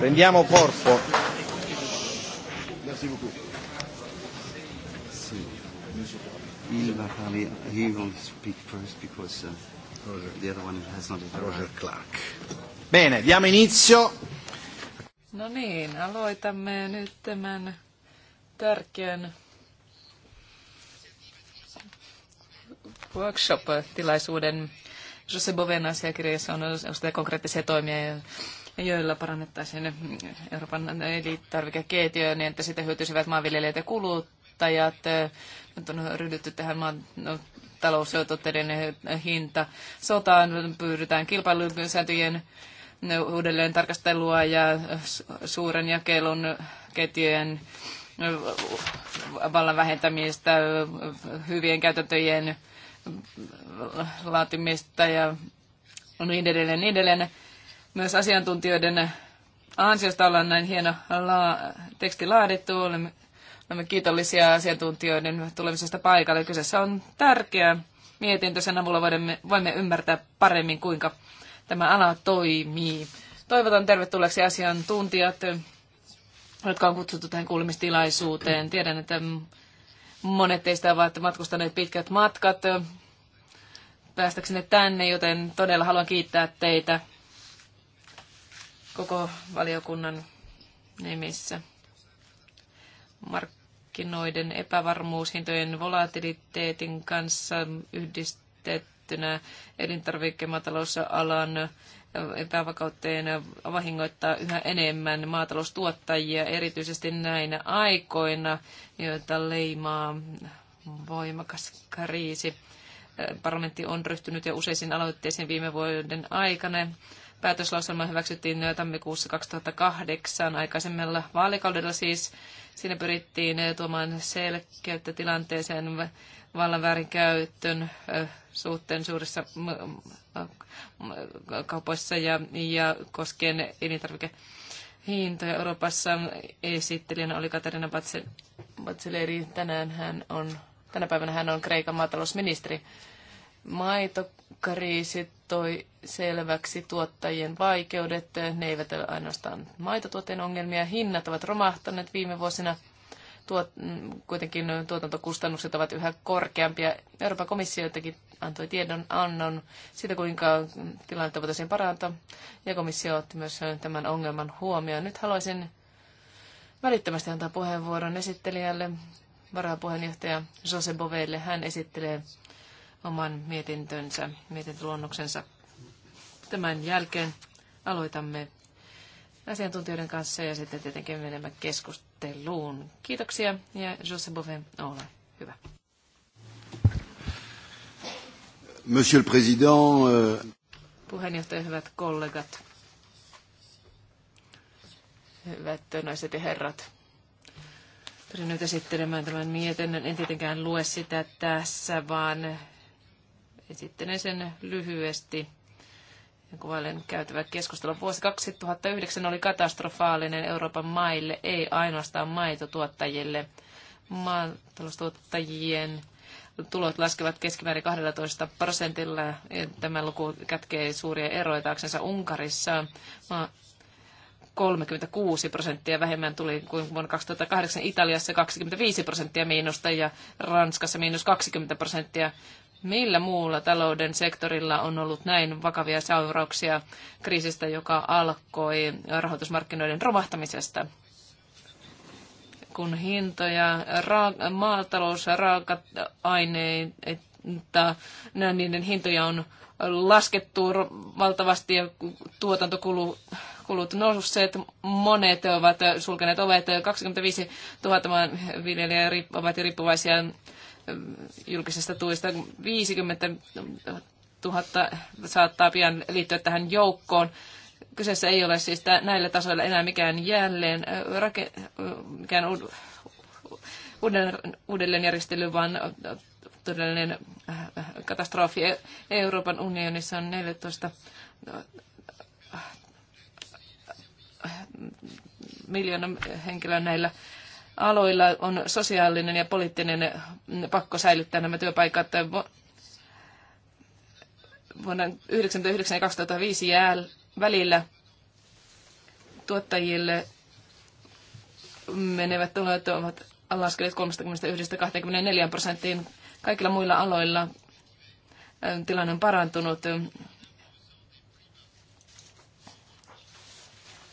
Prendiamo corpo. Uh, Bene, diamo inizio. No niin, aloitamme nyt tämän tärkeän workshop-tilaisuuden. Jose Boven asiakirjassa on konkreettisia toimia, joilla parannettaisiin Euroopan elintarvikeketjuja niin, että sitä hyötyisivät maanviljelijät ja kuluttajat. Nyt on ryhdytty tähän maan no, taloustuotteiden hinta. Sotaan pyydetään kilpailusääntöjen uudelleen tarkastelua ja suuren jakelun ketjujen vallan vähentämistä, hyvien käytäntöjen laatimista ja niin edelleen, niin edelleen myös asiantuntijoiden ansiosta ollaan näin hieno la- teksti laadittu. Olemme, olemme kiitollisia asiantuntijoiden tulemisesta paikalle. Kyseessä on tärkeä mietintö. Sen avulla voimme, voimme ymmärtää paremmin, kuinka tämä ala toimii. Toivotan tervetulleeksi asiantuntijat, jotka on kutsuttu tähän kuulemistilaisuuteen. Tiedän, että monet teistä ovat matkustaneet pitkät matkat päästäksenne tänne, joten todella haluan kiittää teitä koko valiokunnan nimissä. Markkinoiden epävarmuushintojen volatiliteetin kanssa yhdistettynä elintarvikemaatalousalan epävakautteen vahingoittaa yhä enemmän maataloustuottajia, erityisesti näinä aikoina, joita leimaa voimakas kriisi. Parlamentti on ryhtynyt jo useisiin aloitteisiin viime vuoden aikana Päätöslauselma hyväksyttiin tammikuussa 2008 aikaisemmalla vaalikaudella siis. Siinä pyrittiin eh, tuomaan selkeyttä tilanteeseen vallan väärinkäytön eh, suhteen suurissa kaupoissa ja, ja koskien elintarvikehintoja Euroopassa. Esittelijänä oli Katarina Batseleri. Tänään hän on, tänä päivänä hän on Kreikan maatalousministeri. Maitokriisit toi selväksi tuottajien vaikeudet. Ne eivät ole ainoastaan maitotuotteen ongelmia. Hinnat ovat romahtaneet viime vuosina. Tuot, kuitenkin tuotantokustannukset ovat yhä korkeampia. Euroopan komissio jotenkin antoi tiedon annon siitä, kuinka tilannetta voitaisiin parantaa. Ja komissio otti myös tämän ongelman huomioon. Nyt haluaisin välittömästi antaa puheenvuoron esittelijälle, varapuheenjohtaja Jose Bovelle. Hän esittelee oman mietintönsä, mietintöluonnoksensa. Tämän jälkeen aloitamme asiantuntijoiden kanssa ja sitten tietenkin menemme keskusteluun. Kiitoksia ja Jose Bove, ole hyvä. Monsieur le Président. Euh, Puheenjohtaja, hyvät kollegat. Hyvät naiset ja herrat. Pyrin nyt esittelemään tämän mietinnön. En tietenkään lue sitä tässä, vaan Esittelen sen lyhyesti ja kuvailen käytävä keskustelu. Vuosi 2009 oli katastrofaalinen Euroopan maille, ei ainoastaan maitotuottajille. Maataloustuottajien tulot laskevat keskimäärin 12 prosentilla. Tämä luku kätkee suuria eroja taaksensa Unkarissa. 36 prosenttia vähemmän tuli kuin vuonna 2008 Italiassa 25 prosenttia miinusta ja Ranskassa miinus 20 prosenttia. Millä muulla talouden sektorilla on ollut näin vakavia seurauksia kriisistä, joka alkoi rahoitusmarkkinoiden romahtamisesta? Kun hintoja, ra- maatalous, raaka-aineita, niiden hintoja on laskettu valtavasti ja tuotantokulut nousseet. Monet ovat sulkeneet ovet. 25 000 viljelijää ovat riippuvaisia julkisesta tuista. 50 000 saattaa pian liittyä tähän joukkoon. Kyseessä ei ole siis näillä tasoilla enää mikään jälleen, rake, mikään uuden, uudelleenjärjestely, vaan todellinen äh, katastrofi. E- Euroopan unionissa on 14 äh, miljoonan henkilöä näillä aloilla on sosiaalinen ja poliittinen pakko säilyttää nämä työpaikat. Vuonna 1999 ja 2005 jää välillä tuottajille menevät tulot ovat laskeneet 31-24 prosenttiin. Kaikilla muilla aloilla tilanne on parantunut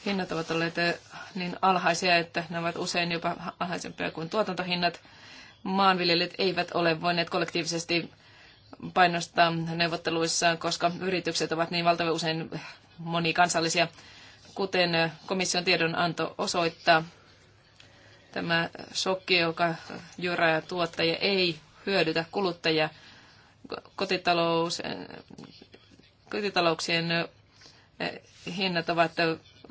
hinnat ovat olleet eh, niin alhaisia, että ne ovat usein jopa alhaisempia kuin tuotantohinnat. Maanviljelijät eivät ole voineet kollektiivisesti painostaa neuvotteluissaan, koska yritykset ovat niin valtavan usein monikansallisia. Kuten eh, komission tiedonanto osoittaa, tämä shokki, joka jyrää tuottajia, ei hyödytä kuluttajia. Kotitalous, eh, kotitalouksien hinnat ovat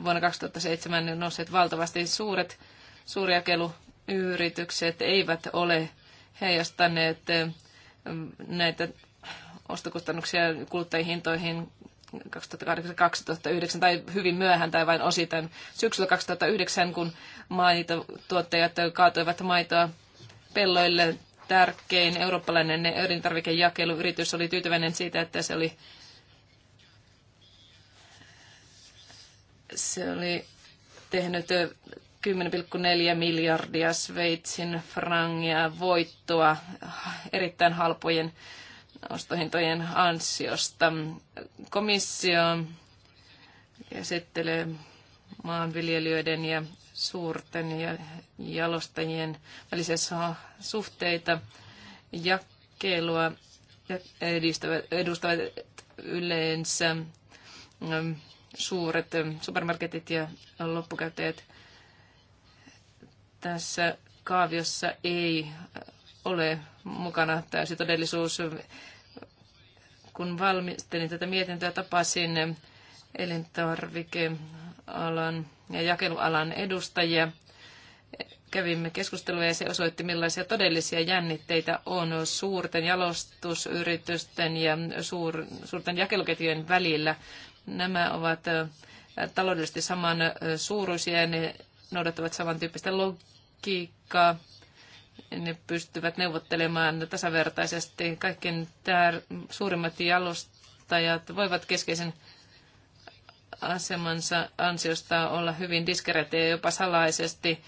vuonna 2007 nousseet valtavasti. Suuret suurjakeluyritykset eivät ole heijastaneet eh, näitä ostokustannuksia kuluttajihintoihin 2008-2009 tai hyvin myöhään tai vain osittain syksyllä 2009, kun maitotuottajat kaatoivat maitoa pelloille. Tärkein eurooppalainen elintarvikejakeluyritys oli tyytyväinen siitä, että se oli Se oli tehnyt 10,4 miljardia Sveitsin frangia voittoa erittäin halpojen ostohintojen ansiosta. Komissio käsittelee maanviljelijöiden ja suurten ja jalostajien välisiä suhteita, jakelua edistävät, edustavat yleensä mm, suuret eh, supermarketit ja loppukäyttäjät. Tässä kaaviossa ei eh, ole mukana täysi todellisuus. Kun valmistelin tätä mietintöä, tapasin eh, elintarvikealan ja jakelualan edustajia. Kävimme keskustelua ja se osoitti, millaisia todellisia jännitteitä on suurten jalostusyritysten ja suur, suurten jakeluketjujen välillä. Nämä ovat taloudellisesti saman suuruisia ja ne noudattavat samantyyppistä logiikkaa. Ne pystyvät neuvottelemaan tasavertaisesti. Kaikkien suurimmat jalostajat voivat keskeisen asemansa ansiosta olla hyvin diskreettejä ja jopa salaisesti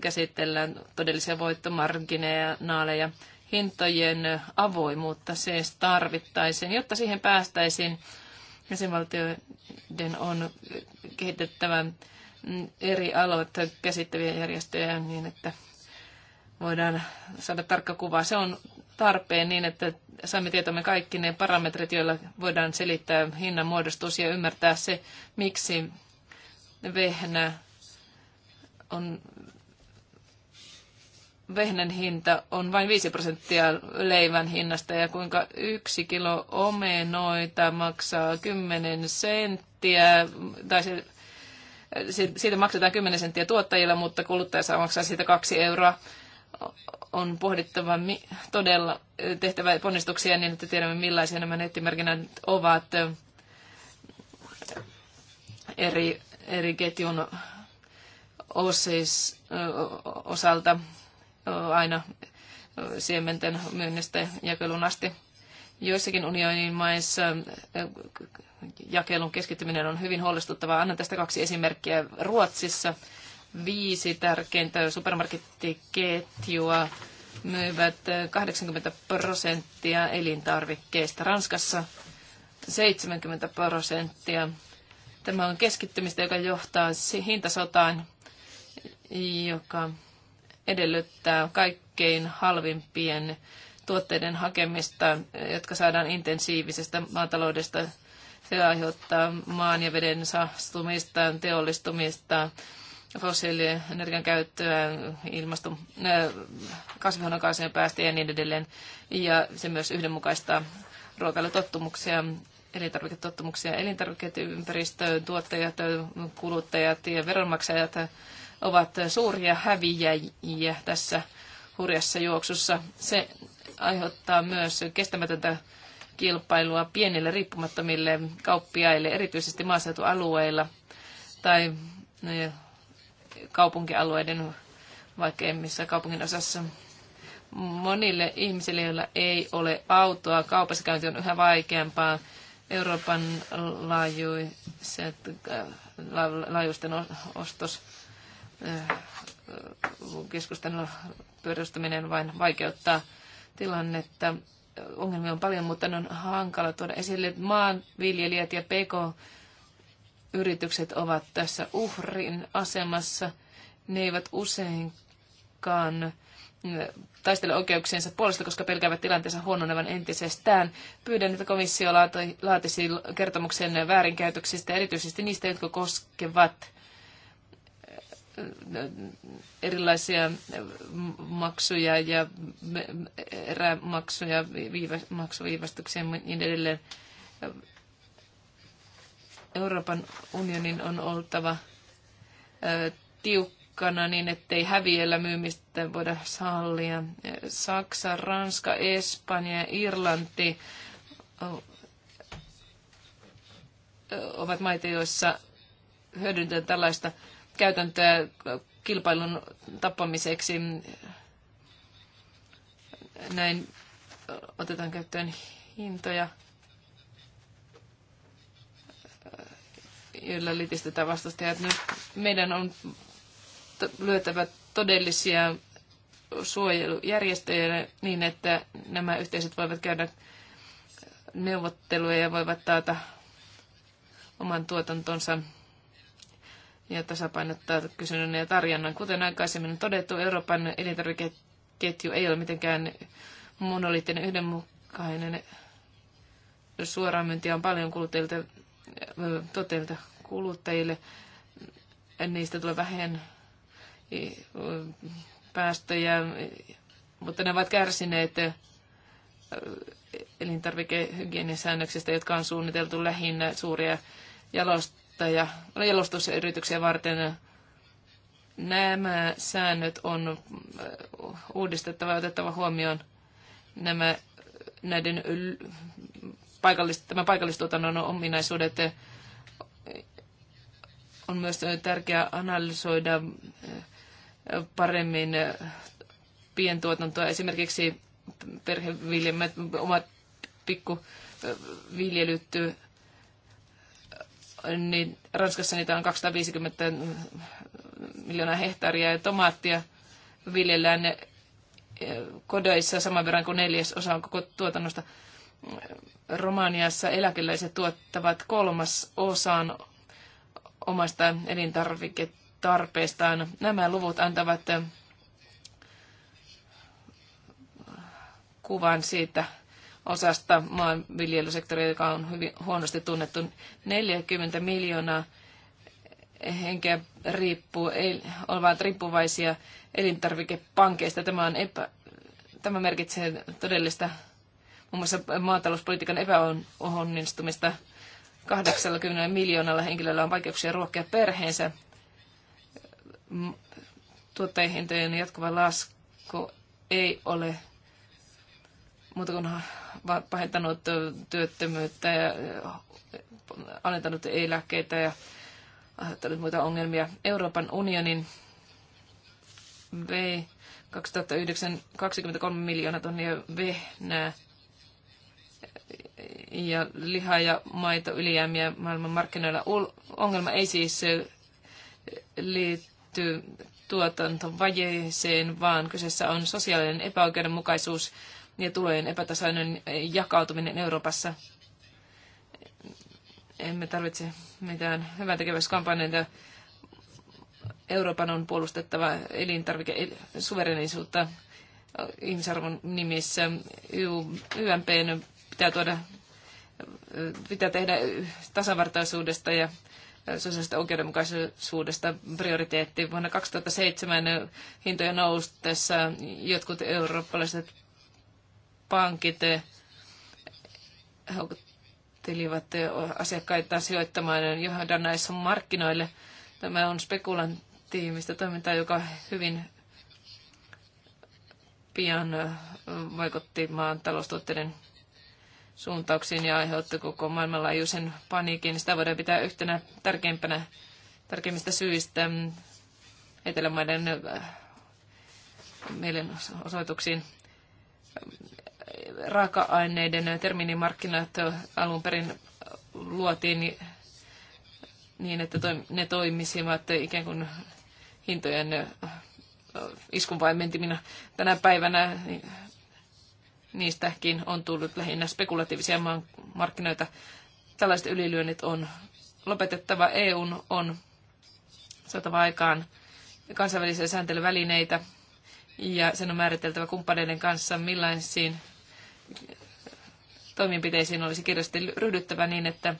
käsitellään todellisia voittomarginaaleja naaleja hintojen avoimuutta siis tarvittaisiin, jotta siihen päästäisiin Jäsenvaltioiden on kehitettävä eri aloita käsittäviä järjestöjä niin, että voidaan saada tarkka kuva. Se on tarpeen niin, että saamme tietämme kaikki ne parametrit, joilla voidaan selittää hinnan muodostus ja ymmärtää se, miksi vehnä on vehnän hinta on vain 5 prosenttia leivän hinnasta ja kuinka yksi kilo omenoita maksaa 10 senttiä, tai se, siitä maksetaan 10 senttiä tuottajilla, mutta kuluttaja saa maksaa siitä 2 euroa. On pohdittava todella tehtävä ponnistuksia niin, että tiedämme millaisia nämä nettimerkinnät ovat eri, eri ketjun osis, osalta aina siementen myynnistä jakelun asti. Joissakin unionin maissa jakelun keskittyminen on hyvin huolestuttavaa. Annan tästä kaksi esimerkkiä. Ruotsissa viisi tärkeintä supermarkettiketjua myyvät 80 prosenttia elintarvikkeista. Ranskassa 70 prosenttia. Tämä on keskittymistä, joka johtaa hintasotaan, joka edellyttää kaikkein halvimpien tuotteiden hakemista, jotka saadaan intensiivisestä maataloudesta. Se aiheuttaa maan ja veden saastumista, teollistumista, fossiilienergian käyttöä, ilmaston, äh, kasvihuonekaasujen päästöjä ja niin edelleen. Ja se myös yhdenmukaistaa ruokailutottumuksia, elintarviketottumuksia, elintarvikeympäristöön, tuottajat, kuluttajat ja veronmaksajat ovat suuria häviäjiä tässä hurjassa juoksussa. Se aiheuttaa myös kestämätöntä kilpailua pienille riippumattomille kauppiaille, erityisesti maaseutualueilla tai no, kaupunkialueiden vaikeimmissa kaupungin osassa. Monille ihmisille, joilla ei ole autoa, kaupassa käynti on yhä vaikeampaa. Euroopan laajuiset, äh, laajuisten ostos Äh, keskustelun perustaminen vain vaikeuttaa tilannetta. Ongelmia on paljon, mutta on hankala tuoda esille. Maanviljelijät ja PK-yritykset ovat tässä uhrin asemassa. Ne eivät useinkaan äh, taistele oikeuksiensa puolesta, koska pelkäävät tilanteensa huononevan entisestään. Pyydän, että komissio laatisi kertomuksen väärinkäytöksistä, erityisesti niistä, jotka koskevat erilaisia maksuja ja erämaksuja, viivä, maksuviivästyksiä ja niin edelleen. Euroopan unionin on oltava tiukkana niin, ettei häviellä myymistä voida sallia. Saksa, Ranska, Espanja ja Irlanti ovat maita, joissa hyödyntää tällaista käytäntöä kilpailun tappamiseksi. Näin otetaan käyttöön hintoja, joilla litistetään vastustajat. Nyt meidän on lyötävä todellisia suojelujärjestöjä niin, että nämä yhteisöt voivat käydä neuvotteluja ja voivat taata oman tuotantonsa ja tasapainottaa kysynnän ja tarjonnan. Kuten aikaisemmin on todettu, Euroopan elintarvikeketju ei ole mitenkään monoliittinen yhdenmukainen. Suoraan on paljon kuluttajilta, toteilta kuluttajille. Niistä tulee vähän päästöjä, mutta ne ovat kärsineet elintarvikehygieniasäännöksistä, jotka on suunniteltu lähinnä suuria jalostuksia ja jalostusyrityksiä varten nämä säännöt on äh, uudistettava ja otettava huomioon nämä, näiden paikallis, tämä paikallistuotannon ominaisuudet. Äh, on myös tärkeää analysoida äh, paremmin pientuotantoa. Esimerkiksi perheviljelmät, omat pikkuviljelyt niin Ranskassa niitä on 250 miljoonaa hehtaaria ja tomaattia viljellään eh, kodeissa saman verran kuin neljäs osa on koko tuotannosta. Romaniassa eläkeläiset tuottavat kolmas osan omasta elintarviketarpeestaan. Nämä luvut antavat eh, kuvan siitä, osasta maanviljelysektoria, joka on hyvin huonosti tunnettu. 40 miljoonaa henkeä riippuu, ovat riippuvaisia elintarvikepankeista. Tämä, on epä, tämä merkitsee todellista muun muassa maatalouspolitiikan epäonnistumista. 80 miljoonalla henkilöllä on vaikeuksia ruokkia perheensä. Tuottajahintojen jatkuva lasku ei ole muuta kuin pahentanut työttömyyttä ja alentanut eläkkeitä ja aiheuttanut muita ongelmia. Euroopan unionin vei 2009 23 miljoonaa tonnia vehnää ja liha- ja maito ylijäämiä maailman markkinoilla. Ongelma ei siis liitty tuotantovajeeseen, vaan kyseessä on sosiaalinen epäoikeudenmukaisuus – ja tulojen epätasainen jakautuminen Euroopassa. Emme tarvitse mitään hyvän tekeväiskampanjoita. Euroopan on puolustettava elintarvike suverenisuutta ihmisarvon nimissä. YMP pitää tuoda pitää tehdä tasavartaisuudesta ja sosiaalista oikeudenmukaisuudesta prioriteetti. Vuonna 2007 hintojen noustessa jotkut eurooppalaiset pankit eh, houkuttelivat eh, asiakkaita sijoittamaan markkinoille Tämä on spekulantiivista toimintaa, joka hyvin pian eh, vaikutti maan taloustuotteiden suuntauksiin ja aiheutti koko maailmanlaajuisen paniikin. Sitä voidaan pitää yhtenä tärkeimpänä, tärkeimmistä syistä mm, Etelämaiden mielenosoituksiin raaka-aineiden terminimarkkinat alun perin luotiin niin, että ne toimisivat ikään kuin hintojen iskunvaimentimina tänä päivänä. Niistäkin on tullut lähinnä spekulatiivisia markkinoita. Tällaiset ylilyönnit on lopetettava. EUn on saatava aikaan kansainvälisiä sääntelyvälineitä ja sen on määriteltävä kumppaneiden kanssa, millaisiin toimenpiteisiin olisi kirjallisesti ryhdyttävä niin, että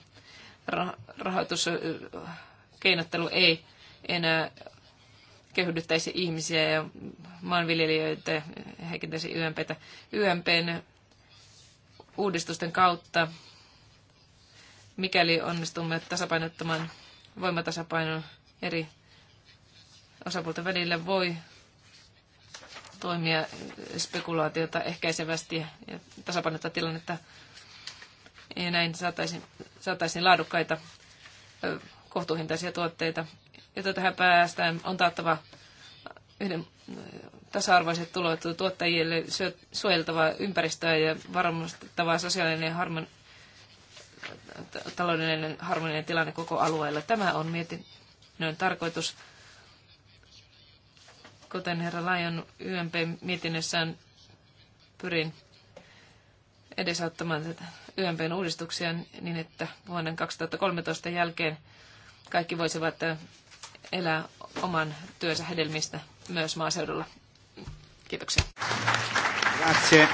rahoituskeinottelu ei enää kehdyttäisi ihmisiä ja maanviljelijöitä, heikentäisi YMPtä. YMPn uudistusten kautta, mikäli onnistumme tasapainottamaan voimatasapainon eri osapuolten välillä, voi toimia spekulaatiota ehkäisevästi ja tasapainottaa tilannetta. Ja näin saataisiin, saataisiin laadukkaita kohtuuhintaisia tuotteita. Jotta tähän päästään, on taattava yhden tasa-arvoiset tulot tuottajille, suojeltavaa ympäristöä ja varmistettava sosiaalinen harmon, taloudellinen harmoninen tilanne koko alueella. Tämä on mietinnön tarkoitus. Kuten herra Lajon YMP-mietinnössään pyrin edesauttamaan tätä YMPn uudistuksia niin, että vuoden 2013 jälkeen kaikki voisivat elää oman työnsä hedelmistä myös maaseudulla. Kiitoksia. Grazie.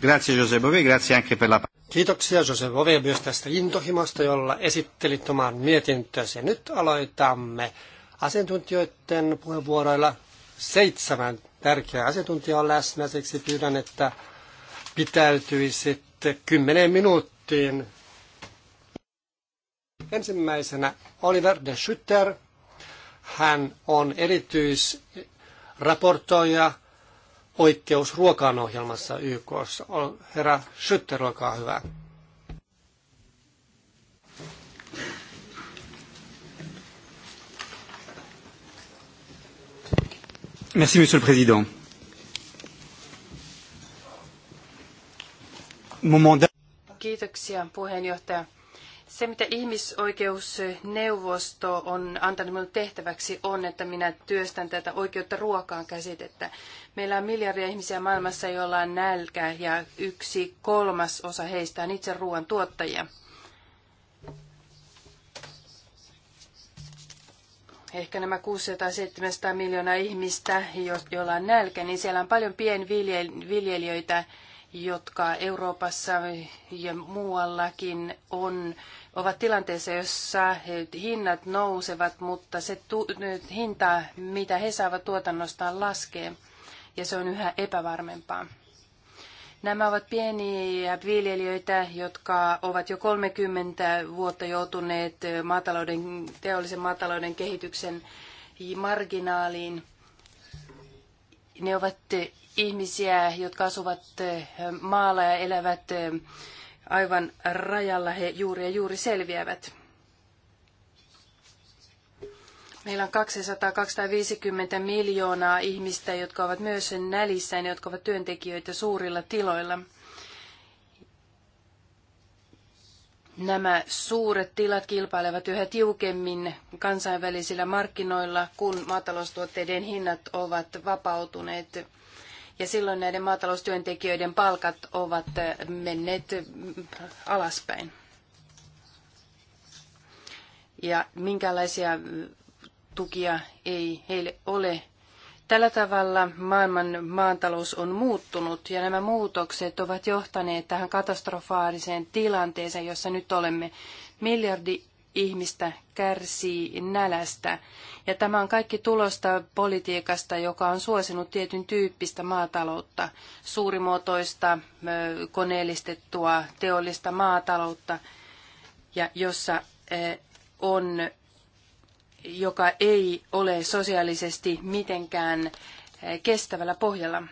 Grazie Jose Bove, grazie anche per la... Kiitoksia Jose Bove myös tästä intohimosta, jolla esittelit oman mietintösi. Nyt aloitamme asiantuntijoiden puheenvuoroilla. Seitsemän tärkeää asiantuntijaa on läsnä, siksi pyydän, että pitäytyisitte kymmeneen minuuttiin. Ensimmäisenä Oliver de Schutter. Hän on erityisraportoija oikeus ruokaan ohjelmassa YKssa. Herra Schutter, olkaa hyvä. Merci, Monsieur le Président. Kiitoksia, puheenjohtaja. Se, mitä ihmisoikeusneuvosto on antanut minulle tehtäväksi, on, että minä työstän tätä oikeutta ruokaan käsitettä. Meillä on miljardia ihmisiä maailmassa, joilla on nälkä, ja yksi kolmas osa heistä on itse ruoan tuottajia. ehkä nämä 600-700 miljoonaa ihmistä, joilla on nälkä, niin siellä on paljon pienviljelijöitä, jotka Euroopassa ja muuallakin on, ovat tilanteessa, jossa hinnat nousevat, mutta se tu, hinta, mitä he saavat tuotannostaan, laskee ja se on yhä epävarmempaa. Nämä ovat pieniä viljelijöitä, jotka ovat jo 30 vuotta joutuneet maatalouden, teollisen maatalouden kehityksen marginaaliin. Ne ovat ihmisiä, jotka asuvat maalla ja elävät aivan rajalla. He juuri ja juuri selviävät. Meillä on 200-250 miljoonaa ihmistä, jotka ovat myös ja jotka ovat työntekijöitä suurilla tiloilla. Nämä suuret tilat kilpailevat yhä tiukemmin kansainvälisillä markkinoilla, kun maataloustuotteiden hinnat ovat vapautuneet. Ja silloin näiden maataloustyöntekijöiden palkat ovat menneet alaspäin. Ja minkälaisia tukia ei heille ole. Tällä tavalla maailman maantalous on muuttunut ja nämä muutokset ovat johtaneet tähän katastrofaariseen tilanteeseen, jossa nyt olemme. Miljardi ihmistä kärsii nälästä. Ja tämä on kaikki tulosta politiikasta, joka on suosinut tietyn tyyppistä maataloutta, suurimuotoista, koneellistettua, teollista maataloutta, ja jossa on joka ei ole sosiaalisesti mitenkään eh, kestävällä pohjalla.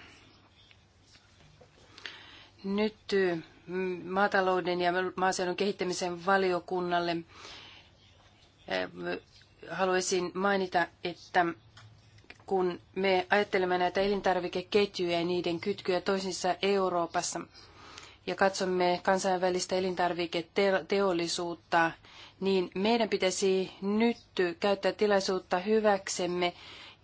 Nyt mm, maatalouden ja maaseudun kehittämisen valiokunnalle eh, haluaisin mainita, että kun me ajattelemme näitä elintarvikeketjuja ja niiden kytkyä toisissa Euroopassa ja katsomme kansainvälistä elintarviketeollisuutta, niin meidän pitäisi nyt käyttää tilaisuutta hyväksemme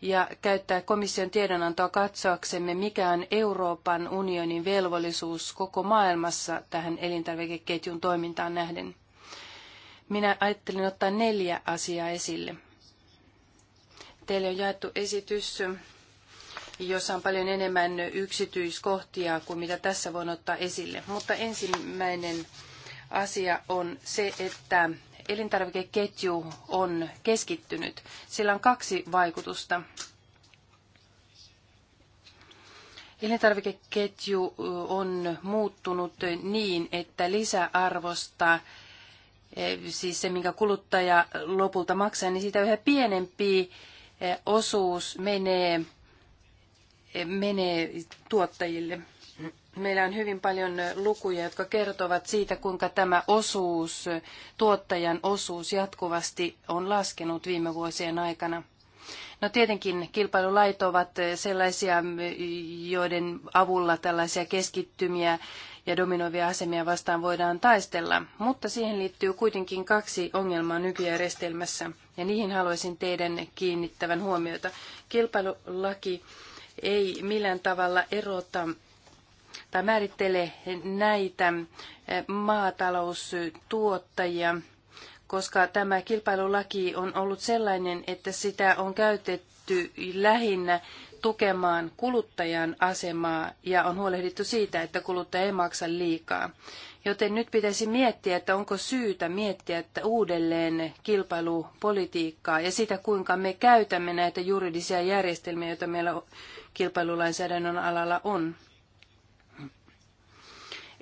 ja käyttää komission tiedonantoa katsoaksemme, mikä on Euroopan unionin velvollisuus koko maailmassa tähän elintarvikeketjun toimintaan nähden. Minä ajattelin ottaa neljä asiaa esille. Teille on jaettu esitys, jossa on paljon enemmän yksityiskohtia kuin mitä tässä voin ottaa esille. Mutta ensimmäinen asia on se, että elintarvikeketju on keskittynyt. Sillä on kaksi vaikutusta. Elintarvikeketju on muuttunut niin, että lisäarvosta, siis se minkä kuluttaja lopulta maksaa, niin siitä yhä pienempi osuus menee, menee tuottajille. Meillä on hyvin paljon lukuja, jotka kertovat siitä, kuinka tämä osuus, tuottajan osuus jatkuvasti on laskenut viime vuosien aikana. No tietenkin kilpailulait ovat sellaisia, joiden avulla tällaisia keskittymiä ja dominoivia asemia vastaan voidaan taistella, mutta siihen liittyy kuitenkin kaksi ongelmaa nykyjärjestelmässä, ja niihin haluaisin teidän kiinnittävän huomiota. Kilpailulaki ei millään tavalla erota tai määrittele näitä eh, maataloustuottajia, koska tämä kilpailulaki on ollut sellainen, että sitä on käytetty lähinnä tukemaan kuluttajan asemaa ja on huolehdittu siitä, että kuluttaja ei maksa liikaa. Joten nyt pitäisi miettiä, että onko syytä miettiä että uudelleen kilpailupolitiikkaa ja sitä, kuinka me käytämme näitä juridisia järjestelmiä, joita meillä kilpailulainsäädännön alalla on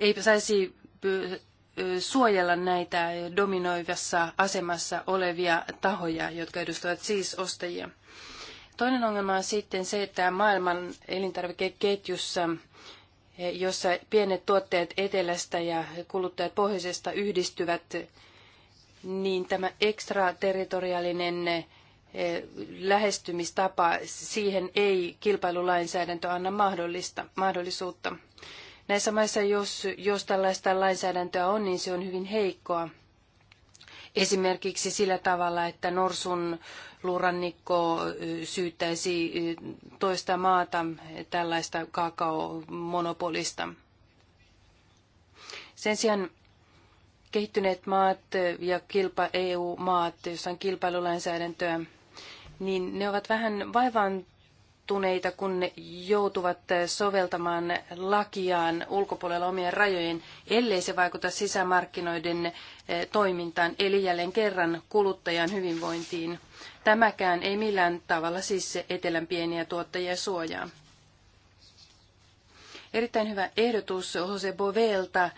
ei saisi suojella näitä dominoivassa asemassa olevia tahoja, jotka edustavat siis ostajia. Toinen ongelma on sitten se, että maailman elintarvikeketjussa, e, jossa pienet tuotteet etelästä ja kuluttajat pohjoisesta yhdistyvät, niin tämä ekstraterritoriaalinen e, lähestymistapa, siihen ei kilpailulainsäädäntö anna mahdollista, mahdollisuutta. Näissä maissa, jos, jos tällaista lainsäädäntöä on, niin se on hyvin heikkoa. Esimerkiksi sillä tavalla, että norsun luurannikko syyttäisi toista maata tällaista kakaomonopolista. Sen sijaan kehittyneet maat ja kilpa EU-maat, joissa on kilpailulainsäädäntöä, niin ne ovat vähän vaivaan hermostuneita, kun ne joutuvat soveltamaan lakiaan ulkopuolella omien rajojen, ellei se vaikuta sisämarkkinoiden eh, toimintaan, eli jälleen kerran kuluttajan hyvinvointiin. Tämäkään ei millään tavalla siis etelän pieniä tuottajia suojaa. Erittäin hyvä ehdotus Jose Bovelta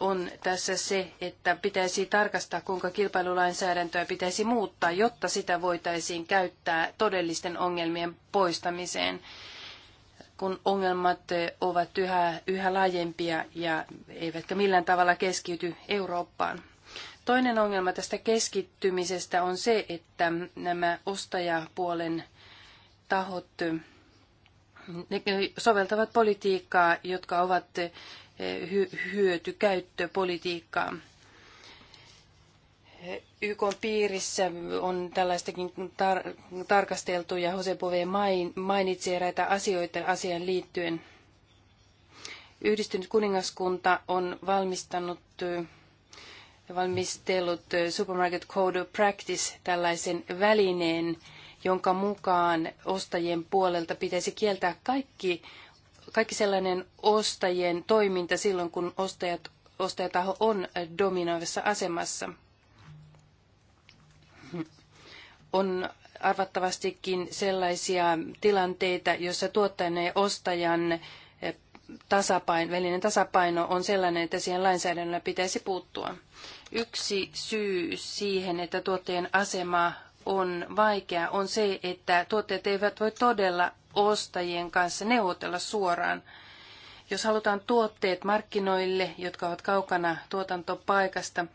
on tässä se, että pitäisi tarkastaa, kuinka kilpailulainsäädäntöä pitäisi muuttaa, jotta sitä voitaisiin käyttää todellisten ongelmien poistamiseen, kun ongelmat ovat yhä, yhä laajempia ja eivätkä millään tavalla keskity Eurooppaan. Toinen ongelma tästä keskittymisestä on se, että nämä ostajapuolen tahot ne soveltavat politiikkaa, jotka ovat eh, hyötykäyttöpolitiikkaa. YK piirissä on tällaistakin tar- tarkasteltu ja Jose Bove mainitsi eräitä asioita asian liittyen. Yhdistynyt kuningaskunta on valmistanut valmistellut Supermarket Code of Practice tällaisen välineen, jonka mukaan ostajien puolelta pitäisi kieltää kaikki, kaikki sellainen ostajien toiminta silloin, kun ostajat, ostajataho on dominoivassa asemassa. On arvattavastikin sellaisia tilanteita, joissa tuottajan ja ostajan eh, tasapaino, välinen tasapaino on sellainen, että siihen lainsäädännöllä pitäisi puuttua. Yksi syy siihen, että tuottajien asema on vaikea, on se, että tuotteet eivät voi todella ostajien kanssa neuvotella suoraan. Jos halutaan tuotteet markkinoille, jotka ovat kaukana tuotantopaikasta,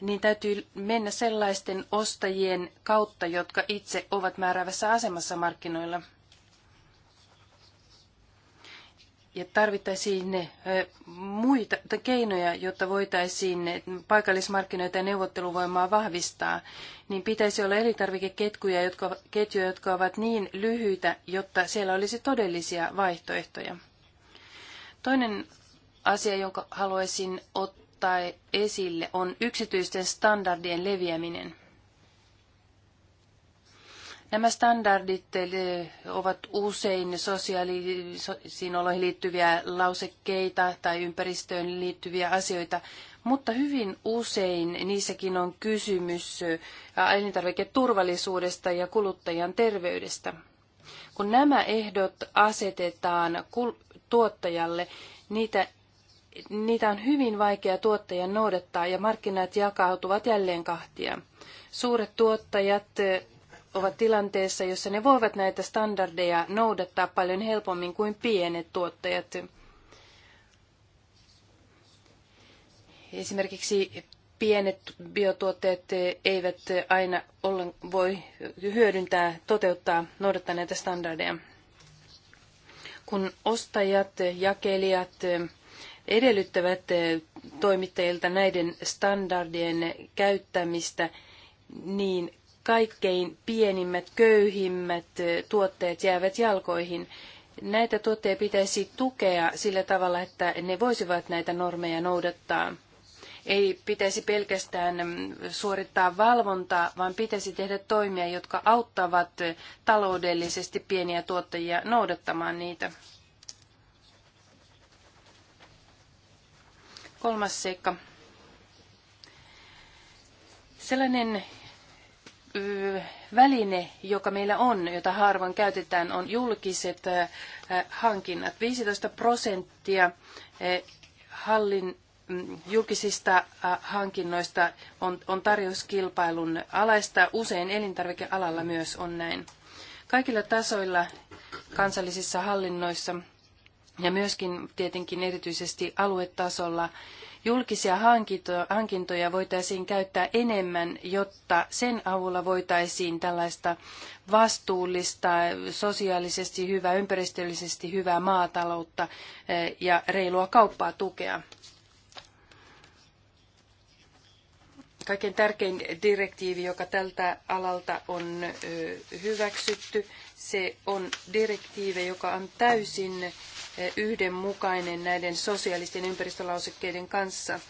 niin täytyy mennä sellaisten ostajien kautta, jotka itse ovat määräävässä asemassa markkinoilla. ja tarvittaisiin eh, muita keinoja, jotta voitaisiin eh, paikallismarkkinoita ja neuvotteluvoimaa vahvistaa, niin pitäisi olla elintarvikeketjuja, jotka, ketjuja, jotka ovat niin lyhyitä, jotta siellä olisi todellisia vaihtoehtoja. Toinen asia, jonka haluaisin ottaa esille, on yksityisten standardien leviäminen. Nämä standardit ovat usein sosiaalisiin oloihin liittyviä lausekkeita tai ympäristöön liittyviä asioita, mutta hyvin usein niissäkin on kysymys elintarviketurvallisuudesta ja kuluttajan terveydestä. Kun nämä ehdot asetetaan tuottajalle, niitä, niitä on hyvin vaikea tuottajan noudattaa ja markkinat jakautuvat jälleen kahtia. Suuret tuottajat ovat tilanteessa, jossa ne voivat näitä standardeja noudattaa paljon helpommin kuin pienet tuottajat. Esimerkiksi pienet biotuotteet eivät aina ollen voi hyödyntää, toteuttaa, noudattaa näitä standardeja. Kun ostajat, jakelijat edellyttävät toimittajilta näiden standardien käyttämistä, niin kaikkein pienimmät, köyhimmät eh, tuotteet jäävät jalkoihin. Näitä tuotteita pitäisi tukea sillä tavalla, että ne voisivat näitä normeja noudattaa. Ei pitäisi pelkästään mm, suorittaa valvontaa, vaan pitäisi tehdä toimia, jotka auttavat eh, taloudellisesti pieniä tuottajia noudattamaan niitä. Kolmas seikka. Sellainen väline, joka meillä on, jota harvoin käytetään, on julkiset hankinnat. 15 prosenttia hallin, mm, julkisista hankinnoista on, tarjouskilpailun alaista. Usein elintarvikealalla myös on näin. Kaikilla tasoilla kansallisissa hallinnoissa ja myöskin tietenkin erityisesti aluetasolla Julkisia hankintoja voitaisiin käyttää enemmän, jotta sen avulla voitaisiin tällaista vastuullista, sosiaalisesti hyvää, ympäristöllisesti hyvää maataloutta eh, ja reilua kauppaa tukea. Kaiken tärkein direktiivi, joka tältä alalta on eh, hyväksytty, se on direktiivi, joka on täysin yhdenmukainen näiden sosiaalisten ympäristölausekkeiden kanssa.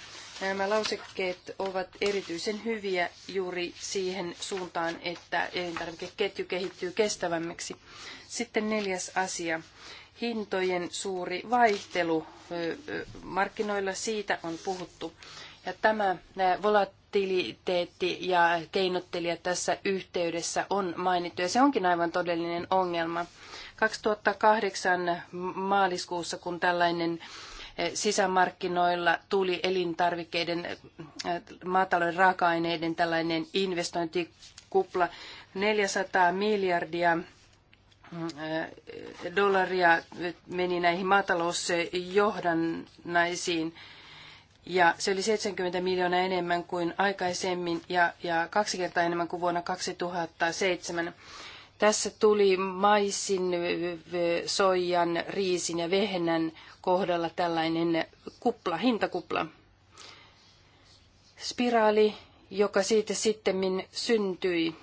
Nämä lausekkeet ovat erityisen hyviä juuri siihen suuntaan, että elintarvikeketju kehittyy kestävämmäksi. Sitten neljäs asia. Hintojen suuri vaihtelu markkinoilla siitä on puhuttu. Ja tämä volatiliteetti ja keinottelija tässä yhteydessä on mainittu, ja se onkin aivan todellinen ongelma. 2008 maaliskuussa, kun tällainen eh, sisämarkkinoilla tuli elintarvikkeiden, eh, maatalouden raaka-aineiden tällainen investointikupla 400 miljardia mm, eh, dollaria meni näihin maatalousjohdannaisiin. Ja se oli 70 miljoonaa enemmän kuin aikaisemmin ja, ja kaksi kertaa enemmän kuin vuonna 2007. Tässä tuli maisin, soijan, riisin ja vehnän kohdalla tällainen kupla, hintakupla. Spiraali, joka siitä sitten syntyi,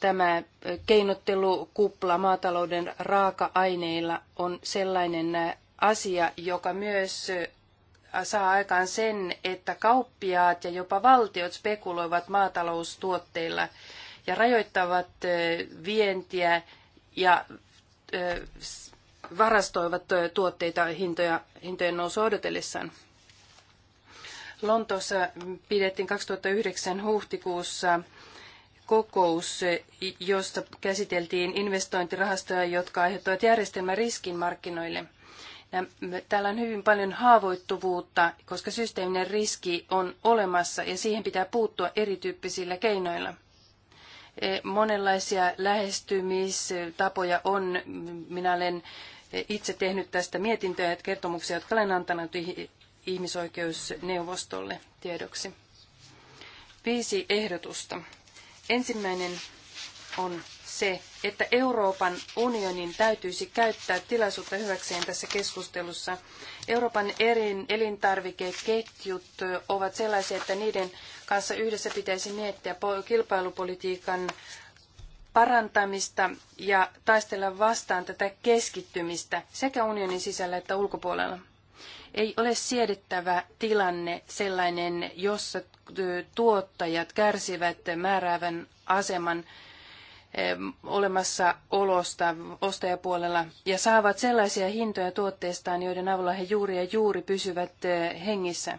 tämä keinottelukupla maatalouden raaka-aineilla on sellainen asia, joka myös saa aikaan sen, että kauppiaat ja jopa valtiot spekuloivat maataloustuotteilla – ja rajoittavat vientiä ja varastoivat tuotteita hintoja, hintojen nousu odotellessaan. Lontoossa pidettiin 2009 huhtikuussa kokous, josta käsiteltiin investointirahastoja, jotka aiheuttavat riskin markkinoille. Täällä on hyvin paljon haavoittuvuutta, koska systeeminen riski on olemassa ja siihen pitää puuttua erityyppisillä keinoilla. E, monenlaisia lähestymistapoja on. Minä olen itse tehnyt tästä mietintöä ja kertomuksia, jotka olen antanut ihmisoikeusneuvostolle tiedoksi. Viisi ehdotusta. Ensimmäinen on se, että Euroopan unionin täytyisi käyttää tilaisuutta hyväkseen tässä keskustelussa. Euroopan eri elintarvikeketjut ovat sellaisia, että niiden kanssa yhdessä pitäisi miettiä kilpailupolitiikan parantamista ja taistella vastaan tätä keskittymistä sekä unionin sisällä että ulkopuolella. Ei ole siedettävä tilanne sellainen, jossa tuottajat kärsivät määräävän aseman olemassaolosta ostajapuolella ja saavat sellaisia hintoja tuotteistaan, joiden avulla he juuri ja juuri pysyvät eh, hengissä.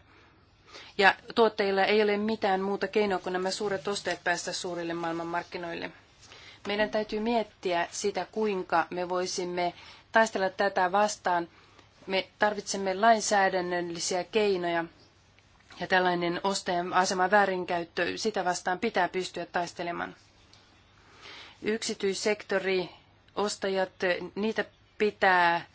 Ja tuotteilla ei ole mitään muuta keinoa kuin nämä suuret ostajat päästä suurille maailmanmarkkinoille. Meidän täytyy miettiä sitä, kuinka me voisimme taistella tätä vastaan. Me tarvitsemme lainsäädännöllisiä keinoja ja tällainen ostajan aseman väärinkäyttö, sitä vastaan pitää pystyä taistelemaan yksityissektori, ostajat, niitä pitää,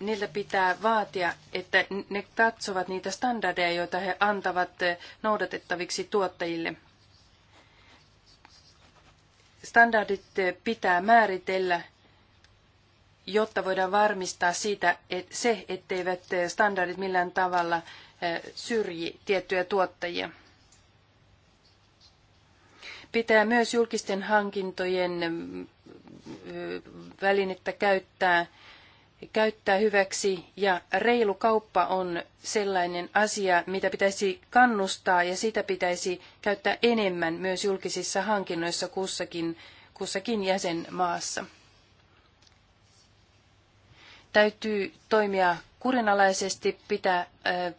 niiltä pitää vaatia, että ne katsovat niitä standardeja, joita he antavat noudatettaviksi tuottajille. Standardit pitää määritellä, jotta voidaan varmistaa siitä, että se, etteivät standardit millään tavalla syrji tiettyjä tuottajia pitää myös julkisten hankintojen välinettä käyttää, käyttää hyväksi ja reilu kauppa on sellainen asia, mitä pitäisi kannustaa ja sitä pitäisi käyttää enemmän myös julkisissa hankinnoissa kussakin, kussakin jäsenmaassa. Täytyy toimia kurinalaisesti, pitää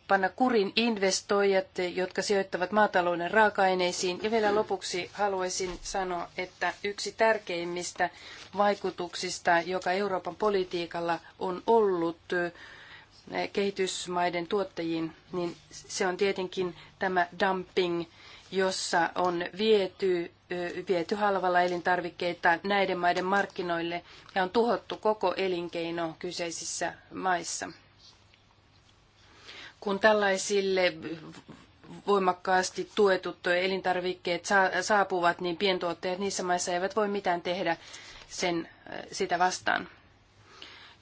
panna kurin investoijat, jotka sijoittavat maatalouden raaka-aineisiin. Ja vielä lopuksi haluaisin sanoa, että yksi tärkeimmistä vaikutuksista, joka Euroopan politiikalla on ollut kehitysmaiden tuottajiin, niin se on tietenkin tämä dumping, jossa on viety viety halvalla elintarvikkeita näiden maiden markkinoille ja on tuhottu koko elinkeino kyseisissä maissa. Kun tällaisille voimakkaasti tuetut elintarvikkeet saapuvat, niin pientuottajat niissä maissa eivät voi mitään tehdä sen, sitä vastaan.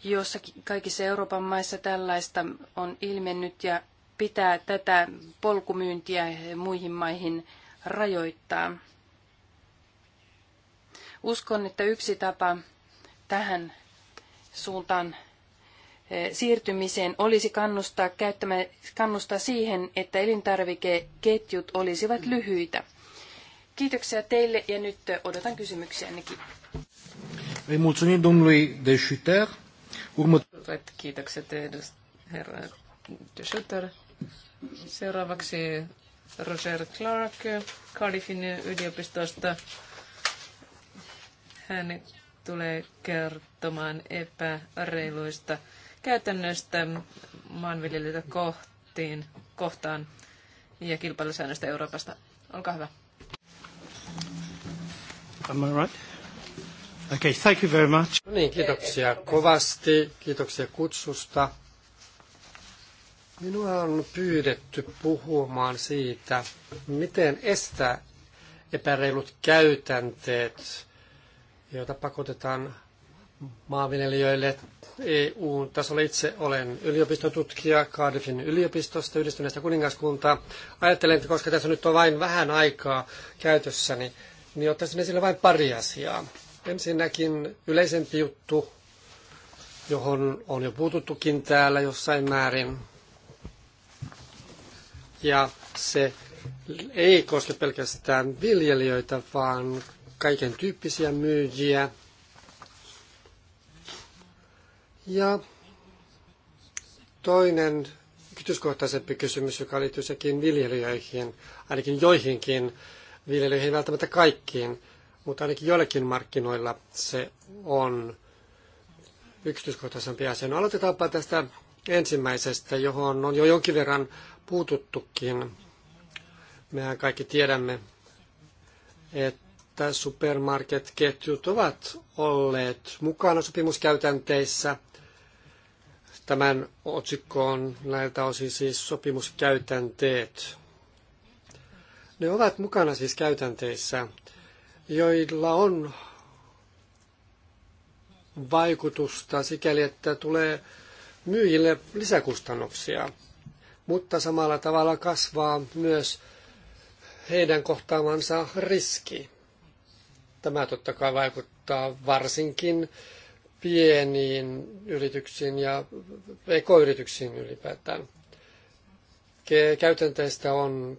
Jossakin kaikissa Euroopan maissa tällaista on ilmennyt ja pitää tätä polkumyyntiä muihin maihin rajoittaa. Uskon, että yksi tapa tähän suuntaan eh, siirtymiseen olisi kannustaa, käyttämään, kannustaa siihen, että elintarvikeketjut olisivat lyhyitä. Kiitoksia teille ja nyt odotan kysymyksiännekin. Ei mulțumim kiitokset herra de Schutter. Seuraavaksi Roger Clark Cardiffin yliopistosta hän tulee kertomaan epäreiluista käytännöistä maanviljelijöitä kohtiin, kohtaan ja kilpailusäännöistä Euroopasta. Olkaa hyvä. Am I right? Okay, thank you very much. No niin, kiitoksia kovasti, kiitoksia kutsusta. Minua on pyydetty puhumaan siitä, miten estää epäreilut käytänteet joita pakotetaan maanviljelijöille EU-tasolla. Itse olen yliopistotutkija Cardiffin yliopistosta yhdistyneestä kuningaskuntaa. Ajattelen, että koska tässä nyt on vain vähän aikaa käytössäni, niin ottaisin esille vain pari asiaa. Ensinnäkin yleisempi juttu, johon on jo puututtukin täällä jossain määrin. Ja se ei koske pelkästään viljelijöitä, vaan kaiken tyyppisiä myyjiä. Ja toinen yksityiskohtaisempi kysymys, joka liittyy sekin viljelijöihin, ainakin joihinkin viljelijöihin, välttämättä kaikkiin, mutta ainakin joillakin markkinoilla se on yksityiskohtaisempi asia. No aloitetaanpa tästä ensimmäisestä, johon on jo jonkin verran puututtukin. Mehän kaikki tiedämme, että että supermarketketjut ovat olleet mukana sopimuskäytänteissä. Tämän otsikko on näiltä osin siis sopimuskäytänteet. Ne ovat mukana siis käytänteissä, joilla on vaikutusta sikäli, että tulee myyjille lisäkustannuksia, mutta samalla tavalla kasvaa myös heidän kohtaamansa riski. Tämä totta kai vaikuttaa varsinkin pieniin yrityksiin ja ekoyrityksiin ylipäätään. Käytänteistä on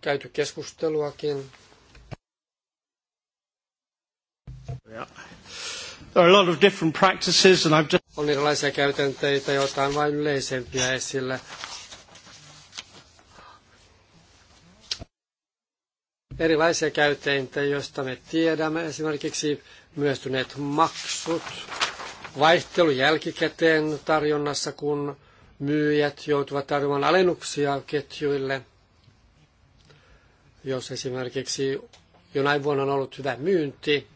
käyty keskusteluakin. On erilaisia käytänteitä, joita on vain yleisempiä esillä. erilaisia käytäntöjä, joista me tiedämme, esimerkiksi myöstyneet maksut, vaihtelu jälkikäteen tarjonnassa, kun myyjät joutuvat tarjoamaan alennuksia ketjuille. Jos esimerkiksi jonain vuonna on ollut hyvä myynti,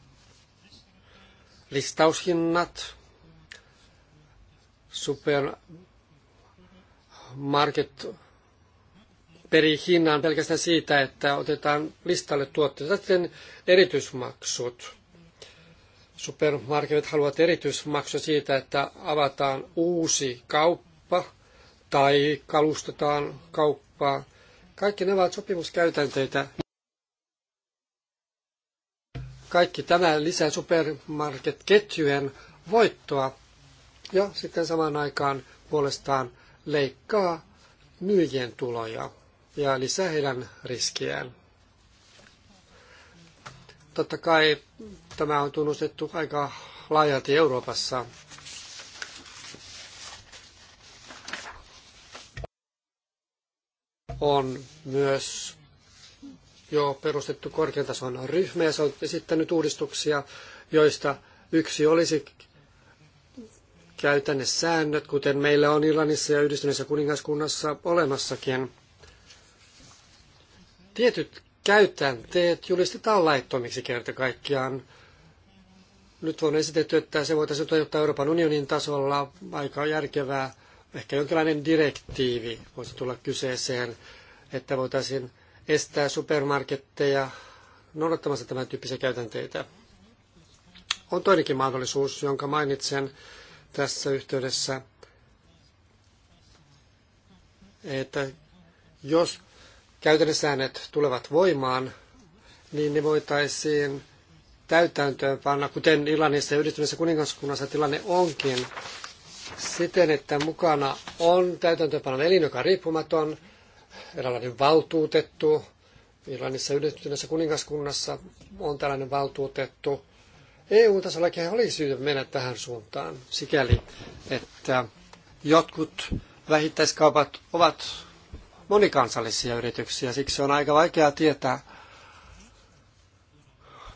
listaushinnat, supermarket perii hinnan pelkästään siitä, että otetaan listalle tuotteita. Sitten erityismaksut. Supermarketit haluavat erityismaksua siitä, että avataan uusi kauppa tai kalustetaan kauppaa. Kaikki nämä ovat sopimuskäytänteitä. Kaikki tämä lisää supermarketketjujen voittoa ja sitten samaan aikaan puolestaan leikkaa myyjien tuloja ja lisää heidän riskiään. Totta kai tämä on tunnustettu aika laajalti Euroopassa. On myös jo perustettu korkean tason ryhmä ja se on esittänyt uudistuksia, joista yksi olisi käytännössäännöt, kuten meillä on Irlannissa ja yhdistyneessä kuningaskunnassa olemassakin. Tietyt käytänteet julistetaan laittomiksi kerta kaikkiaan. Nyt on esitetty, että se voitaisiin toteuttaa Euroopan unionin tasolla aika järkevää. Ehkä jonkinlainen direktiivi voisi tulla kyseeseen, että voitaisiin estää supermarketteja noudattamassa tämän tyyppisiä käytänteitä. On toinenkin mahdollisuus, jonka mainitsen tässä yhteydessä, että jos käytännön säännöt tulevat voimaan, niin ne voitaisiin täytäntöön panna, kuten Irlannissa ja yhdistyneessä kuningaskunnassa tilanne onkin, siten, että mukana on täytäntöönpanon elin, joka on riippumaton, eräänlainen valtuutettu. Irlannissa ja yhdistyneessä kuningaskunnassa on tällainen valtuutettu. EU-tasollakin oli syytä mennä tähän suuntaan, sikäli, että jotkut vähittäiskaupat ovat monikansallisia yrityksiä. Siksi on aika vaikeaa tietää,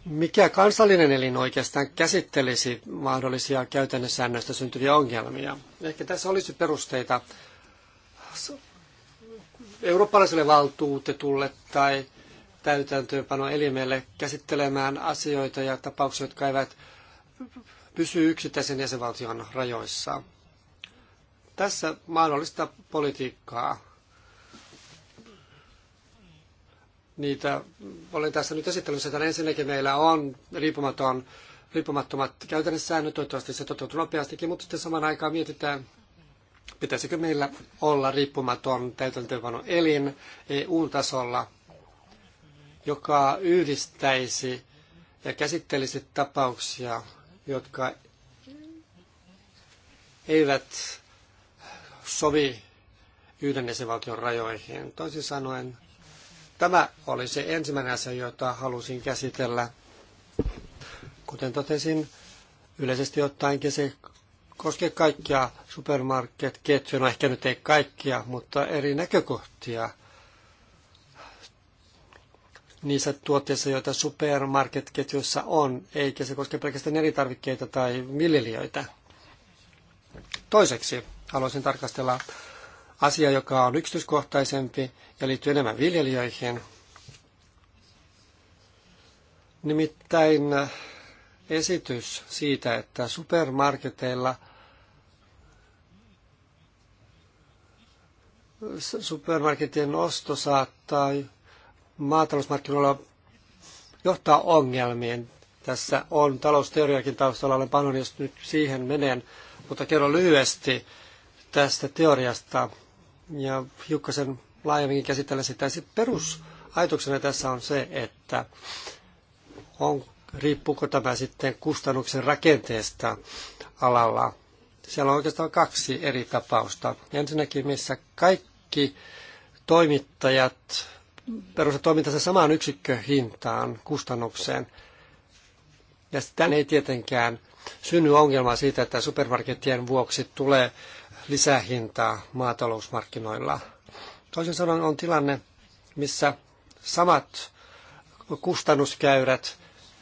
mikä kansallinen elin oikeastaan käsittelisi mahdollisia käytännön säännöistä syntyviä ongelmia. Ehkä tässä olisi perusteita eurooppalaiselle valtuutetulle tai täytäntöönpanoelimelle käsittelemään asioita ja tapauksia, jotka eivät pysy yksittäisen jäsenvaltion rajoissa. Tässä mahdollista politiikkaa niitä olen tässä nyt esittelyssä. että ensinnäkin meillä on riippumaton, riippumattomat käytännössä säännöt, toivottavasti se toteutuu nopeastikin, mutta sitten samaan aikaan mietitään, pitäisikö meillä olla riippumaton täytäntöönpano elin EU-tasolla, joka yhdistäisi ja käsittelisi tapauksia, jotka eivät sovi yhden valtion rajoihin. Toisin sanoen Tämä oli se ensimmäinen asia, jota halusin käsitellä. Kuten totesin, yleisesti ottaenkin se koskee kaikkia supermarketketjuja, no ehkä nyt ei kaikkia, mutta eri näkökohtia niissä tuotteissa, joita supermarketketjuissa on, eikä se koske pelkästään elintarvikkeita tai viljelijöitä. Toiseksi haluaisin tarkastella asia, joka on yksityiskohtaisempi ja liittyy enemmän viljelijöihin. Nimittäin esitys siitä, että supermarketeilla supermarketien osto saattaa maatalousmarkkinoilla johtaa ongelmiin. Tässä on talousteoriakin taustalla, olen paljon, jos nyt siihen menen, mutta kerron lyhyesti tästä teoriasta ja hiukkasen laajemminkin käsitellä sitä. Perusajatuksena tässä on se, että on, riippuuko tämä sitten kustannuksen rakenteesta alalla. Siellä on oikeastaan kaksi eri tapausta. Ensinnäkin, missä kaikki toimittajat perustavat toimintansa samaan yksikköhintaan kustannukseen. Ja sitten ei tietenkään synny ongelmaa siitä, että supermarkettien vuoksi tulee lisähintaa maatalousmarkkinoilla. Toisin sanoen on tilanne, missä samat kustannuskäyrät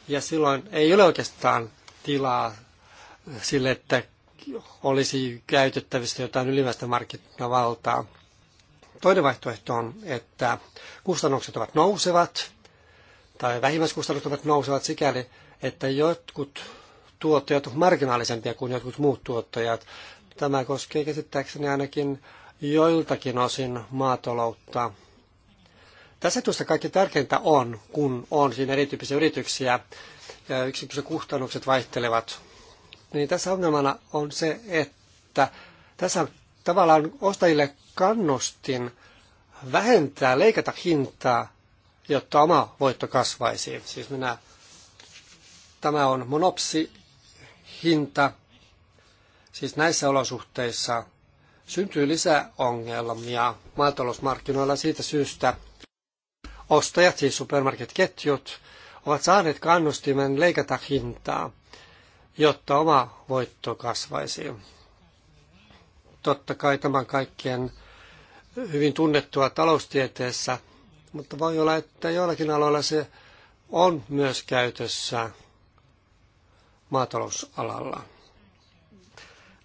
ja silloin ei ole oikeastaan tilaa sille, että olisi käytettävissä jotain ylimmäistä markkinavaltaa. Toinen vaihtoehto on, että kustannukset ovat nousevat tai vähimmäiskustannukset ovat nousevat sikäli, että jotkut tuottajat ovat marginaalisempia kuin jotkut muut tuottajat. Tämä koskee käsittääkseni ainakin joiltakin osin maataloutta. Tässä tuossa kaikki tärkeintä on, kun on siinä erityyppisiä yrityksiä ja yksityiset kustannukset vaihtelevat. Niin tässä ongelmana on se, että tässä tavallaan ostajille kannustin vähentää, leikata hintaa, jotta oma voitto kasvaisi. Siis minä, tämä on monopsi hinta Siis näissä olosuhteissa syntyy lisää ongelmia maatalousmarkkinoilla siitä syystä. Ostajat, siis supermarketketjut, ovat saaneet kannustimen leikata hintaa, jotta oma voitto kasvaisi. Totta kai tämän kaikkien hyvin tunnettua taloustieteessä, mutta voi olla, että joillakin aloilla se on myös käytössä maatalousalalla.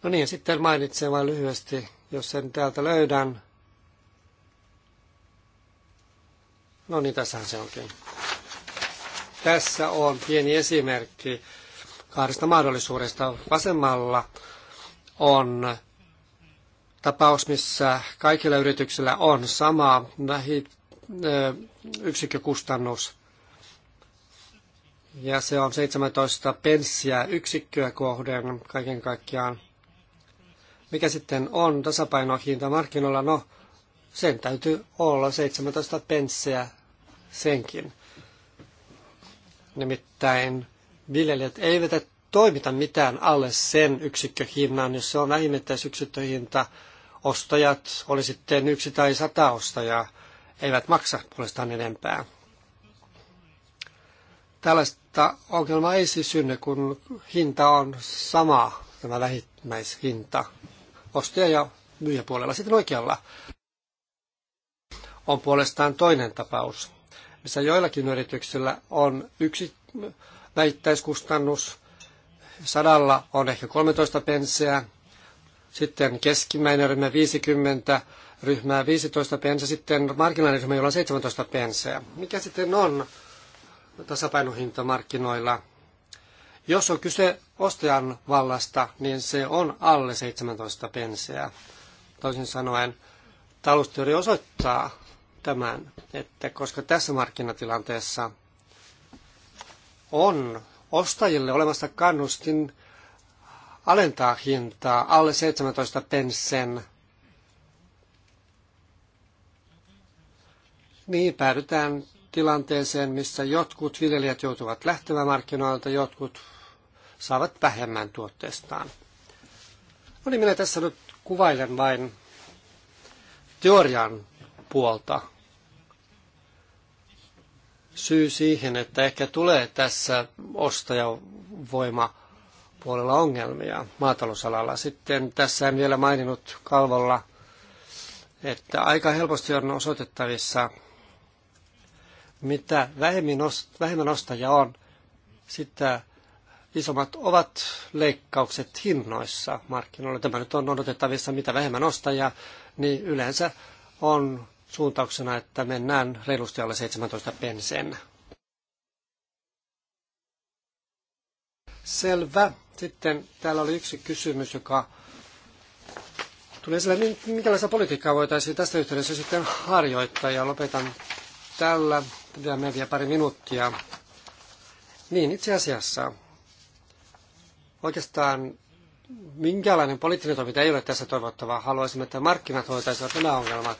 No niin, sitten mainitsen vain lyhyesti, jos sen täältä löydän. No niin, tässähän se onkin. Tässä on pieni esimerkki kahdesta mahdollisuudesta. Vasemmalla on tapaus, missä kaikilla yrityksillä on sama ö, yksikkökustannus. Ja se on 17 penssiä yksikköä kohden kaiken kaikkiaan. Mikä sitten on tasapainohinta markkinoilla? No, sen täytyy olla 17 penssejä senkin. Nimittäin viljelijät eivät toimita mitään alle sen yksikköhinnan, jos se on vähimmäisyksikköhinta. Ostajat, oli sitten yksi tai sata ostajaa, eivät maksa puolestaan enempää. Tällaista ongelmaa ei siis synny, kun hinta on sama, tämä vähimmäishinta ostaja- ja myyjäpuolella. Sitten oikealla on puolestaan toinen tapaus, missä joillakin yrityksillä on yksi väittäiskustannus, sadalla on ehkä 13 penseä, sitten keskimmäinen ryhmä 50, ryhmää 15 penseä, sitten marginaaliryhmä, jolla on 17 penseä. Mikä sitten on tasapainohinta markkinoilla? Jos on kyse ostajan vallasta, niin se on alle 17 penseä. Toisin sanoen, talousteori osoittaa tämän, että koska tässä markkinatilanteessa on ostajille olemassa kannustin alentaa hintaa alle 17 penssen, niin päädytään tilanteeseen, missä jotkut viljelijät joutuvat lähtemään markkinoilta, jotkut saavat vähemmän tuotteestaan. No niin, minä tässä nyt kuvailen vain teorian puolta. Syy siihen, että ehkä tulee tässä ostajavoima puolella ongelmia maatalousalalla. Sitten tässä en vielä maininnut kalvolla, että aika helposti on osoitettavissa, mitä vähemmän ostaja on, sitä isommat ovat leikkaukset hinnoissa markkinoilla. Tämä nyt on odotettavissa, mitä vähemmän ostajia, niin yleensä on suuntauksena, että mennään reilusti alle 17 pensen. Selvä. Sitten täällä oli yksi kysymys, joka tuli esille, minkälaista politiikkaa voitaisiin tästä yhteydessä sitten harjoittaa. Ja lopetan tällä. Pidämme vielä pari minuuttia. Niin, itse asiassa Oikeastaan minkäänlainen poliittinen toiminta ei ole tässä toivottavaa. Haluaisimme, että markkinat hoitaisivat nämä ongelmat.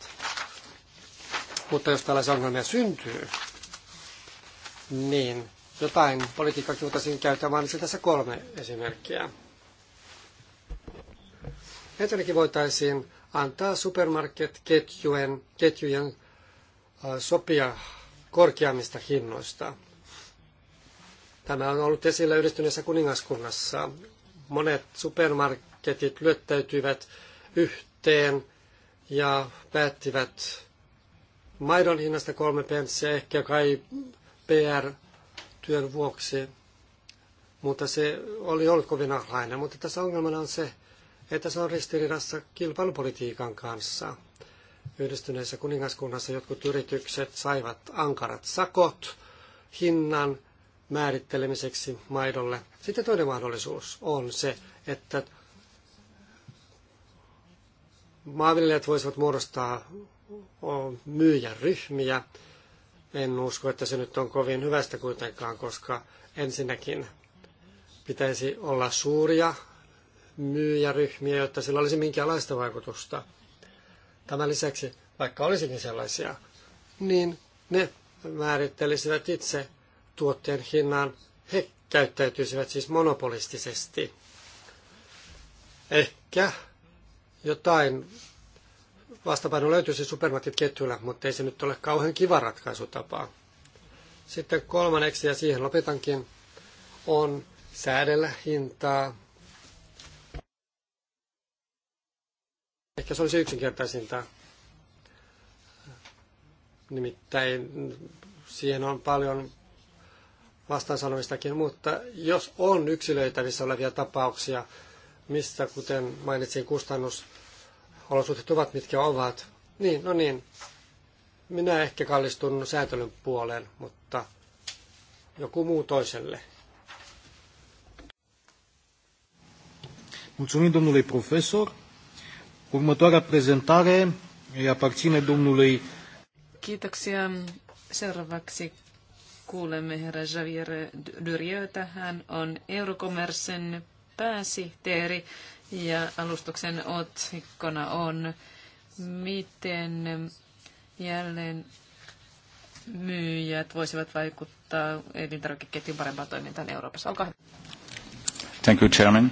Mutta jos tällaisia ongelmia syntyy, niin jotain politiikkaa voitaisiin käyttää, vaan tässä kolme esimerkkiä. Ensinnäkin voitaisiin antaa supermarketketjujen ketjujen sopia korkeammista hinnoista. Tämä on ollut esillä yhdistyneessä kuningaskunnassa. Monet supermarketit lyöttäytyivät yhteen ja päättivät maidon hinnasta kolme penssiä, ehkä kai PR-työn vuoksi, mutta se oli ollut kovin alhainen. Mutta tässä ongelmana on se, että se on ristiriidassa kilpailupolitiikan kanssa. Yhdistyneessä kuningaskunnassa jotkut yritykset saivat ankarat sakot, hinnan määrittelemiseksi maidolle. Sitten toinen mahdollisuus on se, että maanviljelijät voisivat muodostaa myyjäryhmiä. En usko, että se nyt on kovin hyvästä kuitenkaan, koska ensinnäkin pitäisi olla suuria myyjäryhmiä, jotta sillä olisi minkäänlaista vaikutusta. Tämän lisäksi, vaikka olisikin sellaisia, niin ne määrittelisivät itse tuotteen hinnan, he käyttäytyisivät siis monopolistisesti. Ehkä jotain vastapaino löytyisi supermarketketjuilla, mutta ei se nyt ole kauhean kiva ratkaisutapa. Sitten kolmanneksi, ja siihen lopetankin, on säädellä hintaa. Ehkä se olisi yksinkertaisinta. Nimittäin siihen on paljon vastaansanomistakin, mutta jos on yksilöitävissä olevia tapauksia, mistä kuten mainitsin kustannusolosuhteet ovat, mitkä ovat, niin no niin, minä ehkä kallistun säätelyn puoleen, mutta joku muu toiselle. Mulțumim domnului profesor. Următoarea prezentare îi aparține domnului Kiitoksia. Seuraavaksi kuulemme herra Javier Durieu, Hän on Eurokommersen pääsihteeri ja alustuksen otsikkona on Miten jälleen myyjät voisivat vaikuttaa elintarvikeketjun parempaan toimintaan Euroopassa? Olkaa hyvä. Thank you, Chairman.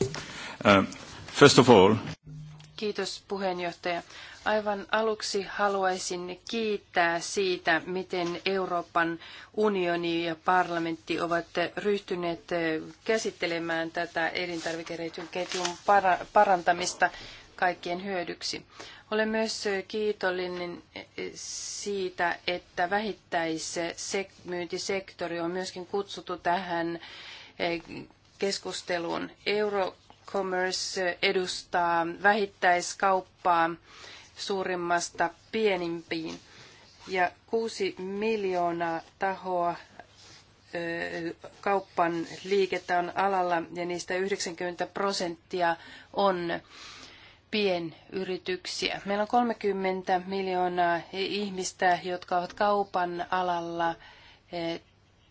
Uh, first of all... Kiitos puheenjohtaja. Aivan aluksi haluaisin kiittää siitä, miten Euroopan unioni ja parlamentti ovat ryhtyneet eh, käsittelemään tätä elintarvikeketjun parantamista kaikkien hyödyksi. Olen myös eh, kiitollinen eh, siitä, että vähittäismyyntisektori on myöskin kutsuttu tähän keskusteluun. Euro Commerce edustaa vähittäiskauppaa suurimmasta pienimpiin. Ja kuusi miljoonaa tahoa e, kauppan liikettä on alalla ja niistä 90 prosenttia on pienyrityksiä. Meillä on 30 miljoonaa ihmistä, jotka ovat kaupan alalla e,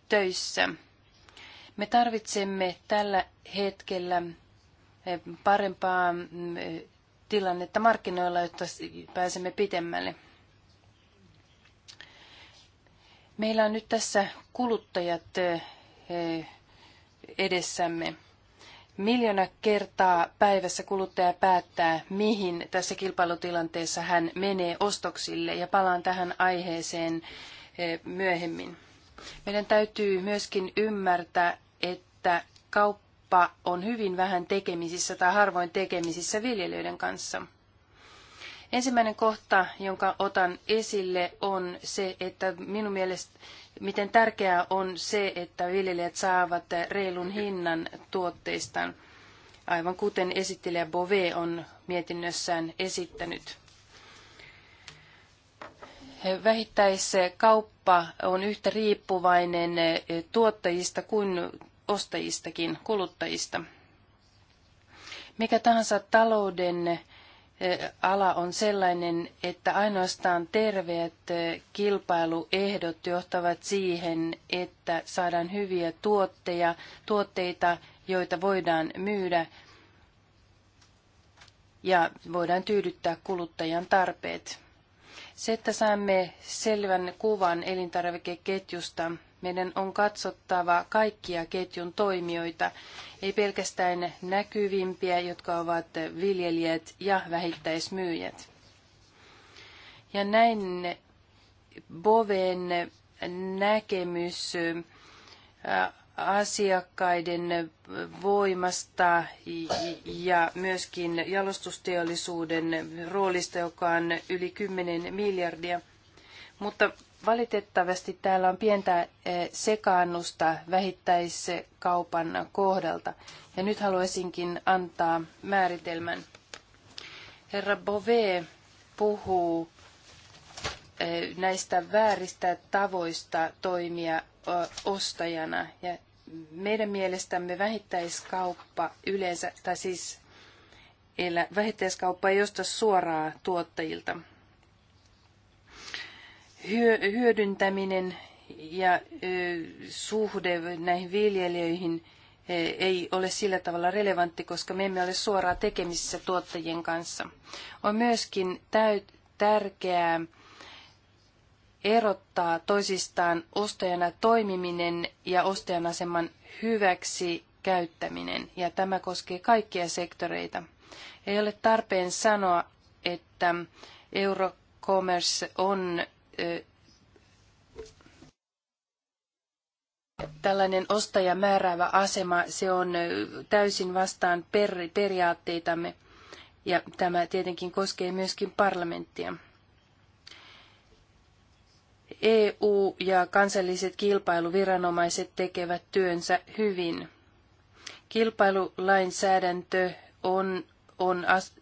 töissä. Me tarvitsemme tällä hetkellä parempaa mm, tilannetta markkinoilla, jotta pääsemme pitemmälle. Meillä on nyt tässä kuluttajat eh, edessämme. Miljoona kertaa päivässä kuluttaja päättää, mihin tässä kilpailutilanteessa hän menee ostoksille, ja palaan tähän aiheeseen eh, myöhemmin. Meidän täytyy myöskin ymmärtää, että kauppa kauppa on hyvin vähän tekemisissä tai harvoin tekemisissä viljelijöiden kanssa. Ensimmäinen kohta, jonka otan esille, on se, että minun mielestä miten tärkeää on se, että viljelijät saavat reilun hinnan tuotteistaan, aivan kuten esittelijä Bove on mietinnössään esittänyt. Vähittäiskauppa on yhtä riippuvainen tuottajista kuin ostajistakin, kuluttajista. Mikä tahansa talouden eh, ala on sellainen, että ainoastaan terveet eh, kilpailuehdot johtavat siihen, että saadaan hyviä tuotteja, tuotteita, joita voidaan myydä ja voidaan tyydyttää kuluttajan tarpeet. Se, että saamme selvän kuvan elintarvikeketjusta, meidän on katsottava kaikkia ketjun toimijoita, ei pelkästään näkyvimpiä, jotka ovat viljelijät ja vähittäismyyjät. Ja näin Boven näkemys äh, asiakkaiden voimasta ja myöskin jalostusteollisuuden roolista, joka on yli 10 miljardia. Mutta Valitettavasti täällä on pientä eh, sekaannusta vähittäiskaupan kohdalta. Ja nyt haluaisinkin antaa määritelmän. Herra Bove puhuu eh, näistä vääristä tavoista toimia eh, ostajana. Ja meidän mielestämme vähittäiskauppa yleensä, tai siis vähittäiskauppa ei osta suoraa tuottajilta hyödyntäminen ja suhde näihin viljelijöihin ei ole sillä tavalla relevantti, koska me emme ole suoraan tekemisissä tuottajien kanssa. On myöskin tärkeää erottaa toisistaan ostajana toimiminen ja ostajan aseman hyväksi käyttäminen, ja tämä koskee kaikkia sektoreita. Ei ole tarpeen sanoa, että Eurocommerce on tällainen ostaja määräävä asema, se on täysin vastaan per, periaatteitamme. Ja tämä tietenkin koskee myöskin parlamenttia. EU ja kansalliset kilpailuviranomaiset tekevät työnsä hyvin. Kilpailulainsäädäntö on, on as,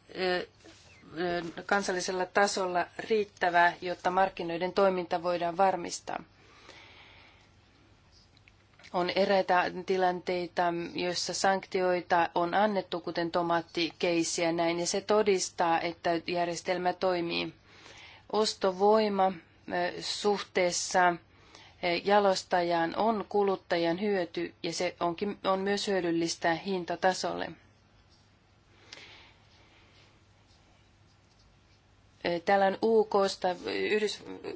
kansallisella tasolla riittävää, jotta markkinoiden toiminta voidaan varmistaa. On eräitä tilanteita, joissa sanktioita on annettu, kuten tomaattikeisiä näin, ja se todistaa, että järjestelmä toimii. Ostovoima suhteessa jalostajaan on kuluttajan hyöty, ja se onkin, on myös hyödyllistä hintatasolle. Täällä on UKsta,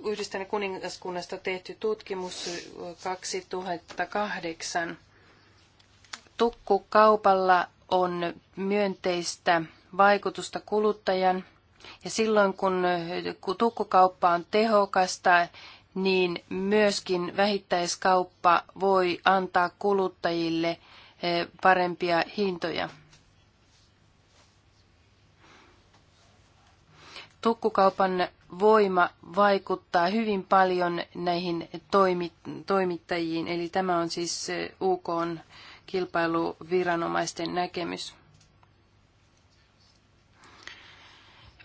Yhdistäneen kuningaskunnasta tehty tutkimus 2008. Tukkukaupalla on myönteistä vaikutusta kuluttajan ja silloin kun tukkukauppa on tehokasta, niin myöskin vähittäiskauppa voi antaa kuluttajille eh, parempia hintoja. Tukkukaupan voima vaikuttaa hyvin paljon näihin toimittajiin, eli tämä on siis eh, UK on kilpailuviranomaisten näkemys.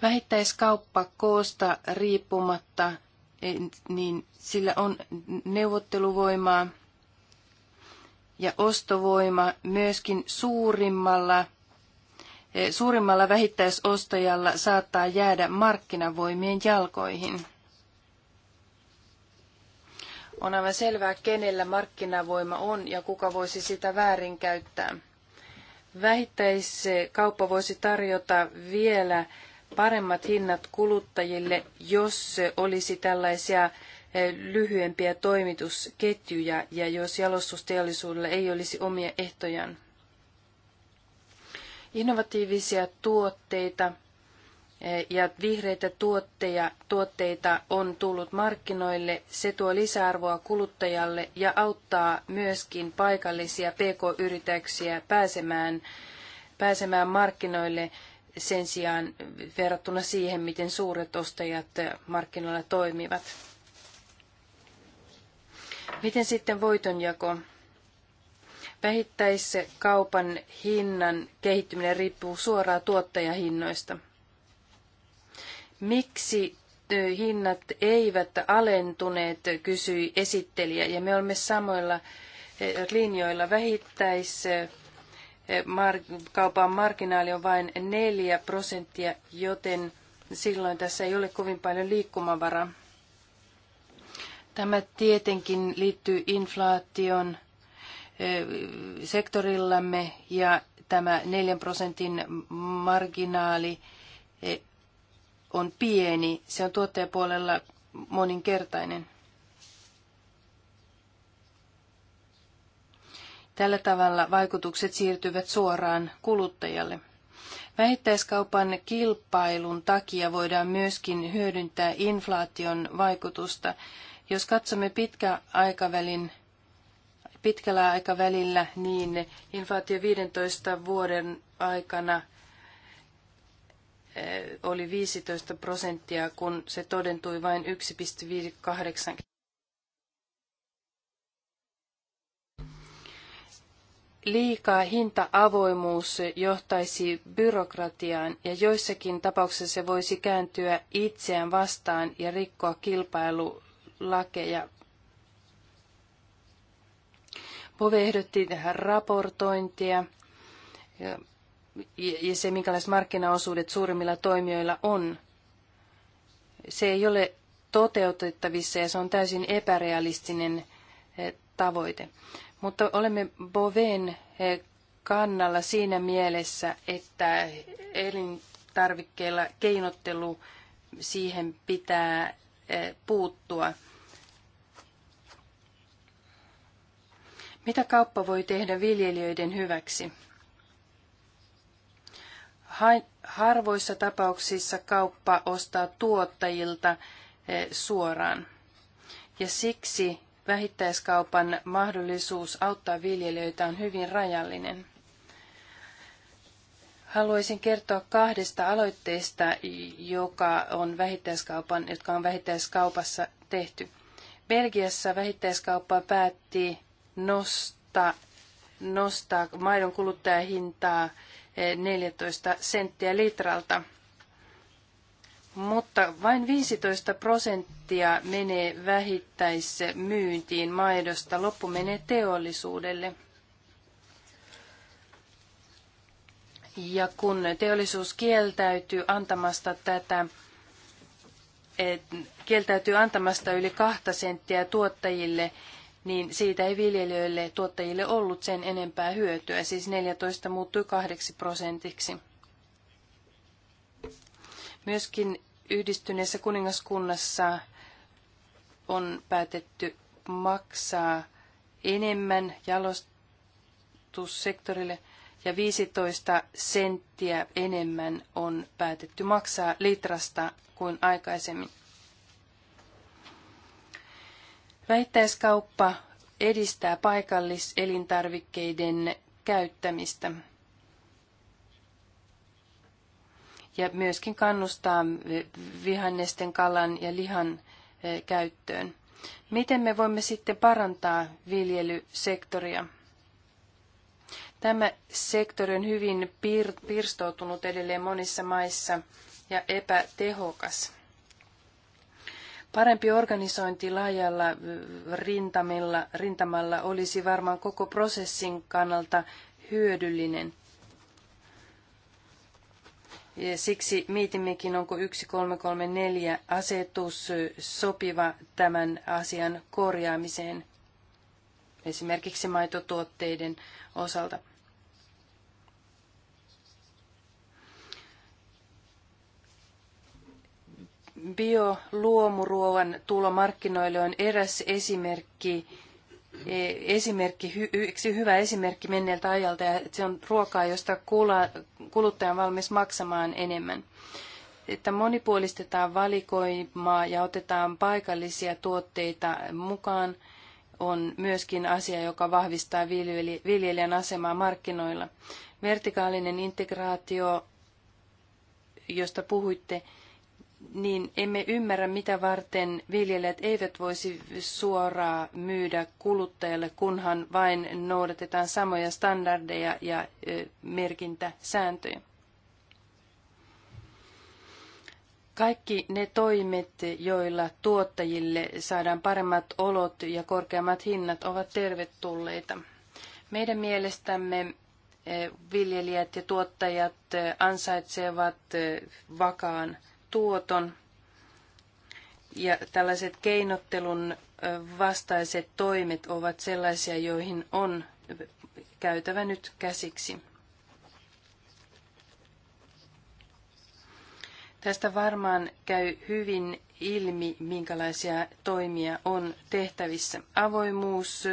Vähittäiskauppa koosta riippumatta, eh, niin sillä on neuvotteluvoimaa ja ostovoima myöskin suurimmalla suurimmalla vähittäisostajalla saattaa jäädä markkinavoimien jalkoihin. On aivan selvää, kenellä markkinavoima on ja kuka voisi sitä väärinkäyttää. Vähittäiskauppa voisi tarjota vielä paremmat hinnat kuluttajille, jos olisi tällaisia eh, lyhyempiä toimitusketjuja ja jos jalostusteollisuudella ei olisi omia ehtojaan. Innovatiivisia tuotteita eh, ja vihreitä tuotteja, tuotteita on tullut markkinoille. Se tuo lisäarvoa kuluttajalle ja auttaa myöskin paikallisia pk-yrityksiä pääsemään, pääsemään markkinoille sen sijaan verrattuna siihen, miten suuret ostajat eh, markkinoilla toimivat. Miten sitten voitonjako? Vähittäiskaupan hinnan kehittyminen riippuu suoraan tuottajahinnoista. Miksi hinnat eivät alentuneet, kysyi esittelijä, ja me olemme samoilla linjoilla. Vähittäis kaupan marginaali on vain 4 prosenttia, joten silloin tässä ei ole kovin paljon liikkumavaraa. Tämä tietenkin liittyy inflaation sektorillamme ja tämä 4 prosentin marginaali on pieni. Se on tuottajapuolella moninkertainen. Tällä tavalla vaikutukset siirtyvät suoraan kuluttajalle. Vähittäiskaupan kilpailun takia voidaan myöskin hyödyntää inflaation vaikutusta. Jos katsomme pitkäaikavälin. aikavälin pitkällä aikavälillä, niin inflaatio 15 vuoden aikana eh, oli 15 prosenttia, kun se todentui vain 1,58. Liikaa hinta-avoimuus johtaisi byrokratiaan ja joissakin tapauksissa se voisi kääntyä itseään vastaan ja rikkoa kilpailulakeja Pove ehdotti raportointia ja se, minkälaiset markkinaosuudet suurimmilla toimijoilla on. Se ei ole toteutettavissa ja se on täysin epärealistinen eh, tavoite. Mutta olemme Boven eh, kannalla siinä mielessä, että elintarvikkeilla keinottelu siihen pitää eh, puuttua. Mitä kauppa voi tehdä viljelijöiden hyväksi? Harvoissa tapauksissa kauppa ostaa tuottajilta eh, suoraan. Ja siksi vähittäiskaupan mahdollisuus auttaa viljelijöitä on hyvin rajallinen. Haluaisin kertoa kahdesta aloitteesta, joka on vähittäiskaupan, jotka on vähittäiskaupassa tehty. Belgiassa vähittäiskauppa päätti nostaa, nostaa maidon kuluttajahintaa 14 eh, senttiä litralta. Mutta vain 15 prosenttia menee vähittäismyyntiin maidosta, loppu menee teollisuudelle. Ja kun teollisuus kieltäytyy antamasta tätä, kieltäytyy antamasta yli kahta senttiä tuottajille, niin siitä ei viljelijöille ja tuottajille ollut sen enempää hyötyä. Siis 14 muuttui 8 prosentiksi. Myöskin yhdistyneessä kuningaskunnassa on päätetty maksaa enemmän jalostussektorille ja 15 senttiä enemmän on päätetty maksaa litrasta kuin aikaisemmin. Vähittäiskauppa edistää paikalliselintarvikkeiden käyttämistä ja myöskin kannustaa vihannesten kalan ja lihan e, käyttöön. Miten me voimme sitten parantaa viljelysektoria? Tämä sektori on hyvin pirstoutunut edelleen monissa maissa ja epätehokas. Parempi organisointi laajalla rintamilla, rintamalla olisi varmaan koko prosessin kannalta hyödyllinen. Ja siksi mietimmekin, onko 1334 asetus sopiva tämän asian korjaamiseen, esimerkiksi maitotuotteiden osalta. Bioluomuruoan tulo markkinoille on eräs esimerkki, e, esimerkki, yksi hyvä esimerkki menneeltä ajalta, ja se on ruokaa, josta kuluttaja on valmis maksamaan enemmän. Että monipuolistetaan valikoimaa ja otetaan paikallisia tuotteita mukaan, on myöskin asia, joka vahvistaa viljelijän asemaa markkinoilla. Vertikaalinen integraatio, josta puhuitte, niin emme ymmärrä, mitä varten viljelijät eivät voisi suoraan myydä kuluttajalle, kunhan vain noudatetaan samoja standardeja ja merkintäsääntöjä. Kaikki ne toimet, joilla tuottajille saadaan paremmat olot ja korkeammat hinnat, ovat tervetulleita. Meidän mielestämme viljelijät ja tuottajat ansaitsevat vakaan tuoton. Ja tällaiset keinottelun vastaiset toimet ovat sellaisia, joihin on käytävä nyt käsiksi. Tästä varmaan käy hyvin ilmi, minkälaisia toimia on tehtävissä. Avoimuus,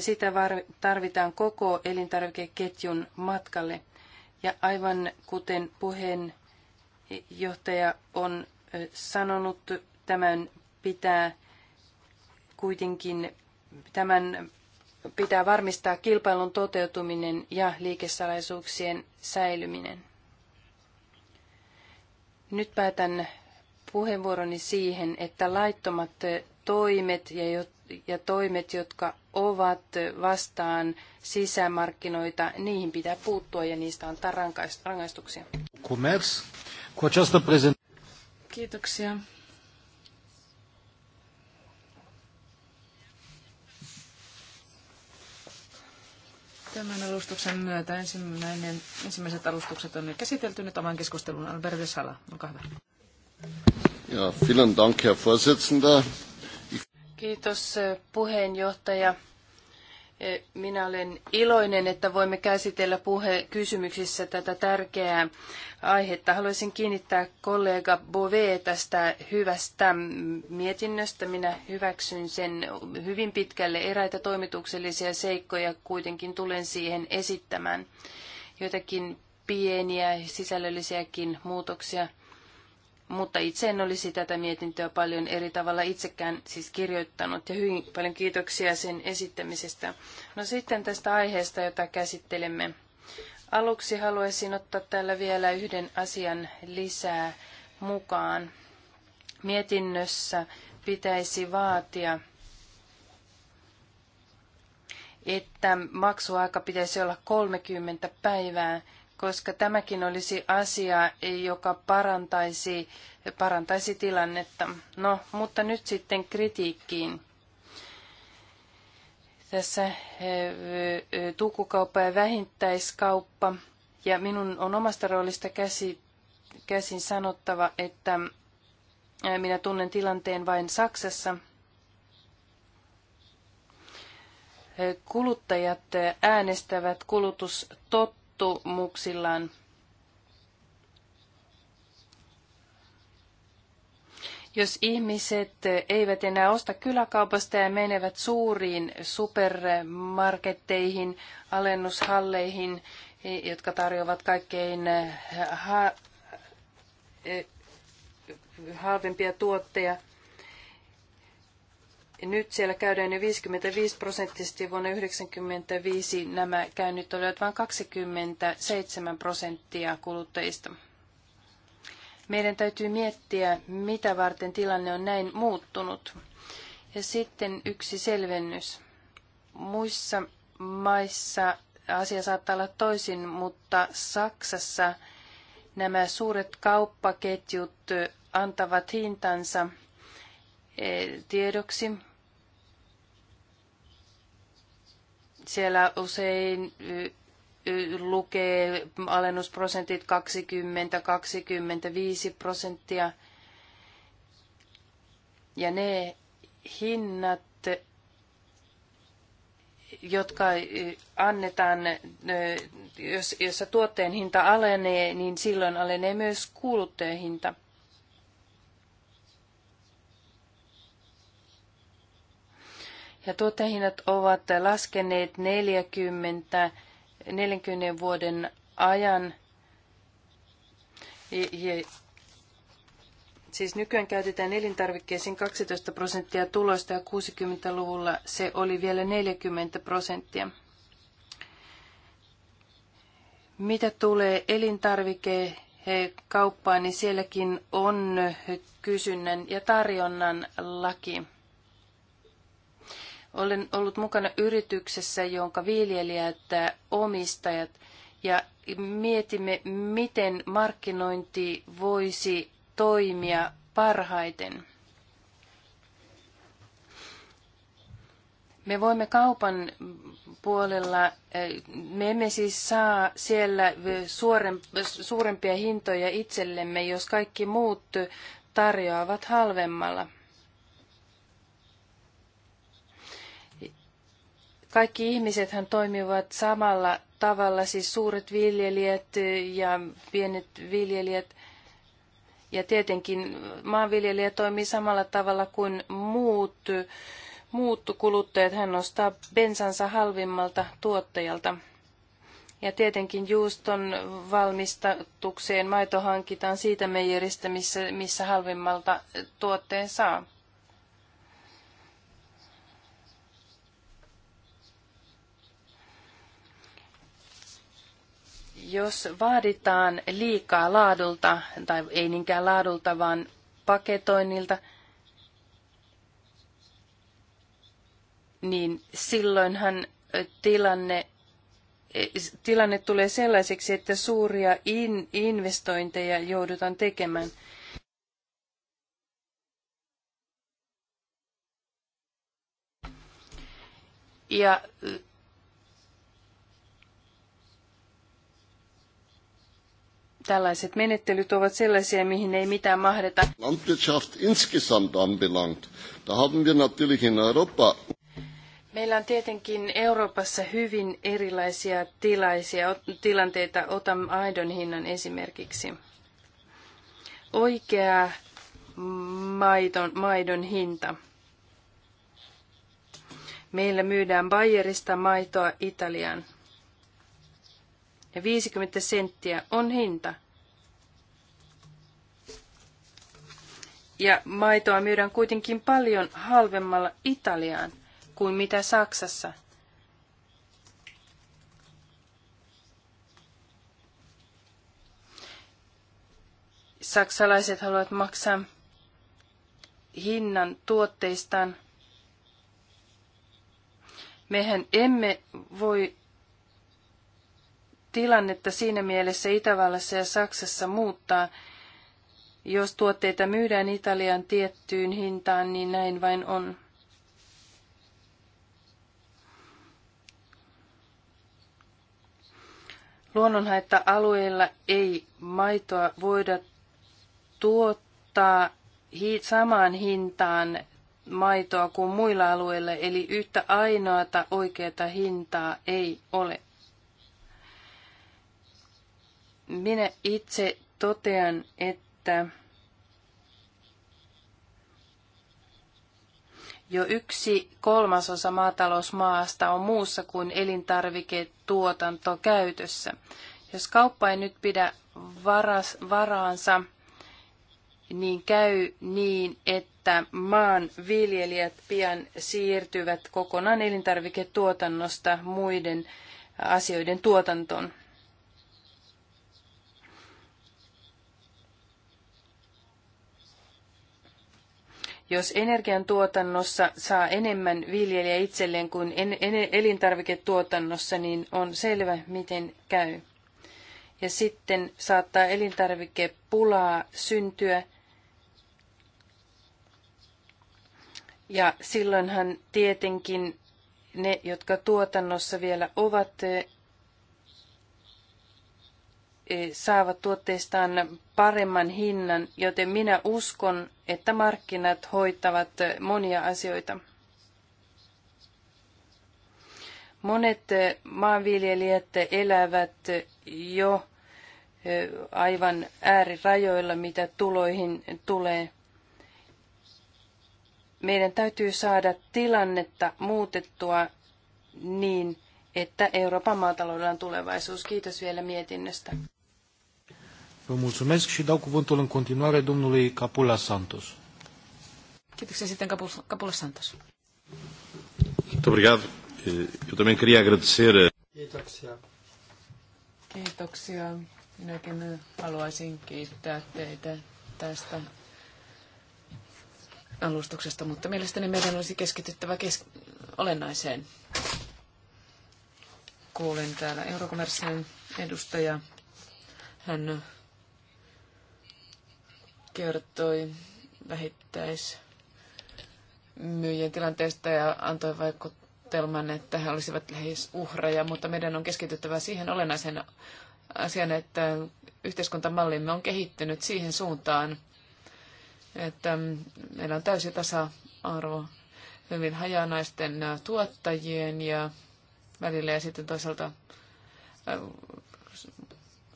sitä tarvitaan koko elintarvikeketjun matkalle. Ja aivan kuten puheen johtaja on sanonut, tämän pitää kuitenkin tämän pitää varmistaa kilpailun toteutuminen ja liikesalaisuuksien säilyminen. Nyt päätän puheenvuoroni siihen, että laittomat toimet ja, ja toimet, jotka ovat vastaan sisämarkkinoita, niihin pitää puuttua ja niistä on rangaistuksia. Commerce Cu această prezentare. Kiitoksia. Tämän alustuksen myötä ensimmäinen, ensimmäiset alustukset on nyt käsitelty. Nyt avaan keskustelun Albert Vesala. Olkaa hyvä. Ja, vielen Dank, Herr Vorsitzender. Kiitos eh, puheenjohtaja. Eh, minä olen iloinen, että voimme käsitellä puhe kysymyksissä tätä tärkeää aihetta. Haluaisin kiinnittää kollega Bove tästä hyvästä mietinnöstä. Minä hyväksyn sen hyvin pitkälle. Eräitä toimituksellisia seikkoja kuitenkin tulen siihen esittämään. jotakin pieniä sisällöllisiäkin muutoksia mutta itse en olisi tätä mietintöä paljon eri tavalla itsekään siis kirjoittanut ja hyvin paljon kiitoksia sen esittämisestä. No sitten tästä aiheesta, jota käsittelemme. Aluksi haluaisin ottaa täällä vielä yhden asian lisää mukaan. Mietinnössä pitäisi vaatia, että maksuaika pitäisi olla 30 päivää – koska tämäkin olisi asia, joka parantaisi, parantaisi tilannetta. No, mutta nyt sitten kritiikkiin. Tässä eh, tukukauppa ja vähintäiskauppa. Ja minun on omasta roolista käsi, käsin sanottava, että eh, minä tunnen tilanteen vain Saksassa. Eh, kuluttajat äänestävät kulutustottumuksia tottumuksillaan. Jos ihmiset eivät enää osta kyläkaupasta ja menevät suuriin supermarketteihin, alennushalleihin, e, jotka tarjoavat kaikkein e, ha- e, halvempia tuotteja, nyt siellä käydään jo 55 prosenttisesti vuonna 1995 nämä käynnit olivat vain 27 prosenttia kuluttajista. Meidän täytyy miettiä, mitä varten tilanne on näin muuttunut. Ja sitten yksi selvennys. Muissa maissa asia saattaa olla toisin, mutta Saksassa nämä suuret kauppaketjut antavat hintansa – tiedoksi. Siellä usein lukee alennusprosentit 20-25 prosenttia. Ja ne hinnat, jotka annetaan, jos, jos tuotteen hinta alenee, niin silloin alenee myös kuluttajahinta. hinta. Ja tuotehinnat ovat laskeneet 40, 40 vuoden ajan. Ja, siis nykyään käytetään elintarvikkeisiin 12 prosenttia tulosta ja 60-luvulla se oli vielä 40 prosenttia. Mitä tulee elintarvikekauppaan, niin sielläkin on kysynnän ja tarjonnan laki. Olen ollut mukana yrityksessä, jonka viljelijät, äh, omistajat ja mietimme, miten markkinointi voisi toimia parhaiten. Me voimme kaupan puolella, äh, me emme siis saa siellä suurempia hintoja itsellemme, jos kaikki muut tarjoavat halvemmalla. Kaikki ihmisethän toimivat samalla tavalla, siis suuret viljelijät ja pienet viljelijät. Ja tietenkin maanviljelijä toimii samalla tavalla kuin muut, muut kuluttajat. Hän ostaa bensansa halvimmalta tuottajalta. Ja tietenkin juuston valmistukseen maito hankitaan siitä meijeristä, missä, missä halvimmalta tuotteen saa. Jos vaaditaan liikaa laadulta, tai ei niinkään laadulta, vaan paketoinnilta, niin silloinhan tilanne, e, tilanne tulee sellaiseksi, että suuria in, investointeja joudutaan tekemään. Ja tällaiset menettelyt ovat sellaisia, mihin ei mitään mahdeta. Landwirtschaft insgesamt anbelangt, da haben wir natürlich in Europa Meillä on tietenkin Euroopassa hyvin erilaisia tilaisia, tilanteita. Otan aidon hinnan esimerkiksi. Oikea maidon, maidon hinta. Meillä myydään Bayerista maitoa Italiaan. Ja 50 senttiä on hinta. Ja maitoa myydään kuitenkin paljon halvemmalla Italiaan kuin mitä Saksassa. Saksalaiset haluavat maksaa hinnan tuotteistaan. Mehän emme voi tilannetta siinä mielessä Itävallassa ja Saksassa muuttaa. Jos tuotteita myydään Italian tiettyyn hintaan, niin näin vain on. Luonnonhaitta-alueilla ei maitoa voida tuottaa samaan hintaan maitoa kuin muilla alueilla, eli yhtä ainoata oikeata hintaa ei ole. Minä itse totean, että jo yksi kolmasosa maatalousmaasta on muussa kuin elintarviketuotanto käytössä. Jos kauppa ei nyt pidä varas, varaansa, niin käy niin, että maan viljelijät pian siirtyvät kokonaan elintarviketuotannosta muiden asioiden tuotantoon. Jos energiantuotannossa saa enemmän viljelijä itselleen kuin elintarviketuotannossa, niin on selvä, miten käy. Ja sitten saattaa elintarvikepulaa syntyä. Ja silloinhan tietenkin ne, jotka tuotannossa vielä ovat, E, saavat tuotteistaan paremman hinnan, joten minä uskon, että markkinat hoitavat e, monia asioita. Monet e, maanviljelijät elävät jo aivan äärirajoilla, mitä tuloihin tulee. Meidän täytyy saada tilannetta muutettua niin, että Euroopan maataloudella on tulevaisuus. Kiitos vielä mietinnöstä. Vă mulțumesc și dau cuvântul în continuare domnului Capula Santos. Kiitoksia Capula Santos. Muito obrigado. Eu também queria agradecer. Kiitoksia. Kiitoksia. Minäkin haluaisin kiittää teitä tästä alustuksesta, mutta mielestäni meidän olisi keskityttävä kes- olennaiseen. Kuulin täällä Eurokomersin edustaja. Hän kertoi vähittäismyyjien tilanteesta ja antoi vaikutelman, että he olisivat lähes uhreja, mutta meidän on keskityttävä siihen olennaiseen asian, että yhteiskuntamallimme on kehittynyt siihen suuntaan, että meillä on täysi tasa-arvo hyvin hajanaisten tuottajien ja välillä ja sitten toisaalta äh,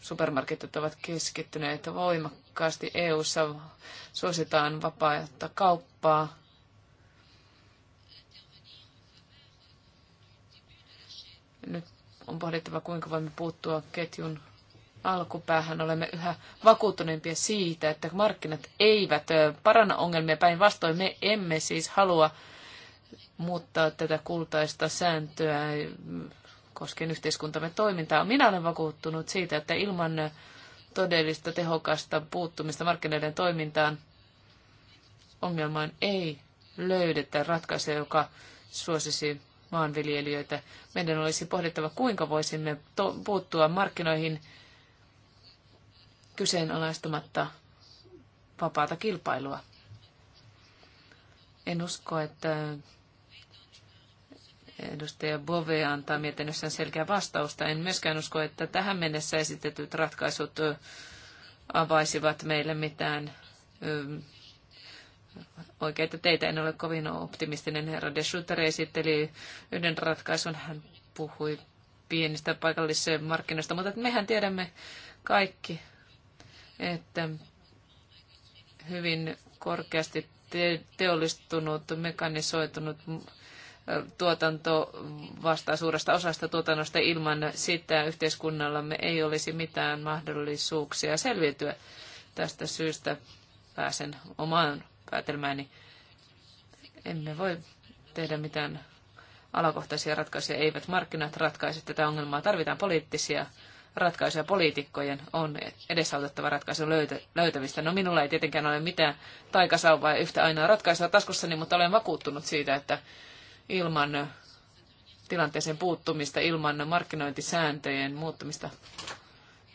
supermarketit ovat keskittyneet voimakkaasti voimakkaasti EU:ssa suositaan vapaata kauppaa. Nyt on pohdittava, kuinka voimme puuttua ketjun alkupäähän. Olemme yhä vakuuttuneempia siitä, että markkinat eivät paranna ongelmia. Päinvastoin me emme siis halua muuttaa tätä kultaista sääntöä koskien yhteiskuntamme toimintaa. Minä olen vakuuttunut siitä, että ilman todellista tehokasta puuttumista markkinoiden toimintaan. Ongelmaan ei löydetä ratkaisua, joka suosisi maanviljelijöitä. Meidän olisi pohdittava, kuinka voisimme puuttua markkinoihin kyseenalaistamatta vapaata kilpailua. En usko, että Edustaja Bove antaa mietinnössään selkeää vastausta. En myöskään usko, että tähän mennessä esitetyt ratkaisut avaisivat meille mitään oikeita teitä. En ole kovin optimistinen. Herra de Schutter esitteli yhden ratkaisun. Hän puhui pienistä paikallisista markkinoista, mutta mehän tiedämme kaikki, että hyvin korkeasti teollistunut, mekanisoitunut tuotanto vastaa suuresta osasta tuotannosta. Ilman sitä yhteiskunnallamme ei olisi mitään mahdollisuuksia selviytyä. Tästä syystä pääsen omaan päätelmääni. Emme voi tehdä mitään alakohtaisia ratkaisuja. Eivät markkinat ratkaise tätä ongelmaa. Tarvitaan poliittisia ratkaisuja poliitikkojen on edesautettava ratkaisun löytä, löytämistä. No minulla ei tietenkään ole mitään taikasauvaa ja yhtä ainoa ratkaisua taskussani, mutta olen vakuuttunut siitä, että ilman tilanteeseen puuttumista, ilman markkinointisääntöjen muuttumista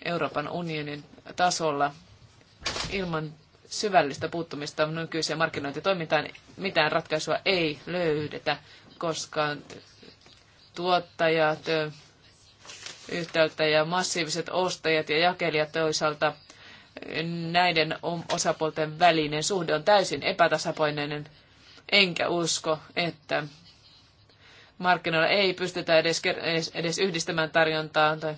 Euroopan unionin tasolla, ilman syvällistä puuttumista nykyiseen markkinointitoimintaan mitään ratkaisua ei löydetä, koska tuottajat yhtäältä ja massiiviset ostajat ja jakelijat toisaalta näiden osapuolten välinen suhde on täysin epätasapainoinen, enkä usko, että markkinoilla ei pystytä edes, edes yhdistämään tarjontaa tai,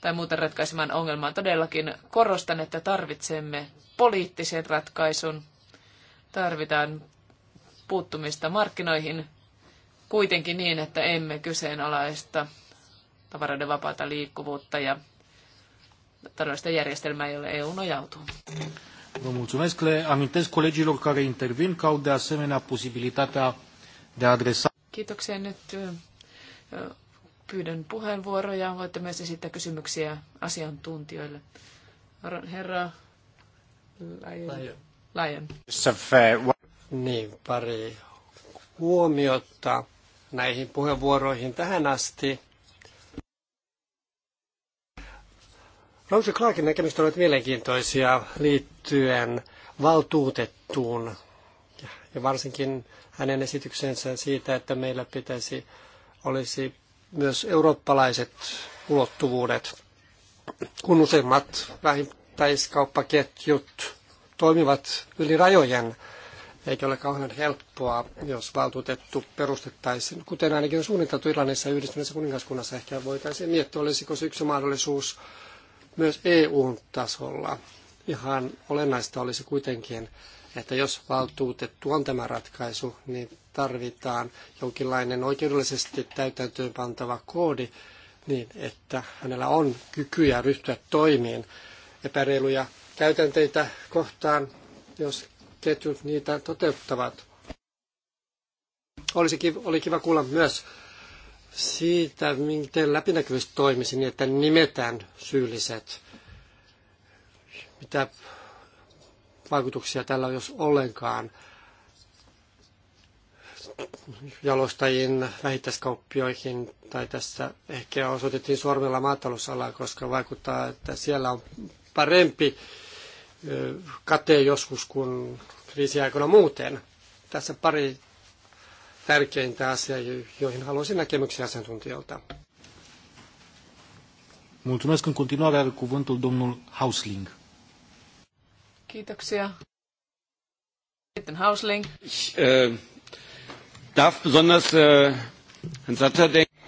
tai muuten ratkaisemaan ongelmaa. Todellakin korostan, että tarvitsemme poliittisen ratkaisun. Tarvitaan puuttumista markkinoihin kuitenkin niin, että emme kyseenalaista tavaroiden vapaata liikkuvuutta ja taloudellista järjestelmää, jolle EU nojautuu. Vă mulțumesc. Le amintesc colegilor care intervin că au de asemenea posibilitatea de a adresa Kiitoksia nyt. Pyydän puheenvuoroja. Voitte myös esittää kysymyksiä asiantuntijoille. Herra Lion. Niin, pari huomiota näihin puheenvuoroihin tähän asti. Rose Clarkin näkemykset ovat mielenkiintoisia liittyen valtuutettuun ja varsinkin hänen esityksensä siitä, että meillä pitäisi olisi myös eurooppalaiset ulottuvuudet, kun useimmat vähittäiskauppaketjut toimivat yli rajojen, eikä ole kauhean helppoa, jos valtuutettu perustettaisiin, kuten ainakin on suunniteltu Irlannissa ja yhdistyneessä kuningaskunnassa ehkä voitaisiin miettiä, olisiko se yksi mahdollisuus myös EU-tasolla. Ihan olennaista olisi kuitenkin, että jos valtuutettu on tämä ratkaisu, niin tarvitaan jonkinlainen oikeudellisesti täytäntöön pantava koodi, niin että hänellä on kykyjä ryhtyä toimiin epäreiluja käytänteitä kohtaan, jos ketjut niitä toteuttavat. Olisi kiva, oli kiva kuulla myös siitä, miten läpinäkyvyys toimisi niin, että nimetään syylliset. Mitä vaikutuksia tällä on, jos ollenkaan jalostajien vähittäiskauppioihin, tai tässä ehkä osoitettiin sormella maatalousalaa, koska vaikuttaa, että siellä on parempi kate joskus kuin kriisiaikana muuten. Tässä pari tärkeintä asiaa, joihin haluaisin näkemyksiä asiantuntijoilta. Mulțumesc în continuare are cuvântul domnul Hausling. Kiitoksia. Sitten Hausling. Ich äh, darf besonders äh, Herrn Satter denken.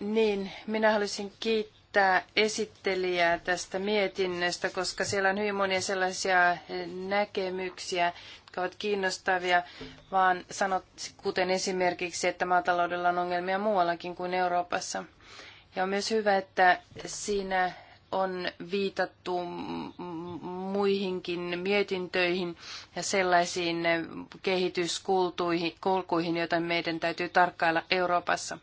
Niin, minä haluaisin kiittää esittelijää tästä mietinnöstä, koska siellä on hyvin monia sellaisia äh, näkemyksiä, jotka ovat kiinnostavia, vaan sanot, kuten esimerkiksi, että maataloudella on ongelmia muuallakin kuin Euroopassa. Ja on myös hyvä, että siinä on viitattu muihinkin mietintöihin ja sellaisiin kehityskulkuihin, joita meidän täytyy tarkkailla Euroopassa.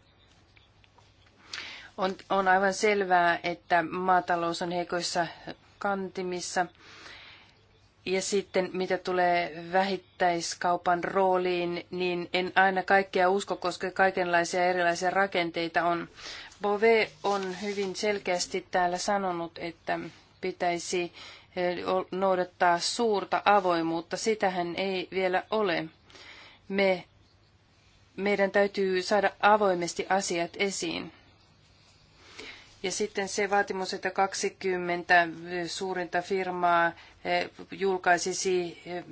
On, on aivan selvää, että maatalous on heikoissa kantimissa. Ja sitten mitä tulee vähittäiskaupan rooliin, niin en aina kaikkea usko, koska kaikenlaisia erilaisia rakenteita on. Bove on hyvin selkeästi täällä sanonut, että pitäisi noudattaa suurta avoimuutta. Sitähän ei vielä ole. Me, meidän täytyy saada avoimesti asiat esiin. Ja sitten se vaatimus, että 20 suurinta firmaa eh, julkaisisi eh,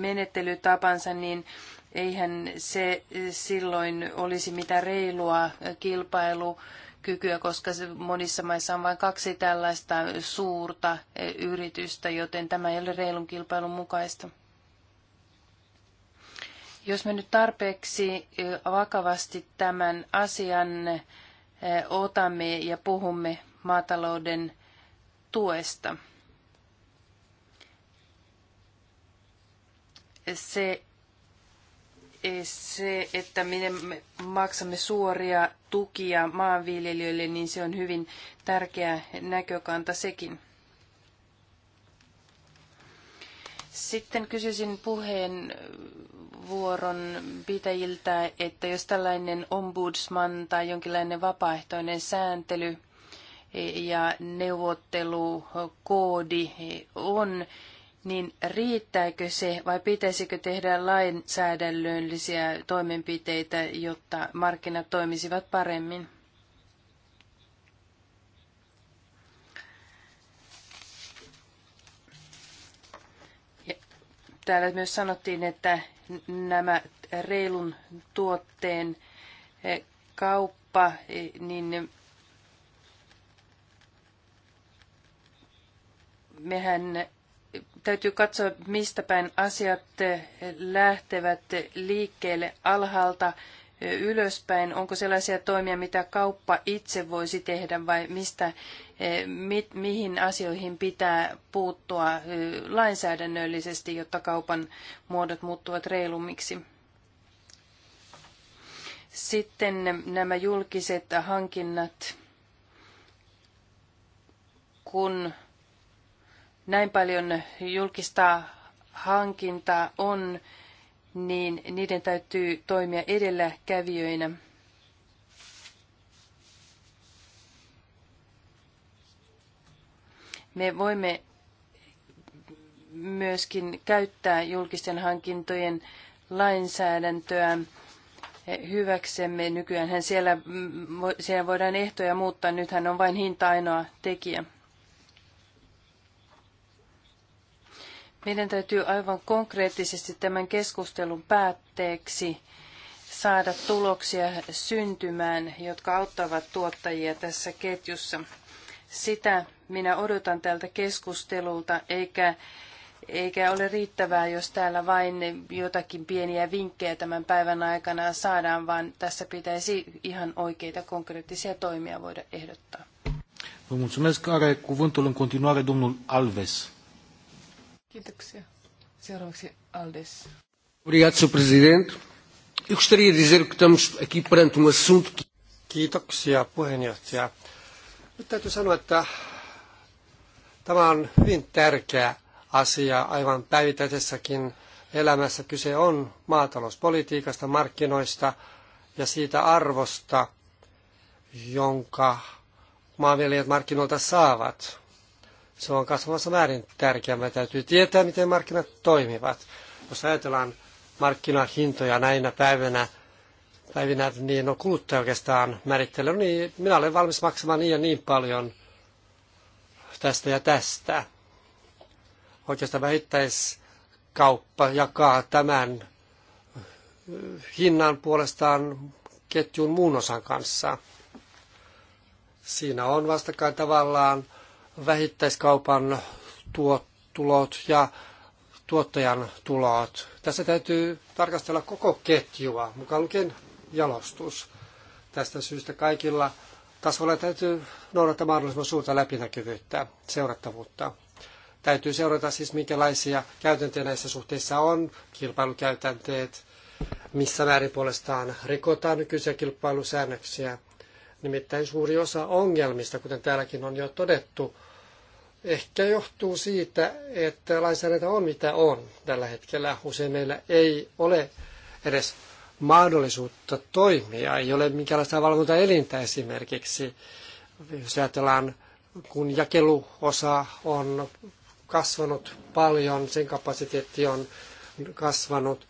menettelytapansa, niin eihän se eh, silloin olisi mitään reilua kilpailu kykyä, koska monissa maissa on vain kaksi tällaista suurta eh, yritystä, joten tämä ei ole reilun kilpailun mukaista. Jos me nyt tarpeeksi eh, vakavasti tämän asian eh, otamme ja puhumme maatalouden tuesta, se se, että miten me maksamme suoria tukia maanviljelijöille, niin se on hyvin tärkeä näkökanta sekin. Sitten kysyisin puheenvuoron pitäjiltä, että jos tällainen ombudsman tai jonkinlainen vapaaehtoinen sääntely ja neuvottelukoodi on, niin riittääkö se vai pitäisikö tehdä lainsäädännöllisiä toimenpiteitä, jotta markkinat toimisivat paremmin? Ja täällä myös sanottiin, että nämä reilun tuotteen eh, kauppa, eh, niin mehän täytyy katsoa, mistä päin asiat lähtevät liikkeelle alhaalta ylöspäin. Onko sellaisia toimia, mitä kauppa itse voisi tehdä vai mistä, mi, mihin asioihin pitää puuttua lainsäädännöllisesti, jotta kaupan muodot muuttuvat reilummiksi? Sitten nämä julkiset hankinnat, kun näin paljon julkista hankintaa on, niin niiden täytyy toimia edelläkävijöinä. Me voimme myöskin käyttää julkisten hankintojen lainsäädäntöä hyväksemme. Nykyään siellä, siellä voidaan ehtoja muuttaa, nythän on vain hinta ainoa tekijä. Meidän täytyy aivan konkreettisesti tämän keskustelun päätteeksi saada tuloksia syntymään, jotka auttavat tuottajia tässä ketjussa. Sitä minä odotan tältä keskustelulta, eikä, eikä ole riittävää, jos täällä vain jotakin pieniä vinkkejä tämän päivän aikana saadaan, vaan tässä pitäisi ihan oikeita konkreettisia toimia voida ehdottaa. Vă mulțumesc. Are cuvântul în continuare domnul Alves. Kiitoksia. Seuraavaksi Aldes. Obrigado, Sr. Presidente. Eu gostaria de dizer que estamos aqui perante um assunto que... Kiitoksia, puheenjohtaja. Nyt täytyy sanoa, että tämä on hyvin tärkeä asia aivan päivittäisessäkin elämässä. Kyse on maatalouspolitiikasta, markkinoista ja siitä arvosta, jonka maanviljelijät markkinoilta saavat se on kasvamassa määrin tärkeä. Me täytyy tietää, miten markkinat toimivat. Jos ajatellaan markkinahintoja näinä päivinä, päivinä niin on no, kuluttaja oikeastaan määrittelee, no niin minä olen valmis maksamaan niin ja niin paljon tästä ja tästä. Oikeastaan vähittäiskauppa jakaa tämän hinnan puolestaan ketjun muun osan kanssa. Siinä on vastakkain tavallaan vähittäiskaupan tuot, tulot ja tuottajan tulot. Tässä täytyy tarkastella koko ketjua, mukaan lukien jalostus. Tästä syystä kaikilla tasolla täytyy noudattaa mahdollisimman suurta läpinäkyvyyttä, seurattavuutta. Täytyy seurata siis, minkälaisia käytäntöjä näissä suhteissa on, kilpailukäytänteet, missä määrin puolestaan rikotaan nykyisiä kilpailusäännöksiä – Nimittäin suuri osa ongelmista, kuten täälläkin on jo todettu, ehkä johtuu siitä, että lainsäädäntö on mitä on tällä hetkellä. Usein meillä ei ole edes mahdollisuutta toimia, ei ole minkäänlaista valvontaelintä esimerkiksi. Jos ajatellaan, kun jakeluosa on kasvanut paljon, sen kapasiteetti on kasvanut,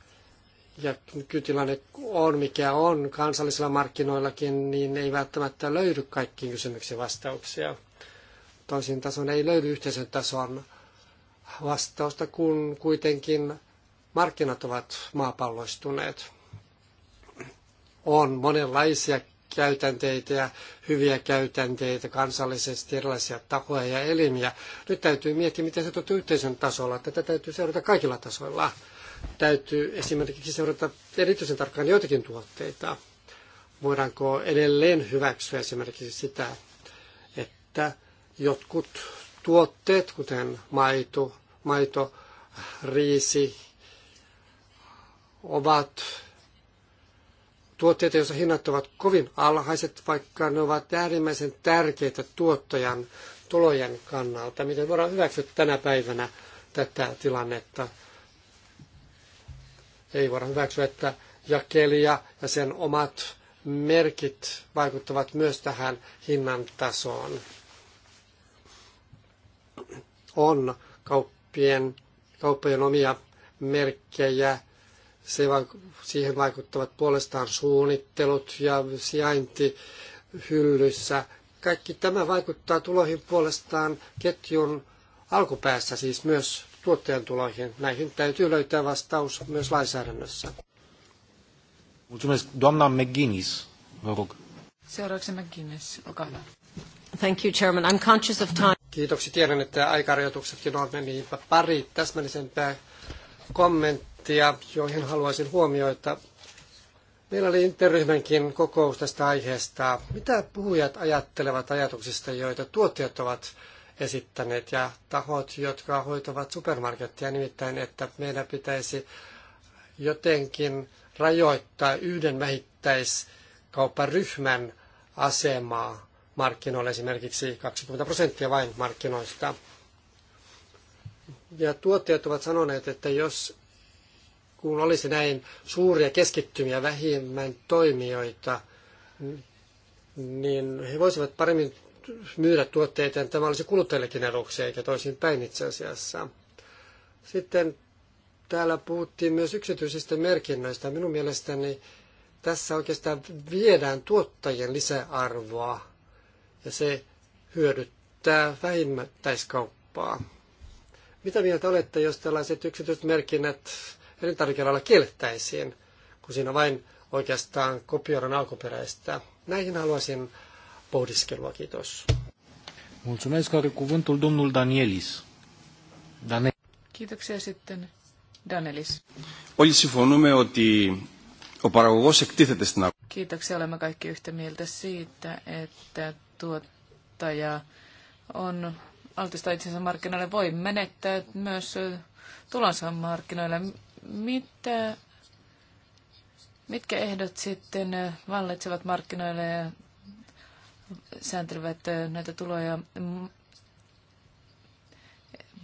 ja nykytilanne on mikä on kansallisilla markkinoillakin, niin ei välttämättä löydy kaikkiin kysymyksiin vastauksia. Toisin tason ei löydy yhteisen tason vastausta, kun kuitenkin markkinat ovat maapalloistuneet. On monenlaisia käytänteitä ja hyviä käytänteitä kansallisesti, erilaisia tahoja ja elimiä. Nyt täytyy miettiä, miten se toteutuu yhteisön tasolla. Tätä täytyy seurata kaikilla tasoilla täytyy esimerkiksi seurata erityisen tarkkaan joitakin tuotteita. Voidaanko edelleen hyväksyä esimerkiksi sitä, että jotkut tuotteet, kuten maito, maito riisi, ovat tuotteita, joissa hinnat ovat kovin alhaiset, vaikka ne ovat äärimmäisen tärkeitä tuottajan tulojen kannalta. Miten voidaan hyväksyä tänä päivänä tätä tilannetta? Ei voida hyväksyä, että jakelija ja sen omat merkit vaikuttavat myös tähän hinnan tasoon. On kauppien, kauppojen omia merkkejä, se, siihen vaikuttavat puolestaan suunnittelut ja sijainti hyllyssä. Kaikki tämä vaikuttaa tuloihin puolestaan ketjun alkupäässä, siis myös tuottajan tuloihin. Näihin täytyy löytää vastaus myös lainsäädännössä. Mulțumesc. Doamna McGuinness, vă rog. Seuraavaksi McGuinness, olkaa hyvä. Thank you, Chairman. I'm conscious of time. Kiitoksia. Tiedän, että aikarajoituksetkin on meniinpä pari täsmällisempää kommenttia, joihin haluaisin huomioita. Meillä oli interryhmänkin kokous tästä aiheesta. Mitä puhujat ajattelevat ajatuksista, joita tuottajat ovat esittäneet ja tahot, jotka hoitavat supermarkettia, nimittäin, että meidän pitäisi jotenkin rajoittaa yhden vähittäiskaupparyhmän asemaa markkinoilla, esimerkiksi 20 prosenttia vain markkinoista. Ja tuottajat ovat sanoneet, että jos kun olisi näin suuria keskittymiä vähimmän toimijoita, niin he voisivat paremmin myydä tuotteitaan, niin tämä olisi kuluttajillekin eduksi, eikä toisin päin itse asiassa. Sitten täällä puhuttiin myös yksityisistä merkinnöistä. Minun mielestäni tässä oikeastaan viedään tuottajien lisäarvoa ja se hyödyttää vähimmäiskauppaa. Mitä mieltä olette, jos tällaiset yksityiset merkinnät elintarvikealalla kiellettäisiin, kun siinä vain oikeastaan kopioidaan alkuperäistä? Näihin haluaisin pohdiskelua. Kiitos. Mulțumesc, are cuvântul domnul Danielis. Dane... Kiitoksia sitten Danielis. Όλοι συμφωνούμε ότι ο παραγωγός εκτίθεται στην αγορά. Kiitoksia, olemme kaikki yhtä mieltä siitä, että tuottaja on altistaa itsensä markkinoille. Voi menettää myös tulonsa markkinoille. Mitä, mitkä ehdot sitten vallitsevat markkinoille sääntelevät näitä tuloja.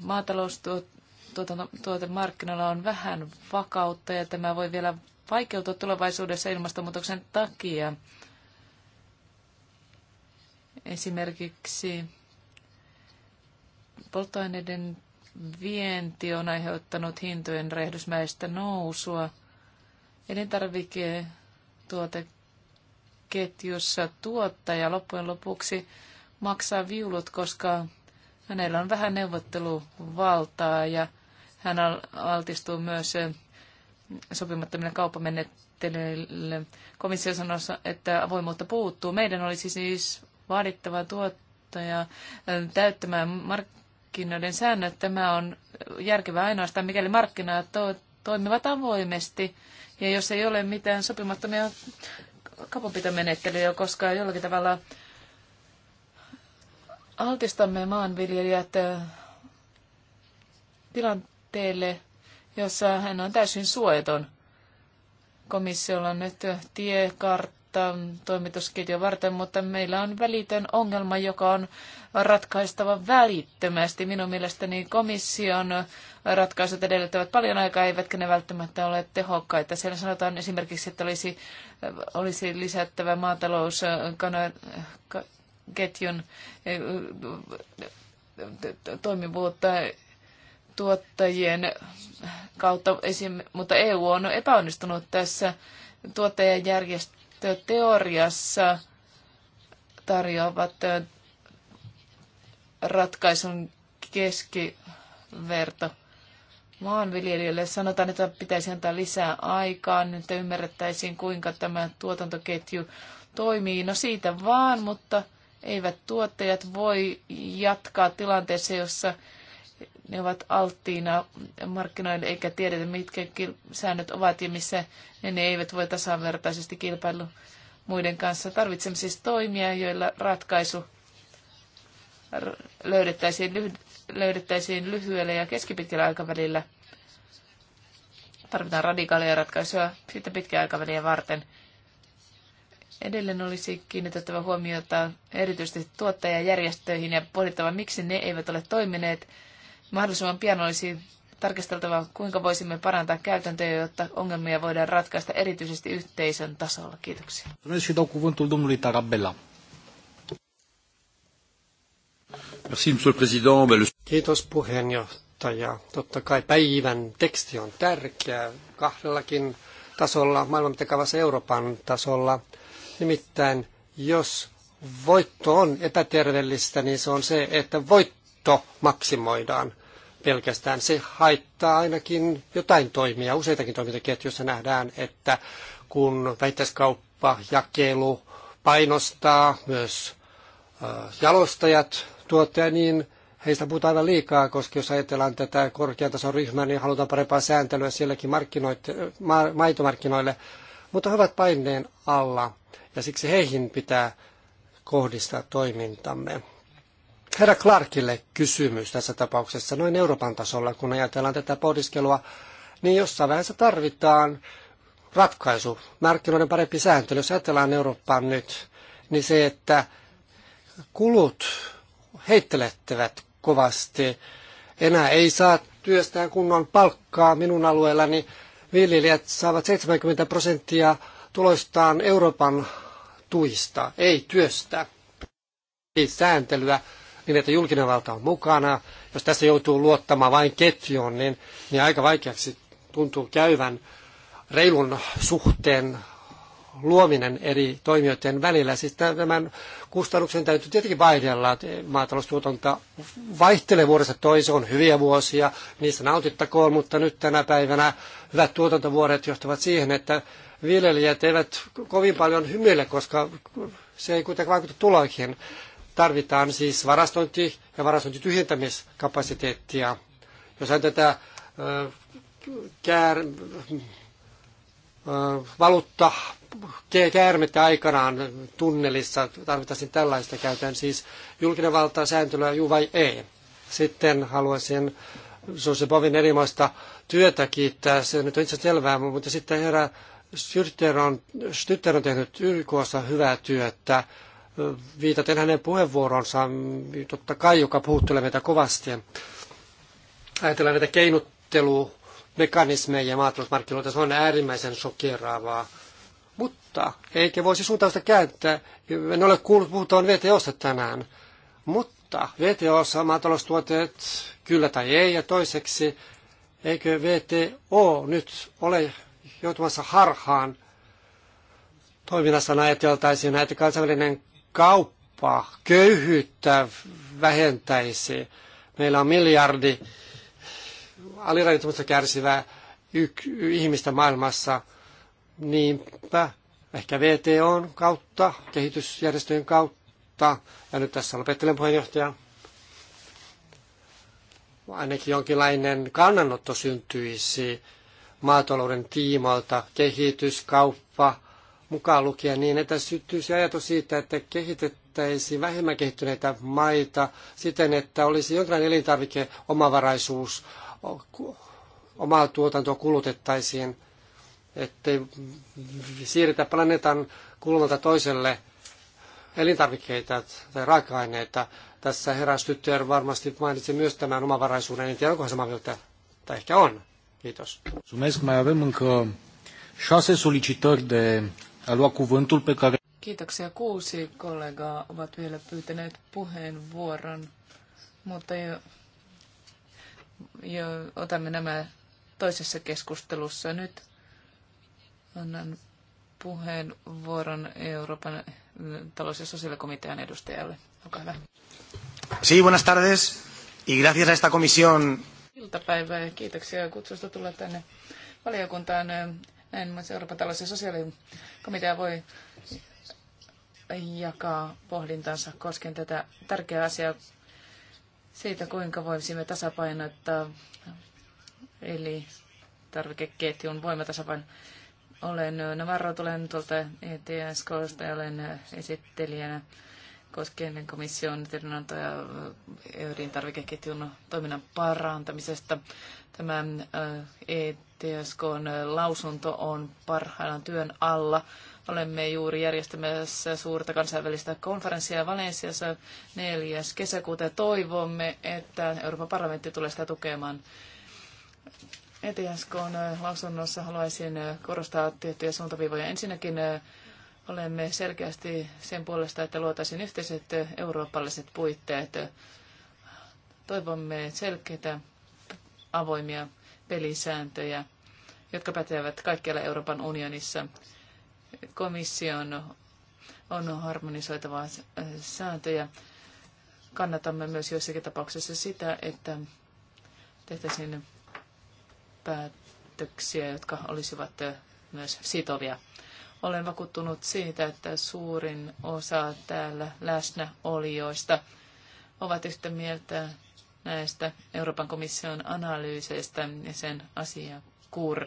Maataloustuotemarkkinoilla on vähän vakautta ja tämä voi vielä vaikeutua tulevaisuudessa ilmastonmuutoksen takia. Esimerkiksi polttoaineiden vienti on aiheuttanut hintojen räjähdysmäistä nousua. Elintarvike tuote ketjussa tuottaja loppujen lopuksi maksaa viulut, koska hänellä on vähän neuvotteluvaltaa ja hän altistuu myös eh, sopimattomille kauppamenettelyille. Komissio sanoi että avoimuutta puuttuu. Meidän olisi siis vaadittava tuottaja eh, täyttämään markkinoiden säännöt. Tämä on järkevää ainoastaan, mikäli markkinat toimivat avoimesti. Ja jos ei ole mitään sopimattomia kapunpitomenettelyjä, koska jollakin tavalla altistamme maanviljelijät tilanteelle, jossa hän on täysin suojaton. Komissiolla on nyt tiekartta toimitusketjua varten, mutta meillä on välitön ongelma, joka on ratkaistava välittömästi. Minun mielestäni komission ratkaisut edellyttävät paljon aikaa, eivätkä ne välttämättä ole tehokkaita. Siellä sanotaan esimerkiksi, että olisi, olisi lisättävä maatalousketjun e, toimivuutta tuottajien kautta, esim, mutta EU on epäonnistunut tässä järjestöteoriassa tarjoavat e, ratkaisun keskiverto maanviljelijöille sanotaan, että pitäisi antaa lisää aikaa, nyt ymmärrettäisiin kuinka tämä tuotantoketju toimii. No siitä vaan, mutta eivät tuottajat voi jatkaa tilanteessa, jossa ne ovat alttiina markkinoille eikä tiedetä, mitkä säännöt ovat ja missä ne eivät voi tasavertaisesti kilpailu muiden kanssa. Tarvitsemme siis toimia, joilla ratkaisu löydettäisiin löydettäisiin lyhyellä ja keskipitkällä aikavälillä. Tarvitaan radikaaleja ratkaisuja sitä pitkän aikavälin varten. Edelleen olisi kiinnitettävä huomiota erityisesti tuottajajärjestöihin ja pohdittava, miksi ne eivät ole toimineet. Mahdollisimman pian olisi tarkasteltava, kuinka voisimme parantaa käytäntöjä, jotta ongelmia voidaan ratkaista erityisesti yhteisön tasolla. Kiitoksia. Kiitos puheenjohtaja. Totta kai päivän teksti on tärkeä kahdellakin tasolla, maailman mittakaavassa Euroopan tasolla. Nimittäin jos voitto on epäterveellistä, niin se on se, että voitto maksimoidaan pelkästään. Se haittaa ainakin jotain toimia, useitakin toimintaketjuissa nähdään, että kun väittäiskauppa, jakelu painostaa myös jalostajat tuottaja, niin heistä puhutaan aivan liikaa, koska jos ajatellaan tätä korkean tason ryhmää, niin halutaan parempaa sääntelyä sielläkin ma- maitomarkkinoille. Mutta he ovat paineen alla ja siksi heihin pitää kohdistaa toimintamme. Herra Clarkille kysymys tässä tapauksessa noin Euroopan tasolla, kun ajatellaan tätä pohdiskelua, niin jossain vaiheessa tarvitaan ratkaisu, markkinoiden parempi sääntely. Jos ajatellaan Eurooppaa nyt, niin se, että kulut heittelehtävät kovasti. Enää ei saa työstään kunnon palkkaa minun alueellani. Viljelijät saavat 70 prosenttia tuloistaan Euroopan tuista, ei työstä. Ei sääntelyä niin, että julkinen valta on mukana. Jos tässä joutuu luottamaan vain ketjuun, niin, niin aika vaikeaksi tuntuu käyvän reilun suhteen luominen eri toimijoiden välillä. Siis tämän kustannuksen täytyy tietenkin vaihdella. Maataloustuotanto vaihtelee vuodesta toiseen, on hyviä vuosia, niistä nautittakoon, mutta nyt tänä päivänä hyvät tuotantovuodet johtavat siihen, että viljelijät eivät kovin paljon hymyile, koska se ei kuitenkaan vaikuta tuloihin. Tarvitaan siis varastointi- ja varastointityhjentämiskapasiteettia. Jos hän tätä kär, valuutta käärmettä aikanaan tunnelissa, tarvittaisiin tällaista, käytän siis julkinen valta sääntelyä, juu vai ei. Sitten haluaisin Bovin erimoista työtä kiittää, se nyt on itse selvää, mutta sitten herra Stytter on, Stytter on tehnyt YKssa hyvää työtä, viitaten hänen puheenvuoronsa, niin totta kai, joka puhuttelee meitä kovasti. Ajatellaan näitä keinotteluja mekanismeja maatalousmarkkinoilta. Se on äärimmäisen shokeraavaa. Mutta eikä voisi suuntausta käyttää, En ole kuullut puhutaan VTOsta tänään. Mutta VTOssa maataloustuotteet kyllä tai ei. Ja toiseksi, eikö VTO nyt ole joutumassa harhaan toiminnassa ajateltaisiin, että kansainvälinen kauppa köyhyyttä vähentäisi. Meillä on miljardi aliravitsemusta kärsivää ihmistä maailmassa, niinpä ehkä VTOn kautta, kehitysjärjestöjen kautta, ja nyt tässä lopettelen puheenjohtaja, ainakin jonkinlainen kannanotto syntyisi maatalouden tiimoilta, kehitys, kauppa, mukaan lukien niin, että syntyisi ajatus siitä, että kehitettäisiin vähemmän kehittyneitä maita siten, että olisi jonkinlainen elintarvikeomavaraisuus omaa tuotantoa kulutettaisiin, ettei siirretä planeetan kulmalta toiselle elintarvikkeita tai raaka-aineita. Tässä herra Stytter varmasti mainitsi myös tämän omavaraisuuden. En tiedä, onko samaa mieltä, tai ehkä on. Kiitos. Mulțumesc. Mai avem încă șase solicitări de a lua cuvântul pe care... Kiitoksia. Kuusi kollegaa ovat vielä pyytäneet puheenvuoron, mutta jo otamme nämä toisessa keskustelussa. Nyt annan puheenvuoron Euroopan äh, talous- ja sosiaalikomitean edustajalle. Olkaa hyvä. Sí, buenas tardes. Y gracias a esta comisión. Iltapäivää ja kiitoksia kutsusta tulla tänne valiokuntaan. Näin myös Euroopan talous- ja sosiaalikomitea voi jakaa pohdintansa koskien tätä tärkeää asiaa siitä, kuinka voisimme tasapainottaa, eli tarvikeketjun voimatasapaino. Olen Navarro, tulen tuolta ETSKsta ja olen esittelijänä koskien komission tiedonantoa ja tarvikeketjun toiminnan parantamisesta. Tämä äh, etsk lausunto on parhaillaan työn alla. Olemme juuri järjestämässä suurta kansainvälistä konferenssia Valensiassa 4. kesäkuuta ja toivomme, että Euroopan parlamentti tulee sitä tukemaan. ETSKn äh, lausunnossa haluaisin äh, korostaa tiettyjä suuntaviivoja. Ensinnäkin äh, olemme selkeästi sen puolesta, että luotaisiin yhteiset eurooppalaiset puitteet. Toivomme selkeitä avoimia pelisääntöjä, jotka pätevät kaikkialla Euroopan unionissa komission on harmonisoitava sääntöjä. Kannatamme myös joissakin tapauksissa sitä, että tehtäisiin päätöksiä, jotka olisivat myös sitovia. Olen vakuuttunut siitä, että suurin osa täällä läsnäolijoista ovat yhtä mieltä näistä Euroopan komission analyyseistä ja sen asiakirjoista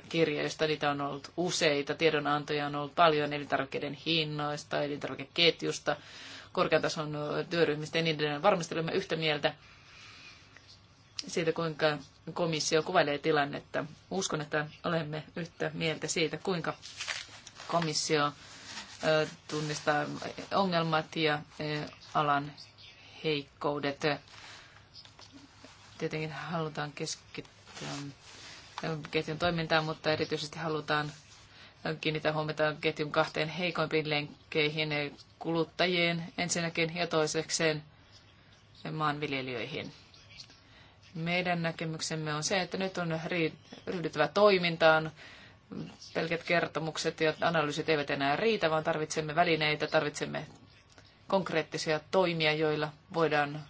kirjeistä, Niitä on ollut useita. Tiedonantoja on ollut paljon elintarvikkeiden hinnoista, elintarvikeketjusta, korkean tason työryhmistä ja niin edelleen. Varmasti olemme yhtä mieltä siitä, kuinka komissio kuvailee tilannetta. Uskon, että olemme yhtä mieltä siitä, kuinka komissio tunnistaa ongelmat ja alan heikkoudet. Tietenkin halutaan keskittyä ketjun toimintaan, mutta erityisesti halutaan kiinnittää huomiota ketjun kahteen heikoimpiin lenkkeihin, kuluttajien ensinnäkin ja toisekseen maanviljelijöihin. Meidän näkemyksemme on se, että nyt on ryhdyttävä toimintaan. Pelkät kertomukset ja analyysit eivät enää riitä, vaan tarvitsemme välineitä, tarvitsemme konkreettisia toimia, joilla voidaan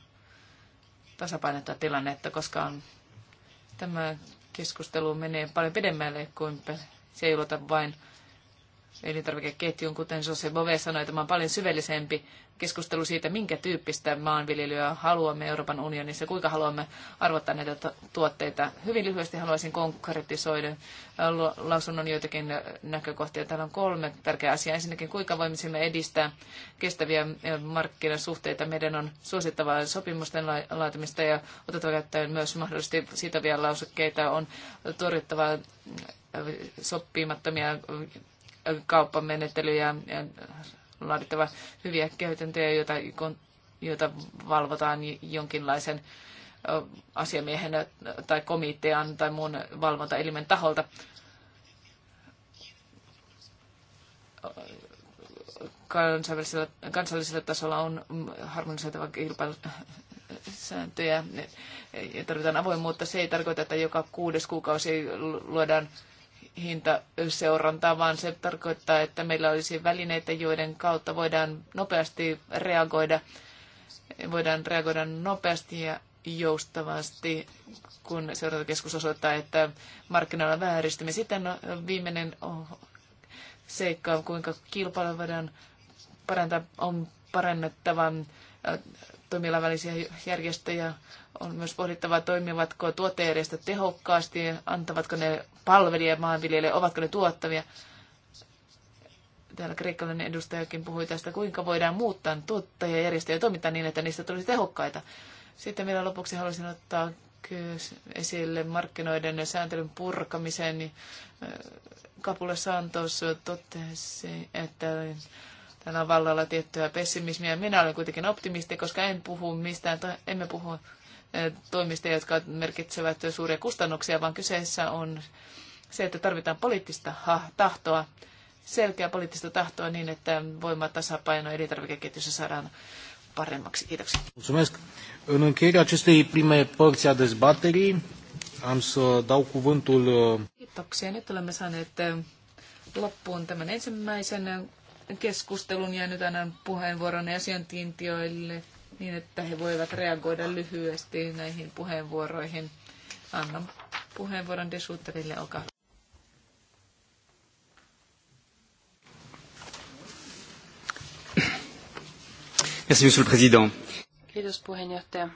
tasapainottaa tilannetta, koska on tämä keskustelu menee paljon pidemmälle kuin se ei ulota vain elintarvikeketjun, kuten Jose Bove sanoi, tämä on paljon syvällisempi keskustelu siitä, minkä tyyppistä maanviljelyä haluamme Euroopan unionissa, kuinka haluamme arvottaa näitä tuotteita. Hyvin lyhyesti haluaisin konkretisoida äh, lausunnon joitakin näkökohtia. Täällä on kolme tärkeää asiaa. Ensinnäkin, kuinka voisimme edistää kestäviä äh, markkinasuhteita. Meidän on suosittavaa sopimusten laatimista ja otettava käyttöön myös mahdollisesti sitovia lausukkeita. On torjuttava äh, sopimattomia kauppamenettelyjä ja laadittava hyviä käytäntöjä, joita, joita valvotaan jonkinlaisen asiamiehen tai komitean tai muun valvontaelimen taholta. Kansainvälisellä, kansallisella tasolla on harmonisoitava kilpailusääntöjä ja tarvitaan avoimuutta. Se ei tarkoita, että joka kuudes kuukausi luodaan hintaseurantaa, vaan se tarkoittaa, että meillä olisi välineitä, joiden kautta voidaan nopeasti reagoida, voidaan reagoida nopeasti ja joustavasti, kun seurantakeskus osoittaa, että markkinoilla on vääristymä. Sitten no, viimeinen seikka on, kuinka kilpailu voidaan parantaa, on parannettavan toimialan välisiä järjestöjä. On myös pohdittava, toimivatko tuottajajärjestöt tehokkaasti, antavatko ne palveluja maanviljelijöille, ovatko ne tuottavia. Täällä kreikkalainen edustajakin puhui tästä, kuinka voidaan muuttaa tuottajajärjestöjä toimittaa niin, että niistä tulisi tehokkaita. Sitten vielä lopuksi haluaisin ottaa esille markkinoiden ja sääntelyn purkamisen. Kapule Santos totesi, että Täällä on vallalla tiettyä pessimismiä. Minä olen kuitenkin optimisti, koska en puhu mistään, emme puhu eh, toimista, jotka merkitsevät suuria kustannuksia, vaan kyseessä on se, että tarvitaan poliittista tahtoa, selkeää poliittista tahtoa niin, että tasapaino elintarvikeketjussa saadaan paremmaksi. Kiitoksia. Mulțumesc. În încheierea acestei prime părți a dezbaterii am să dau cuvântul... Eh, Kiitoksia. Nyt olemme saaneet eh, loppuun tämän ensimmäisen keskustelun ja nyt annan puheenvuoron asiantuntijoille niin, että he voivat reagoida lyhyesti näihin puheenvuoroihin. Annan puheenvuoron Desuterille, olkaa Merci, Monsieur le Président. Kiitos puheenjohtaja.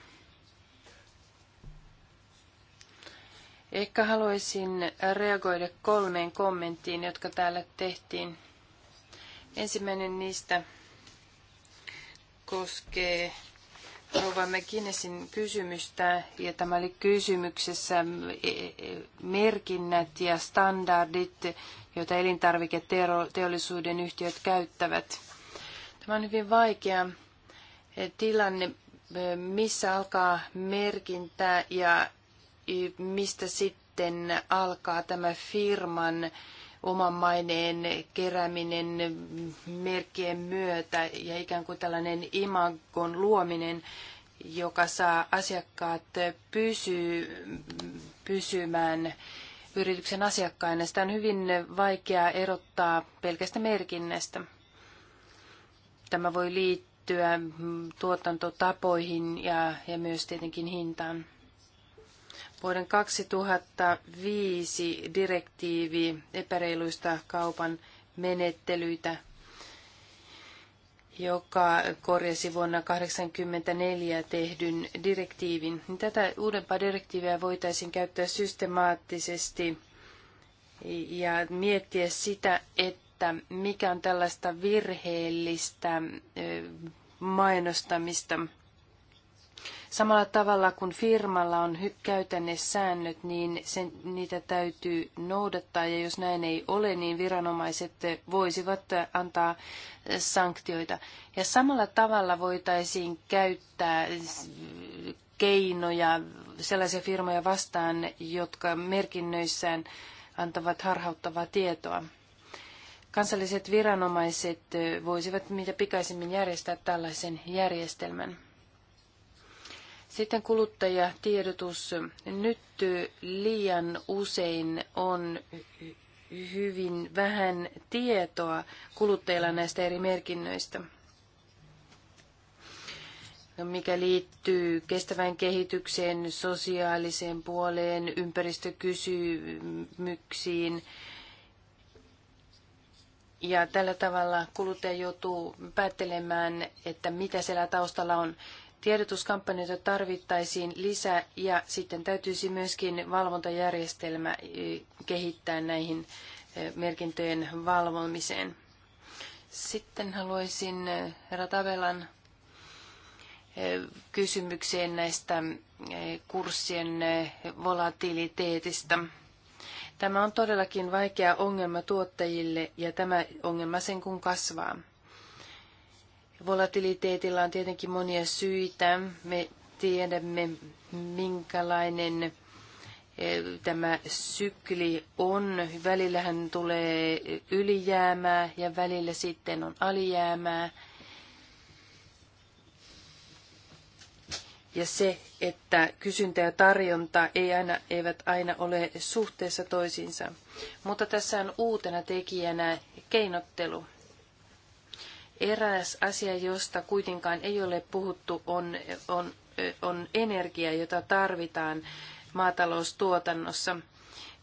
Ehkä haluaisin reagoida kolmeen kommenttiin, jotka täällä tehtiin. Ensimmäinen niistä koskee Rova McKinnesin kysymystä, ja tämä oli kysymyksessä mm, e, e, merkinnät ja standardit, joita elintarviketeollisuuden yhtiöt käyttävät. Tämä on hyvin vaikea e, tilanne, missä alkaa merkintä ja mistä sitten alkaa tämä firman oman maineen kerääminen merkkien myötä ja ikään kuin tällainen imagon luominen, joka saa asiakkaat pysy, pysymään yrityksen asiakkaina. Sitä on hyvin vaikea erottaa pelkästä merkinnästä. Tämä voi liittyä tuotantotapoihin ja, ja myös tietenkin hintaan. Vuoden 2005 direktiivi epäreiluista kaupan menettelyitä, joka korjasi vuonna 1984 tehdyn direktiivin. Tätä uudempaa direktiiviä voitaisiin käyttää systemaattisesti ja miettiä sitä, että mikä on tällaista virheellistä mainostamista – Samalla tavalla kun firmalla on käytännessäännöt, niin sen, niitä täytyy noudattaa ja jos näin ei ole, niin viranomaiset voisivat antaa sanktioita. Ja samalla tavalla voitaisiin käyttää keinoja sellaisia firmoja vastaan, jotka merkinnöissään antavat harhauttavaa tietoa. Kansalliset viranomaiset voisivat mitä pikaisemmin järjestää tällaisen järjestelmän. Sitten kuluttajatiedotus. Nyt liian usein on hyvin vähän tietoa kuluttajilla näistä eri merkinnöistä. No, mikä liittyy kestävään kehitykseen, sosiaaliseen puoleen, ympäristökysymyksiin. Ja tällä tavalla kuluttaja joutuu päättelemään, että mitä siellä taustalla on. Tiedotuskampanjoita tarvittaisiin lisää ja sitten täytyisi myöskin valvontajärjestelmä e, kehittää näihin e, merkintöjen valvomiseen. Sitten haluaisin e, herra Tavelan kysymykseen näistä kurssien volatiliteetista. Tämä on todellakin vaikea ongelma tuottajille ja tämä ongelma sen kun kasvaa. Volatiliteetilla on tietenkin monia syitä. Me tiedämme, minkälainen eh, tämä sykli on. Välillähän tulee ylijäämää ja välillä sitten on alijäämää. Ja se, että kysyntä ja tarjonta ei aina, eivät aina ole suhteessa toisiinsa. Mutta tässä on uutena tekijänä keinottelu. Eräs asia, josta kuitenkaan ei ole puhuttu, on, on, on energia, jota tarvitaan maataloustuotannossa.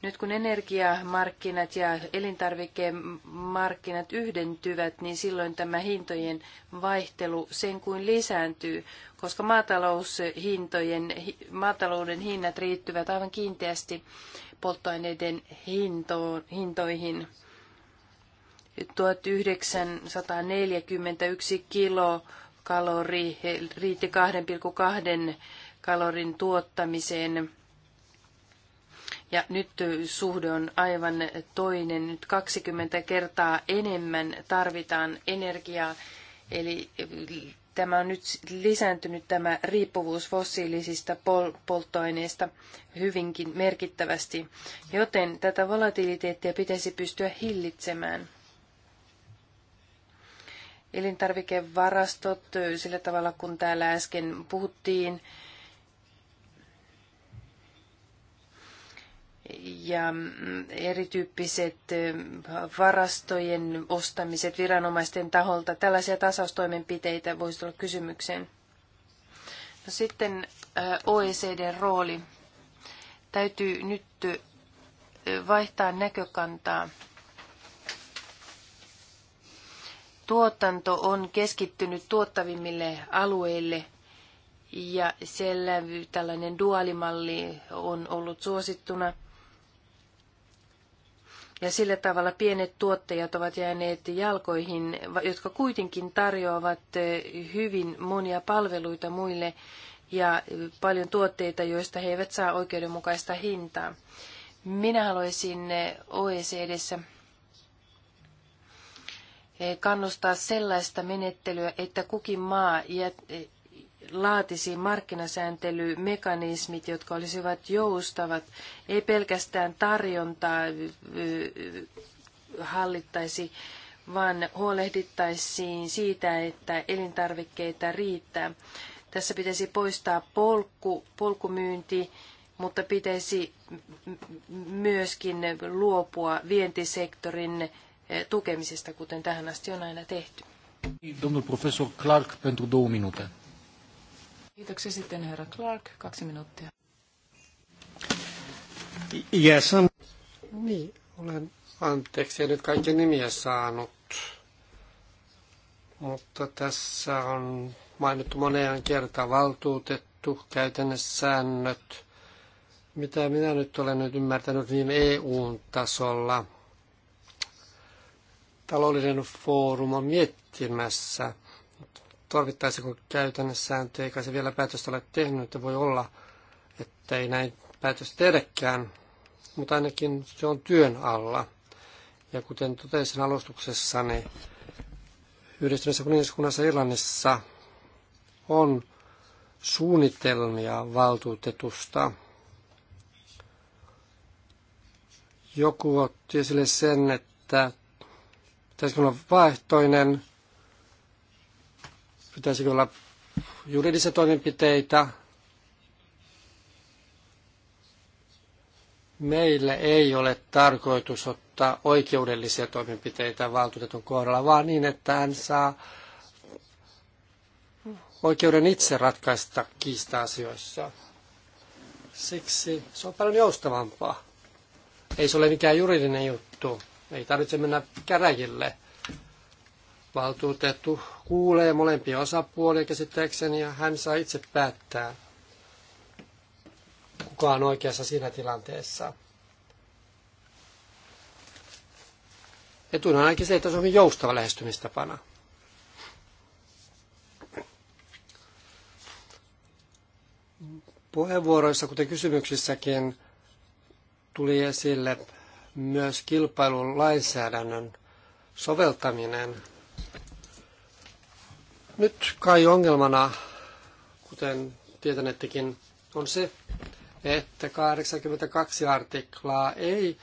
Nyt kun energiamarkkinat ja elintarvikemarkkinat yhdentyvät, niin silloin tämä hintojen vaihtelu sen kuin lisääntyy, koska maataloushintojen, maatalouden hinnat riittyvät aivan kiinteästi polttoaineiden hintoihin. 1941 kilokalori riitti 2,2 kalorin tuottamiseen. Ja nyt suhde on aivan toinen. Nyt 20 kertaa enemmän tarvitaan energiaa. Eli eh, tämä on nyt lisääntynyt tämä riippuvuus fossiilisista pol- polttoaineista hyvinkin merkittävästi, joten tätä volatiliteettia pitäisi pystyä hillitsemään elintarvikevarastot sillä tavalla, kun täällä äsken puhuttiin. Ja mm, erityyppiset varastojen ostamiset viranomaisten taholta, tällaisia tasaustoimenpiteitä voisi tulla kysymykseen. No sitten OECDn rooli. Täytyy nyt vaihtaa näkökantaa tuotanto on keskittynyt tuottavimmille alueille ja siellä tällainen duaalimalli on ollut suosittuna. Ja sillä tavalla pienet tuottajat ovat jääneet jalkoihin, jotka kuitenkin tarjoavat hyvin monia palveluita muille ja paljon tuotteita, joista he eivät saa oikeudenmukaista hintaa. Minä haluaisin OECDssä Eh, kannustaa sellaista menettelyä, että kukin maa eh, laatisi markkinasääntelymekanismit, jotka olisivat joustavat, ei pelkästään tarjontaa eh, hallittaisi, vaan huolehdittaisiin siitä, että elintarvikkeita riittää. Tässä pitäisi poistaa polkku, polkumyynti, mutta pitäisi myöskin luopua vientisektorin Eh, tukemisesta, kuten tähän asti on aina tehty. Domnul professor Clark pentru două minute. Kiitoksia sitten herra Clark, kaksi minuuttia. Yes, Niin, olen anteeksi, en nyt kaiken nimiä saanut. Mutta tässä on mainittu moneen kertaan valtuutettu, käytännössäännöt. Mitä minä nyt olen nyt ymmärtänyt, niin EUn tasolla – taloudellinen foorum on miettimässä, tarvittaisiko käytännön sääntöjä, eikä se vielä päätöstä ole tehnyt, että voi olla, että ei näin päätöstä tehdäkään, mutta ainakin se on työn alla. Ja kuten totesin niin yhdistyneessä kuningaskunnassa Irlannissa on suunnitelmia valtuutetusta. Joku otti esille sen, että Pitäisikö olla vaihtoinen? Pitäisikö olla juridisia toimenpiteitä? Meille ei ole tarkoitus ottaa oikeudellisia toimenpiteitä valtuutetun kohdalla, vaan niin, että hän saa oikeuden itse ratkaista kiista-asioissa. Siksi se on paljon joustavampaa. Ei se ole mikään juridinen juttu. Ei tarvitse mennä käräjille. Valtuutettu kuulee molempia osapuolia käsittääkseni ja hän saa itse päättää, kuka on oikeassa siinä tilanteessa. Etuna ainakin se, että se on hyvin joustava lähestymistapana. Puheenvuoroissa, kuten kysymyksissäkin, tuli esille myös kilpailun lainsäädännön soveltaminen. Nyt kai ongelmana, kuten tietänettekin, on se, että 82 artiklaa ei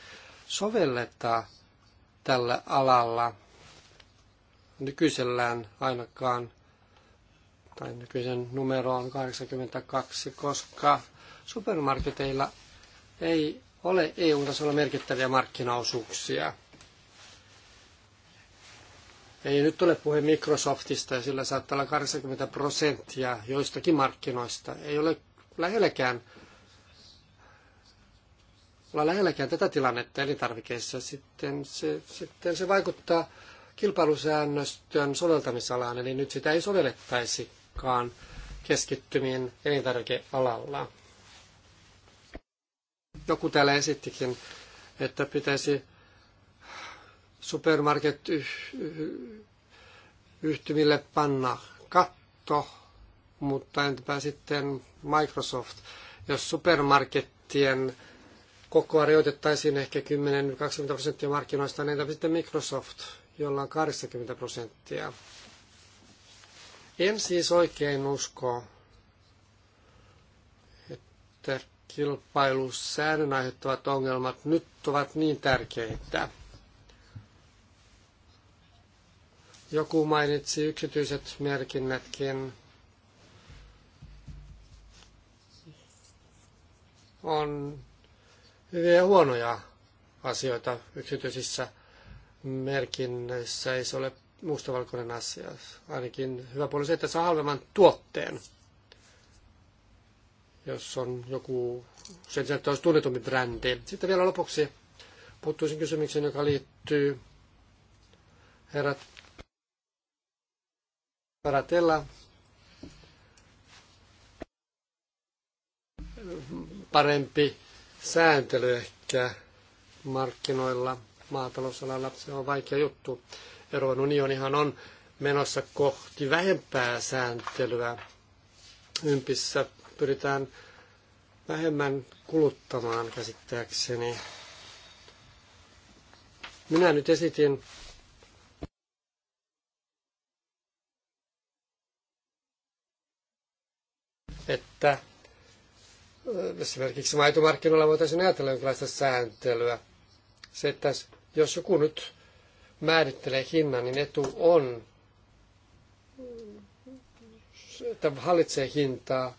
sovelleta tällä alalla nykyisellään ainakaan, tai nykyisen numero on 82, koska supermarketeilla ei ole EU-tasolla merkittäviä markkinaosuuksia. Ei nyt ole puhe Microsoftista ja sillä saattaa olla 80 prosenttia joistakin markkinoista. Ei ole lähelläkään, olla lähelläkään tätä tilannetta elintarvikeissa. Sitten se, sitten se vaikuttaa kilpailusäännöstön soveltamisalaan, eli nyt sitä ei sovellettaisikaan keskittymien elintarvikealalla. Joku täällä esittikin, että pitäisi supermarket-yhtymille panna katto, mutta entäpä sitten Microsoft, jos supermarkettien kokoa rajoitettaisiin ehkä 10-20 prosenttia markkinoista, niin entäpä sitten Microsoft, jolla on 80 prosenttia. En siis oikein usko, että kilpailusäännön aiheuttavat ongelmat nyt ovat niin tärkeitä. Joku mainitsi yksityiset merkinnätkin. On hyviä ja huonoja asioita yksityisissä merkinnöissä. Ei se ole mustavalkoinen asia. Ainakin hyvä puoli se, että saa halvemman tuotteen jos on joku sen sijaan, että olisi tunnetumpi brändi. Sitten vielä lopuksi puuttuisin kysymykseen, joka liittyy herrat Paratella parempi sääntely ehkä markkinoilla maatalousalalla. Se on vaikea juttu. Euroopan unionihan on menossa kohti vähempää sääntelyä ympissä pyritään vähemmän kuluttamaan käsittääkseni. Minä nyt esitin että esimerkiksi maitomarkkinoilla voitaisiin ajatella jonkinlaista sääntelyä. Se, että jos joku nyt määrittelee hinnan, niin etu on, että hallitsee hintaa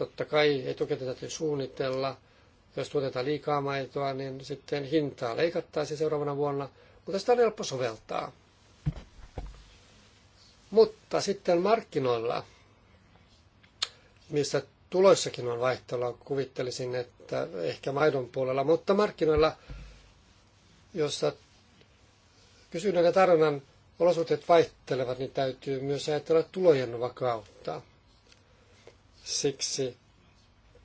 Totta kai etukäteen täytyy suunnitella. Jos tuotetaan liikaa maitoa, niin sitten hintaa leikattaisiin seuraavana vuonna, mutta sitä on helppo soveltaa. Mutta sitten markkinoilla, missä tuloissakin on vaihtelua, kuvittelisin, että ehkä maidon puolella, mutta markkinoilla, jossa kysynnän ja tarjonnan olosuhteet vaihtelevat, niin täytyy myös ajatella tulojen vakautta. Siksi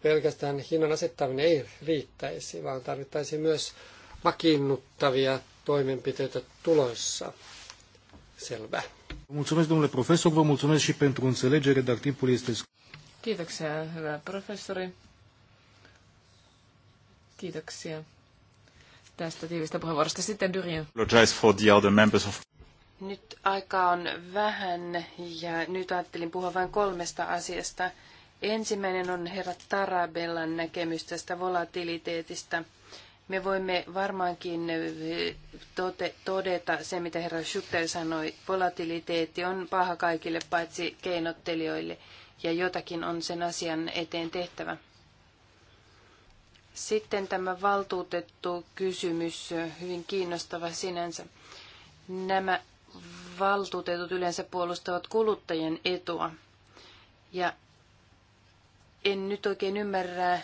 pelkästään hinnan asettaminen ei riittäisi, vaan tarvittaisiin myös vakiinnuttavia toimenpiteitä tuloissa. Selvä. Mulțumesc, domnule profesor, vă mulțumesc și pentru înțelegere, dar timpul este Kiitoksia, hyvä professori. Kiitoksia tästä tiivistä puheenvuorosta. Sitten Dyrien. Nyt aikaa on vähän ja nyt ajattelin puhua vain kolmesta asiasta. Ensimmäinen on herra Tarabellan näkemys tästä volatiliteetista. Me voimme varmaankin tote, todeta se, mitä herra Schutter sanoi. Volatiliteetti on paha kaikille paitsi keinottelijoille ja jotakin on sen asian eteen tehtävä. Sitten tämä valtuutettu kysymys, hyvin kiinnostava sinänsä. Nämä valtuutetut yleensä puolustavat kuluttajien etua. Ja en nyt oikein ymmärrä,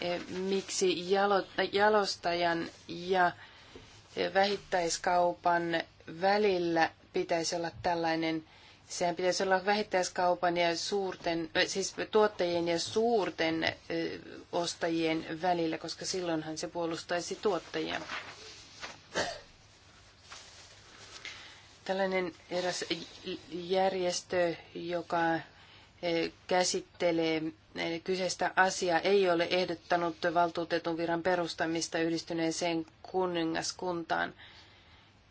eh, miksi jalostajan ja eh, vähittäiskaupan välillä pitäisi olla tällainen, sehän pitäisi olla vähittäiskaupan ja suurten, eh, siis tuottajien ja suurten ostajien välillä, koska silloinhan se puolustaisi tuottajia. Tällainen eräs järjestö, joka käsittelee kyseistä asiaa, ei ole ehdottanut valtuutetun viran perustamista yhdistyneeseen kuningaskuntaan.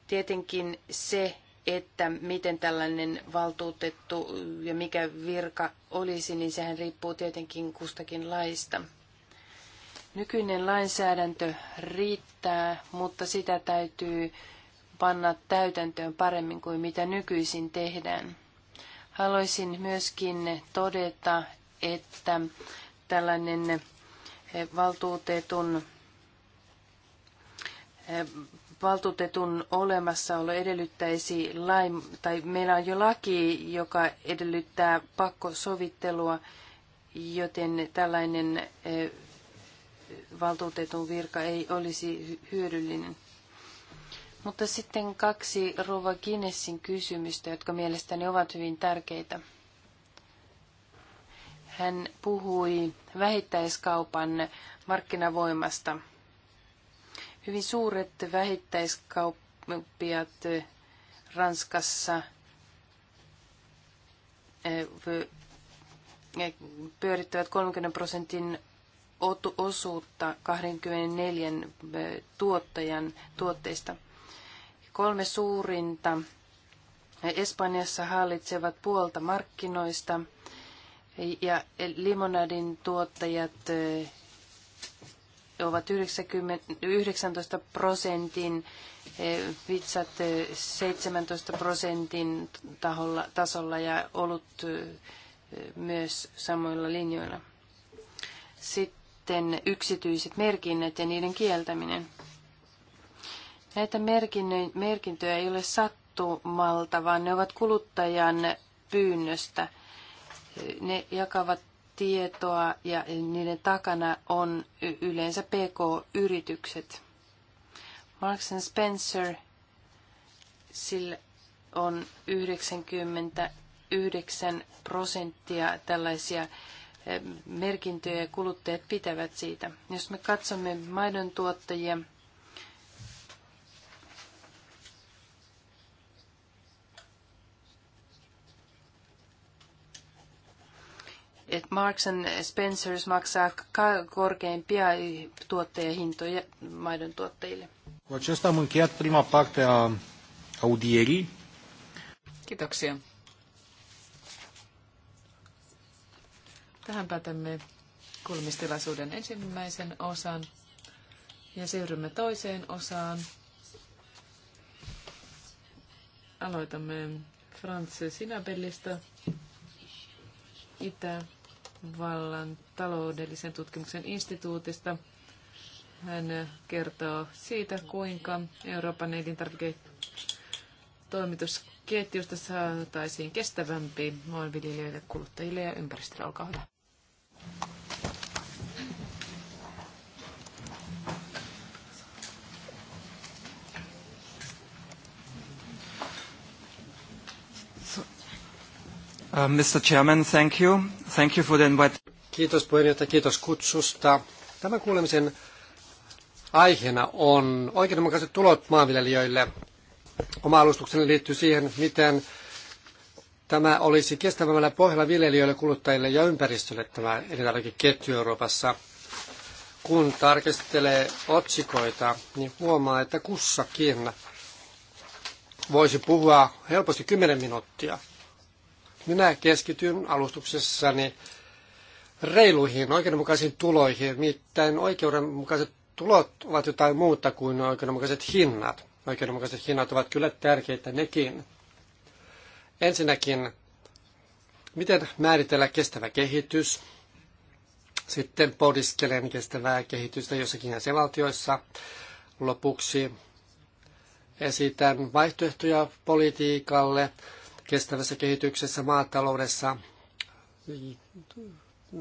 Tietenkin se, että miten tällainen valtuutettu ja mikä virka olisi, niin sehän riippuu tietenkin kustakin laista. Nykyinen lainsäädäntö riittää, mutta sitä täytyy panna täytäntöön paremmin kuin mitä nykyisin tehdään. Haluaisin myöskin todeta, että tällainen eh, valtuutetun, eh, valtuutetun olemassaolo edellyttäisi lain, tai meillä on jo laki, joka edellyttää pakkosovittelua, joten tällainen eh, valtuutetun virka ei olisi hyödyllinen. Mutta sitten kaksi Rova Guinnessin kysymystä, jotka mielestäni ovat hyvin tärkeitä. Hän puhui vähittäiskaupan markkinavoimasta. Hyvin suuret vähittäiskauppiat eh, Ranskassa eh, pyörittävät 30 prosentin osuutta 24 eh, tuottajan tuotteista. Kolme suurinta Espanjassa hallitsevat puolta markkinoista ja limonadin tuottajat ovat 90, 19 prosentin, vitsat 17 prosentin taholla, tasolla ja olut myös samoilla linjoilla. Sitten yksityiset merkinnät ja niiden kieltäminen. Näitä merkintöjä ei ole sattumalta, vaan ne ovat kuluttajan pyynnöstä. Ne jakavat tietoa ja niiden takana on yleensä PK-yritykset. Marks Spencer, sillä on 99 prosenttia tällaisia e, merkintöjä ja kuluttajat pitävät siitä. Jos me katsomme maidon tuottajia, että Marks and Spencers maksaa korkeimpia tuottajahintoja maidon tuottajille. acesta am încheiat prima parte a audierii. Kiitoksia. Tähän päätämme kulmistilaisuuden ensimmäisen osan ja siirrymme toiseen osaan. Aloitamme Franz Sinabellista. Itä- vallan taloudellisen tutkimuksen instituutista. Hän kertoo siitä, kuinka Euroopan elintarviketoimitusketjusta saataisiin kestävämpi maanviljelijöille, kuluttajille ja ympäristölle. Olkaa hyvä. Uh, Mr. Chairman, thank you. Thank you for the invite. Kiitos puheenjohtaja, kiitos kutsusta. Tämän kuulemisen aiheena on oikeudenmukaiset tulot maanviljelijöille. Oma alustukseni liittyy siihen, miten tämä olisi kestävämmällä pohjalla viljelijöille, kuluttajille ja ympäristölle tämä elintarvikeketju Euroopassa. Kun tarkastelee otsikoita, niin huomaa, että kussakin voisi puhua helposti 10 minuuttia. Minä keskityn alustuksessani reiluihin, oikeudenmukaisiin tuloihin. Nimittäin oikeudenmukaiset tulot ovat jotain muuta kuin oikeudenmukaiset hinnat. Oikeudenmukaiset hinnat ovat kyllä tärkeitä nekin. Ensinnäkin, miten määritellä kestävä kehitys? Sitten pohdiskelen kestävää kehitystä jossakin jäsenvaltioissa. Lopuksi esitän vaihtoehtoja politiikalle, kestävässä kehityksessä, maataloudessa,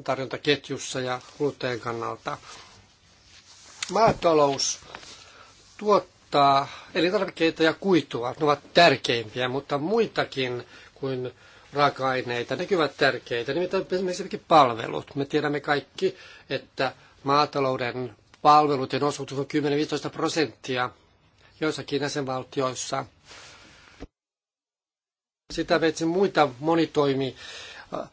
tarjontaketjussa ja kuluttajien kannalta. Maatalous tuottaa elintarvikkeita ja kuitua. Ne ovat tärkeimpiä, mutta muitakin kuin raaka-aineita. Ne ovat tärkeitä. Nimittäin esimerkiksi palvelut. Me tiedämme kaikki, että maatalouden palveluiden osuus on 10-15 prosenttia joissakin jäsenvaltioissa. Sitä veitsi muita monitoimituotoksia,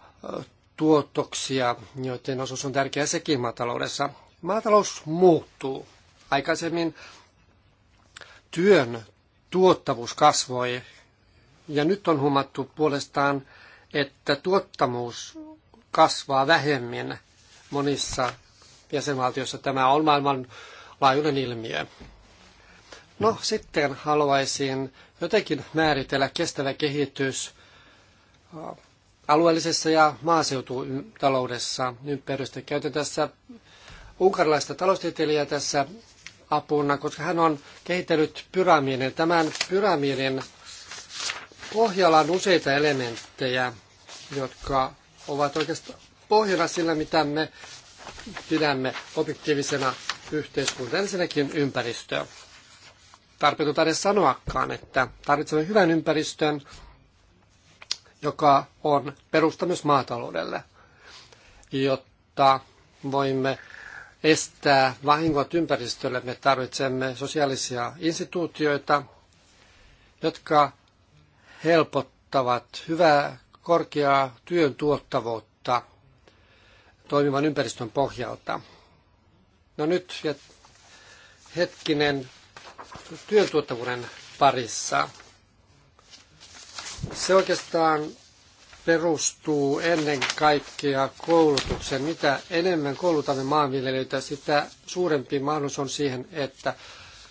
tuotoksia, joiden osuus on tärkeä sekin maataloudessa. Maatalous muuttuu. Aikaisemmin työn tuottavuus kasvoi ja nyt on huomattu puolestaan, että tuottamuus kasvaa vähemmin monissa jäsenvaltioissa. Tämä on maailmanlaajuinen ilmiö. No sitten haluaisin jotenkin määritellä kestävä kehitys alueellisessa ja maaseututaloudessa ympäristössä. Käytän tässä unkarilaista taloustieteilijää tässä apuna, koska hän on kehittänyt pyramidin. Tämän pyramiinin pohjalla on useita elementtejä, jotka ovat oikeastaan pohjana sillä, mitä me pidämme objektiivisena yhteiskunta. Ensinnäkin ympäristöä tarpeetonta edes sanoakaan, että tarvitsemme hyvän ympäristön, joka on perusta myös maataloudelle, jotta voimme estää vahingot ympäristölle. Me tarvitsemme sosiaalisia instituutioita, jotka helpottavat hyvää korkeaa työn tuottavuutta toimivan ympäristön pohjalta. No nyt hetkinen työn tuottavuuden parissa. Se oikeastaan perustuu ennen kaikkea koulutukseen. Mitä enemmän koulutamme maanviljelijöitä, sitä suurempi mahdollisuus on siihen, että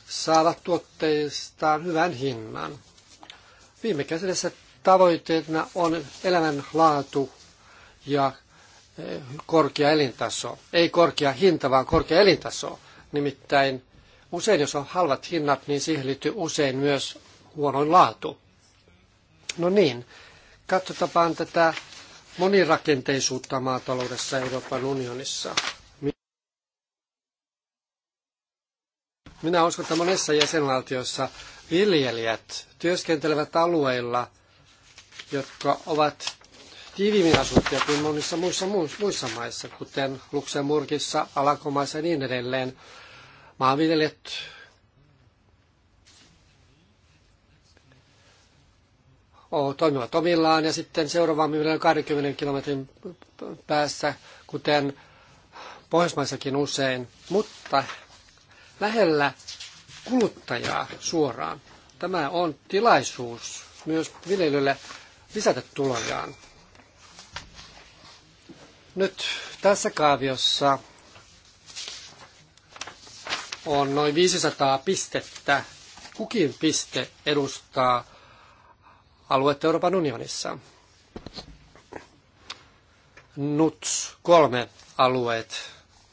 saavat tuotteistaan hyvän hinnan. Viime kädessä tavoitteena on elämänlaatu ja eh, korkea elintaso. Ei korkea hinta, vaan korkea elintaso. Nimittäin Usein, jos on halvat hinnat, niin siihen liittyy usein myös huonoin laatu. No niin, katsotaan tätä monirakenteisuutta maataloudessa Euroopan unionissa. Minä uskon, että monessa jäsenvaltiossa viljelijät työskentelevät alueilla, jotka ovat tiiviimmin asuttuja kuin monissa muissa, muissa maissa, kuten Luxemburgissa, Alankomaissa ja niin edelleen. Maanviljelijät toimivat omillaan ja sitten seuraavaan myydään 20 kilometrin päässä, kuten Pohjoismaissakin usein, mutta lähellä kuluttajaa suoraan. Tämä on tilaisuus myös viljelylle lisätä tulojaan. Nyt tässä kaaviossa on noin 500 pistettä. Kukin piste edustaa aluetta Euroopan unionissa. NUTS, kolme alueet,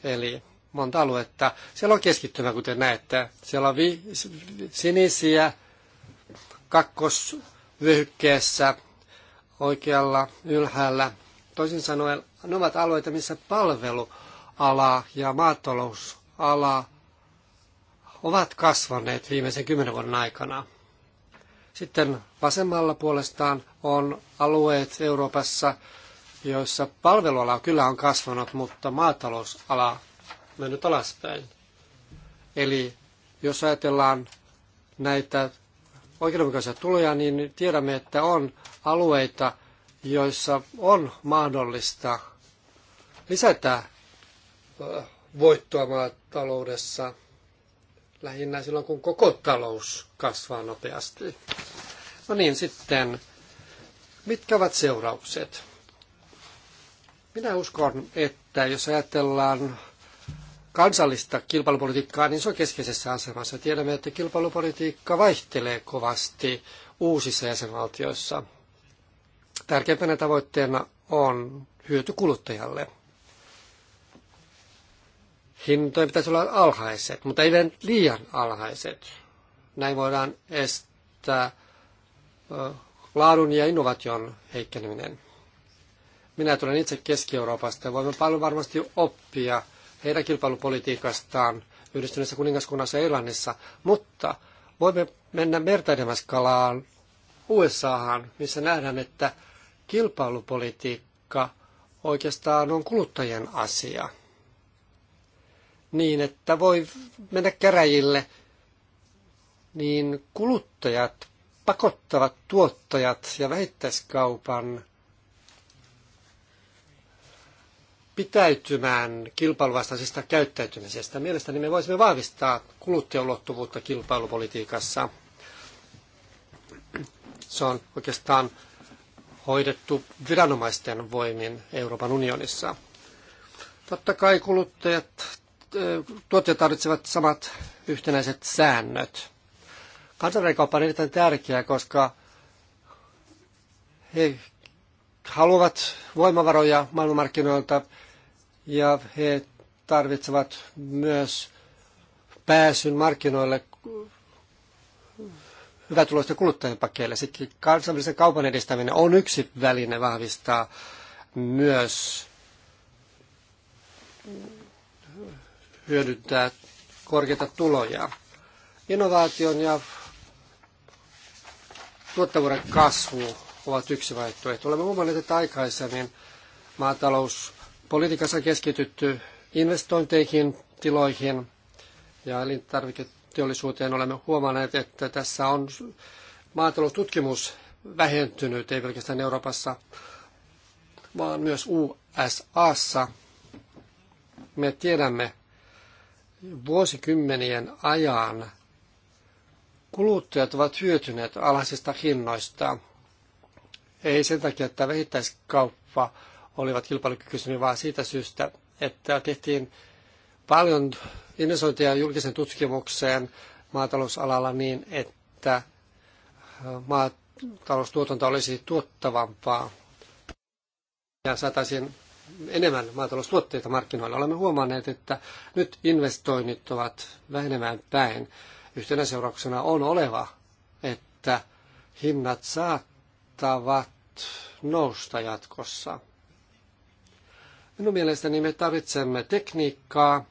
eli monta aluetta. Siellä on keskittymä, kuten näette. Siellä on vi- sinisiä kakkosvyöhykkeessä oikealla ylhäällä. Toisin sanoen ne ovat alueita, missä palveluala ja maatalousala ovat kasvaneet viimeisen kymmenen vuoden aikana. Sitten vasemmalla puolestaan on alueet Euroopassa, joissa palveluala kyllä on kasvanut, mutta maatalousala on mennyt alaspäin. Eli jos ajatellaan näitä oikeudenmukaisia tuloja, niin tiedämme, että on alueita, joissa on mahdollista lisätä voittoa maataloudessa – lähinnä silloin, kun koko talous kasvaa nopeasti. No niin, sitten, mitkä ovat seuraukset? Minä uskon, että jos ajatellaan kansallista kilpailupolitiikkaa, niin se on keskeisessä asemassa. Tiedämme, että kilpailupolitiikka vaihtelee kovasti uusissa jäsenvaltioissa. Tärkeimpänä tavoitteena on hyöty kuluttajalle – hintojen pitäisi olla alhaiset, mutta ei liian alhaiset. Näin voidaan estää laadun ja innovaation heikkeneminen. Minä tulen itse Keski-Euroopasta ja voimme paljon varmasti oppia heidän kilpailupolitiikastaan yhdistyneessä kuningaskunnassa ja Irlannissa, mutta voimme mennä mertaidemaskalaan USAhan, missä nähdään, että kilpailupolitiikka oikeastaan on kuluttajien asia niin, että voi mennä käräjille, niin kuluttajat pakottavat tuottajat ja vähittäiskaupan pitäytymään kilpailuvastaisesta käyttäytymisestä. Mielestäni me voisimme vahvistaa kuluttajaulottuvuutta kilpailupolitiikassa. Se on oikeastaan hoidettu viranomaisten voimin Euroopan unionissa. Totta kai kuluttajat tuottajat tarvitsevat samat yhtenäiset säännöt. Kansainvälinen kauppa on erittäin tärkeää, koska he haluavat voimavaroja maailmanmarkkinoilta ja he tarvitsevat myös pääsyn markkinoille hyvätuloisten kuluttajien Siksi Sitten kansainvälisen kaupan edistäminen on yksi väline vahvistaa myös hyödyntää korkeita tuloja. Innovaation ja tuottavuuden kasvu ovat yksi vaihtoehto. Olemme huomanneet, että aikaisemmin maatalouspolitiikassa keskitytty investointeihin, tiloihin ja elintarviketeollisuuteen. Olemme huomanneet, että tässä on maataloustutkimus vähentynyt, ei pelkästään Euroopassa, vaan myös USAssa. Me tiedämme, vuosikymmenien ajan kuluttajat ovat hyötyneet alhaisista hinnoista. Ei sen takia, että vähittäiskauppa olivat kilpailukykyisiä, vaan siitä syystä, että tehtiin paljon investointeja julkisen tutkimukseen maatalousalalla niin, että maataloustuotanto olisi tuottavampaa ja saataisiin enemmän maataloustuotteita markkinoilla. Olemme huomanneet, että nyt investoinnit ovat vähenemään päin. Yhtenä seurauksena on oleva, että hinnat saattavat nousta jatkossa. Minun mielestäni me tarvitsemme tekniikkaa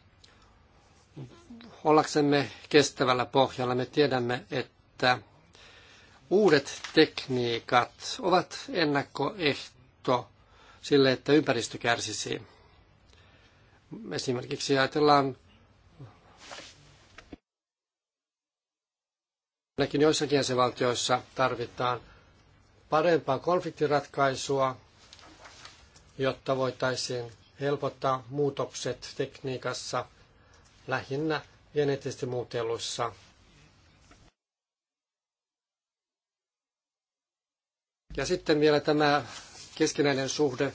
ollaksemme kestävällä pohjalla. Me tiedämme, että uudet tekniikat ovat ennakkoehto sille, että ympäristö kärsisi. Esimerkiksi ajatellaan Ainakin joissakin jäsenvaltioissa tarvitaan parempaa konfliktiratkaisua, jotta voitaisiin helpottaa muutokset tekniikassa, lähinnä geneettisesti muutelussa. Ja sitten vielä tämä keskinäinen suhde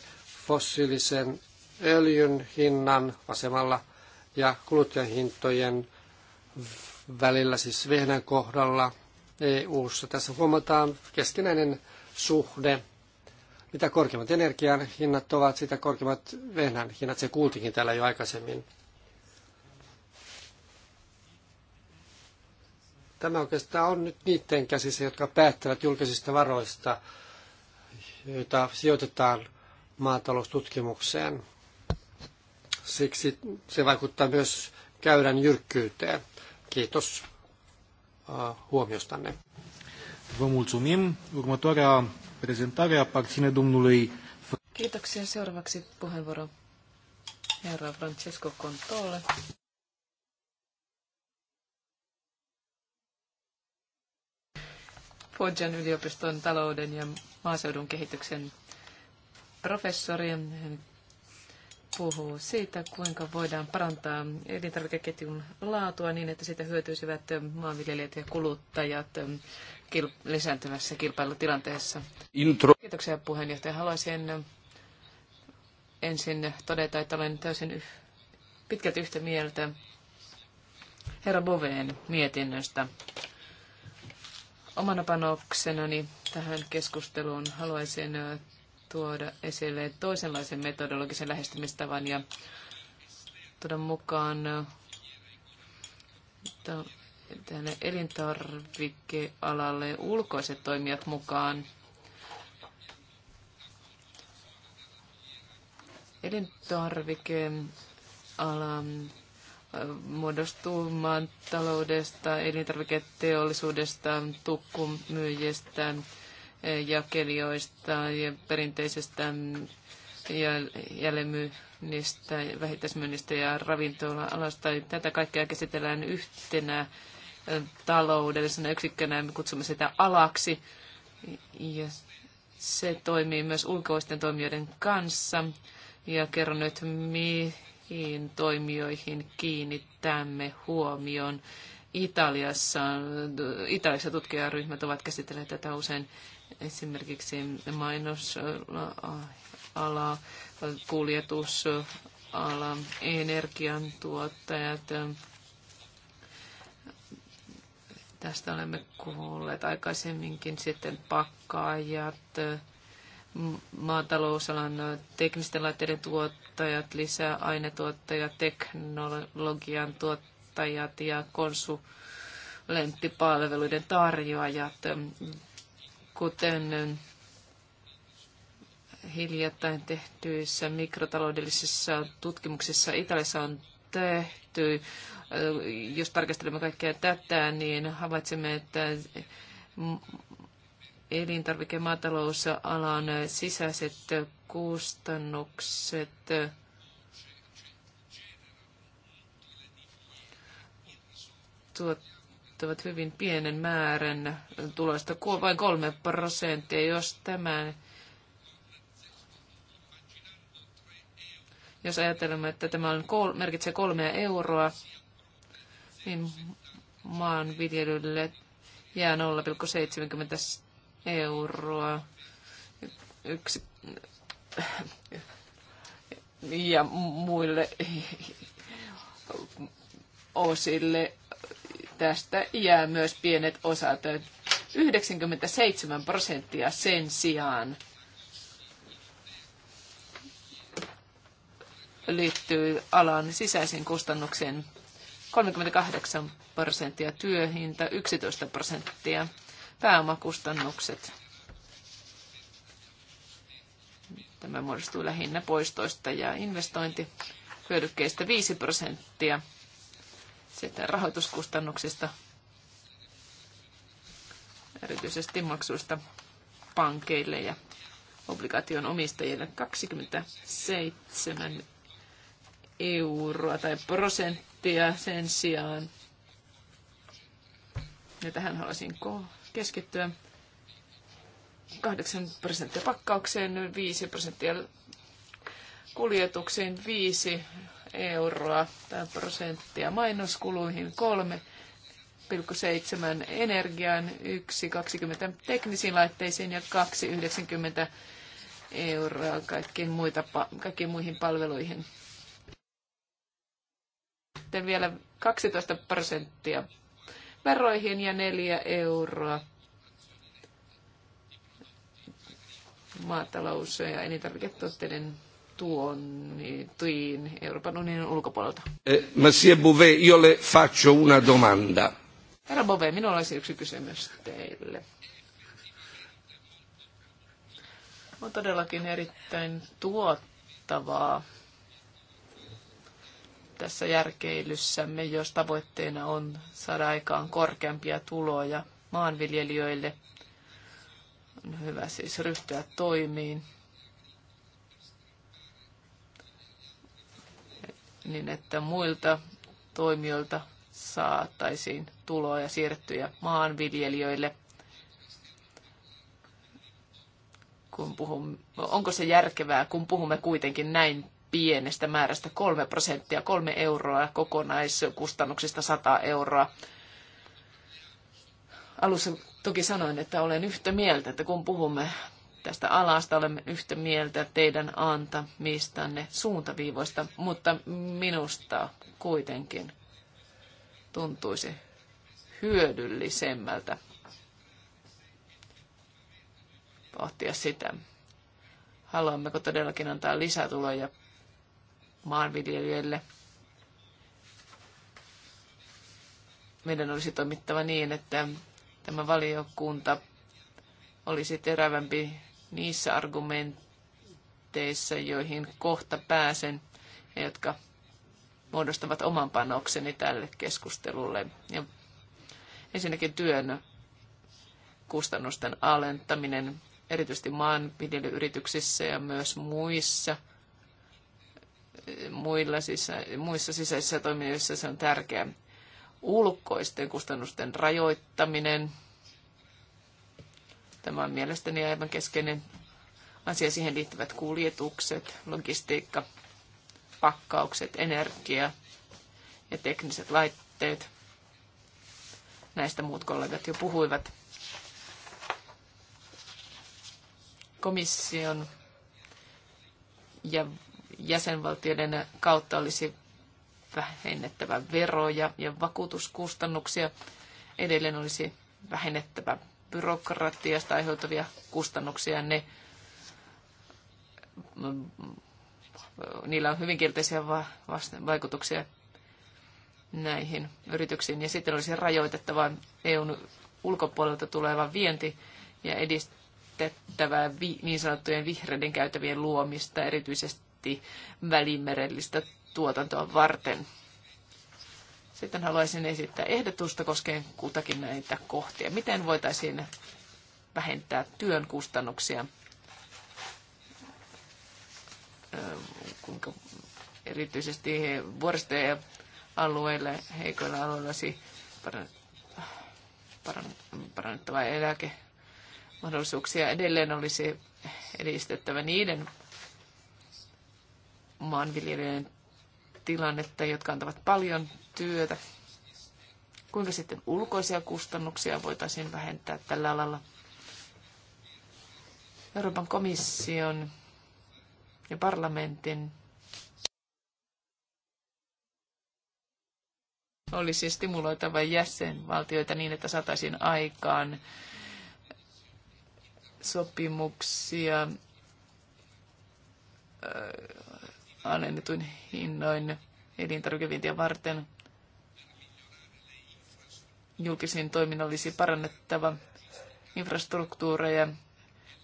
fossiilisen öljyn hinnan vasemmalla ja kuluttajahintojen välillä, siis vehnän kohdalla EU-ssa. Tässä huomataan keskinäinen suhde. Mitä korkeimmat energian hinnat ovat, sitä korkeimmat vehnän hinnat. Se kuultikin täällä jo aikaisemmin. Tämä oikeastaan on nyt niiden käsissä, jotka päättävät julkisista varoista joita sijoitetaan maataloustutkimukseen. Siksi se vaikuttaa myös käyrän jyrkkyyteen. Kiitos äh, huomiostanne. Vă mulțumim. Următoarea prezentare aparține domnului... Kiitoksia. Seuraavaksi puheenvuoro herra Francesco Contolle. Foggian yliopiston talouden ja maaseudun kehityksen professori. Hän puhuu siitä, kuinka voidaan parantaa elintarvikeketjun laatua niin, että siitä hyötyisivät maanviljelijät ja kuluttajat kil- lisääntyvässä kilpailutilanteessa. Intro. Kiitoksia puheenjohtaja. Haluaisin ensin todeta, että olen täysin pitkälti yhtä mieltä herra Boveen mietinnöstä. Omana panoksenani tähän keskusteluun haluaisin tuoda esille toisenlaisen metodologisen lähestymistavan ja tuoda mukaan tänne elintarvikealalle ulkoiset toimijat mukaan. Elintarvikealan muodostuu maataloudesta, elintarviketeollisuudesta, tukkumyyjistä, eh, jakelijoista ja perinteisestä mm, ja jälleenmyynnistä, vähittäismyynnistä ja ravintola-alasta. Tätä kaikkea käsitellään yhtenä eh, taloudellisena yksikkönä, me kutsumme sitä alaksi. Ja se toimii myös ulkoisten toimijoiden kanssa. Ja kerron nyt, mi- muihin toimijoihin kiinnittämme huomion. Italiassa, Italiassa tutkijaryhmät ovat käsitelleet tätä usein esimerkiksi mainosala, kuljetusala, energiantuottajat. Tästä olemme kuulleet aikaisemminkin sitten pakkaajat, maatalousalan teknisten laitteiden tuottajat, lisäainetuottajat, teknologian tuottajat ja konsulenttipalveluiden tarjoajat. Kuten hiljattain tehtyissä mikrotaloudellisissa tutkimuksissa Italiassa on tehty, jos tarkastelemme kaikkea tätä, niin havaitsemme, että elintarvike- sisäiset kustannukset tuottavat hyvin pienen määrän tulosta, vain kolme prosenttia. Jos tämän jos ajatellaan, että tämä on kol, merkitsee kolmea euroa, niin maanviljelylle jää euroa. Yksi, ja muille osille tästä jää myös pienet osat. 97 prosenttia sen sijaan liittyy alan sisäisen kustannuksen 38 prosenttia työhinta, 11 prosenttia pääomakustannukset. Tämä muodostuu lähinnä poistoista ja investointihyödykkeistä 5 prosenttia. Sitten rahoituskustannuksista, erityisesti maksuista pankeille ja obligaation omistajille 27 euroa tai prosenttia sen sijaan. Ja tähän haluaisin ko- keskittyä 8 prosenttia pakkaukseen, 5 prosenttia kuljetukseen 5 euroa tai prosenttia mainoskuluihin, 3,7 energiaan, 1,20 teknisiin laitteisiin ja 2,90 euroa kaikkiin, muita, kaikkiin muihin palveluihin. Sitten vielä 12 prosenttia veroihin ja neljä euroa maatalous- ja elintarviketuotteiden tuontiin Euroopan unionin ulkopuolelta. Eh, Monsieur Bouvet, io le faccio una domanda. Herra Bouvet, minulla olisi yksi kysymys teille. On todellakin erittäin tuottavaa tässä järkeilyssämme, jos tavoitteena on saada aikaan korkeampia tuloja maanviljelijöille. On hyvä siis ryhtyä toimiin niin, että muilta toimijoilta saataisiin tuloja siirrettyjä maanviljelijöille. Kun puhumme, onko se järkevää, kun puhumme kuitenkin näin pienestä määrästä 3 prosenttia, 3 euroa kokonaiskustannuksista 100 euroa. Alussa toki sanoin, että olen yhtä mieltä, että kun puhumme tästä alasta, olemme yhtä mieltä teidän antamistanne suuntaviivoista, mutta minusta kuitenkin tuntuisi hyödyllisemmältä pohtia sitä, haluammeko todellakin antaa lisätuloja maanviljelijöille. Meidän olisi toimittava niin, että tämä valiokunta olisi terävämpi niissä argumenteissa, joihin kohta pääsen ja jotka muodostavat oman panokseni tälle keskustelulle. Ja ensinnäkin työn kustannusten alentaminen erityisesti maanviljelyyrityksissä ja myös muissa – muilla sisä, muissa sisäisissä toimijoissa se on tärkeää. Ulkoisten kustannusten rajoittaminen. Tämä on mielestäni aivan keskeinen asia. Siihen liittyvät kuljetukset, logistiikka, pakkaukset, energia ja tekniset laitteet. Näistä muut kollegat jo puhuivat. Komission ja jäsenvaltioiden kautta olisi vähennettävä veroja ja vakuutuskustannuksia. Edelleen olisi vähennettävä byrokratiasta aiheutuvia kustannuksia. Ne, niillä on hyvin kielteisiä vaikutuksia näihin yrityksiin. Ja sitten olisi rajoitettava EUn ulkopuolelta tuleva vienti ja edistettävä niin sanottujen vihreiden käytävien luomista, erityisesti prosentti välimerellistä tuotantoa varten. Sitten haluaisin esittää ehdotusta koskien kutakin näitä kohtia. Miten voitaisiin vähentää työn kustannuksia? Kuinka erityisesti vuoristojen alueille, heikoilla alueilla parannettava eläke mahdollisuuksia edelleen olisi edistettävä niiden maanviljelijöiden tilannetta, jotka antavat paljon työtä. Kuinka sitten ulkoisia kustannuksia voitaisiin vähentää tällä alalla? Euroopan komission ja parlamentin olisi stimuloitava jäsenvaltioita niin, että saataisiin aikaan sopimuksia alennetuin hinnoin elintarvikevientiä varten. Julkisin toiminnan olisi parannettava infrastruktuureja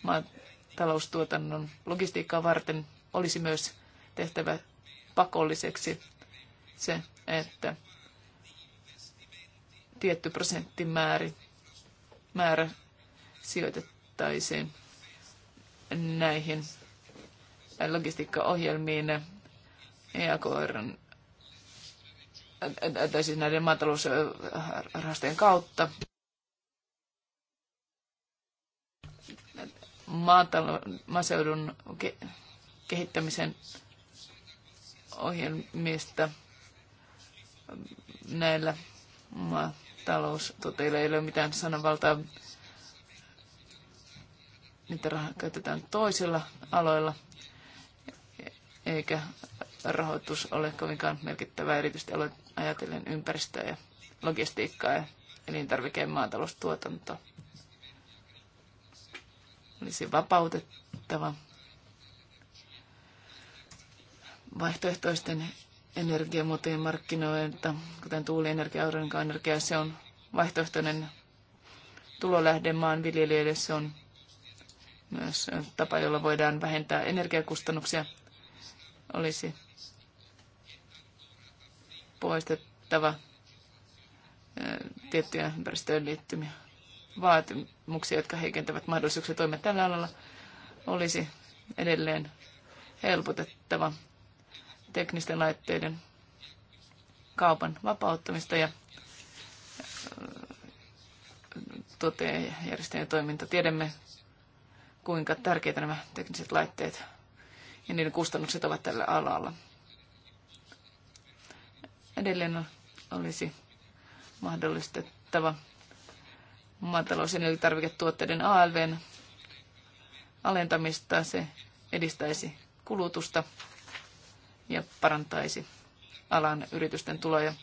maataloustuotannon logistiikkaa varten. Olisi myös tehtävä pakolliseksi se, että tietty prosenttimäärä määrä sijoitettaisiin näihin logistiikkaohjelmiin EAKR, tai siis näiden maatalousrahastojen kautta. Maatalo- maaseudun ke- kehittämisen ohjelmista näillä maataloustoteilla ei ole mitään sananvaltaa. Niitä rahaa käytetään toisilla aloilla eikä rahoitus ole kovinkaan merkittävää, erityisesti ajatellen ympäristöä ja logistiikkaa ja elintarvikeen maataloustuotantoa. Olisi vapautettava vaihtoehtoisten energiamuotojen markkinoilta, kuten tuulienergia, aurinkoenergia, se on vaihtoehtoinen tulolähde maanviljelijöille. Se on myös tapa, jolla voidaan vähentää energiakustannuksia olisi poistettava tiettyjä ympäristöön liittymiä vaatimuksia, jotka heikentävät mahdollisuuksia toimia tällä alalla, olisi edelleen helpotettava teknisten laitteiden kaupan vapauttamista ja toteen järjestäjien toiminta. Tiedämme, kuinka tärkeitä nämä tekniset laitteet ja niiden kustannukset ovat tällä alalla. Edelleen olisi mahdollistettava maatalous- ja elintarviketuotteiden ALVn alentamista. Se edistäisi kulutusta ja parantaisi alan yritysten tuloja.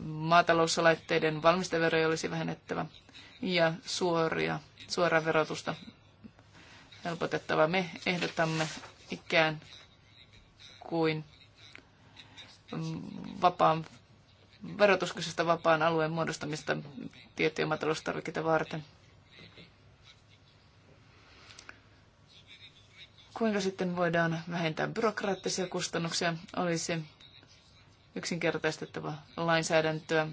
Maatalouslaitteiden valmisteveroja olisi vähennettävä ja suoria, suoraa verotusta helpotettava. Me ehdotamme ikään kuin vapaan verotuskysystä vapaan alueen muodostamista tiettyjä maataloustarvikkeita varten. Kuinka sitten voidaan vähentää byrokraattisia kustannuksia? Olisi yksinkertaistettava lainsäädäntöä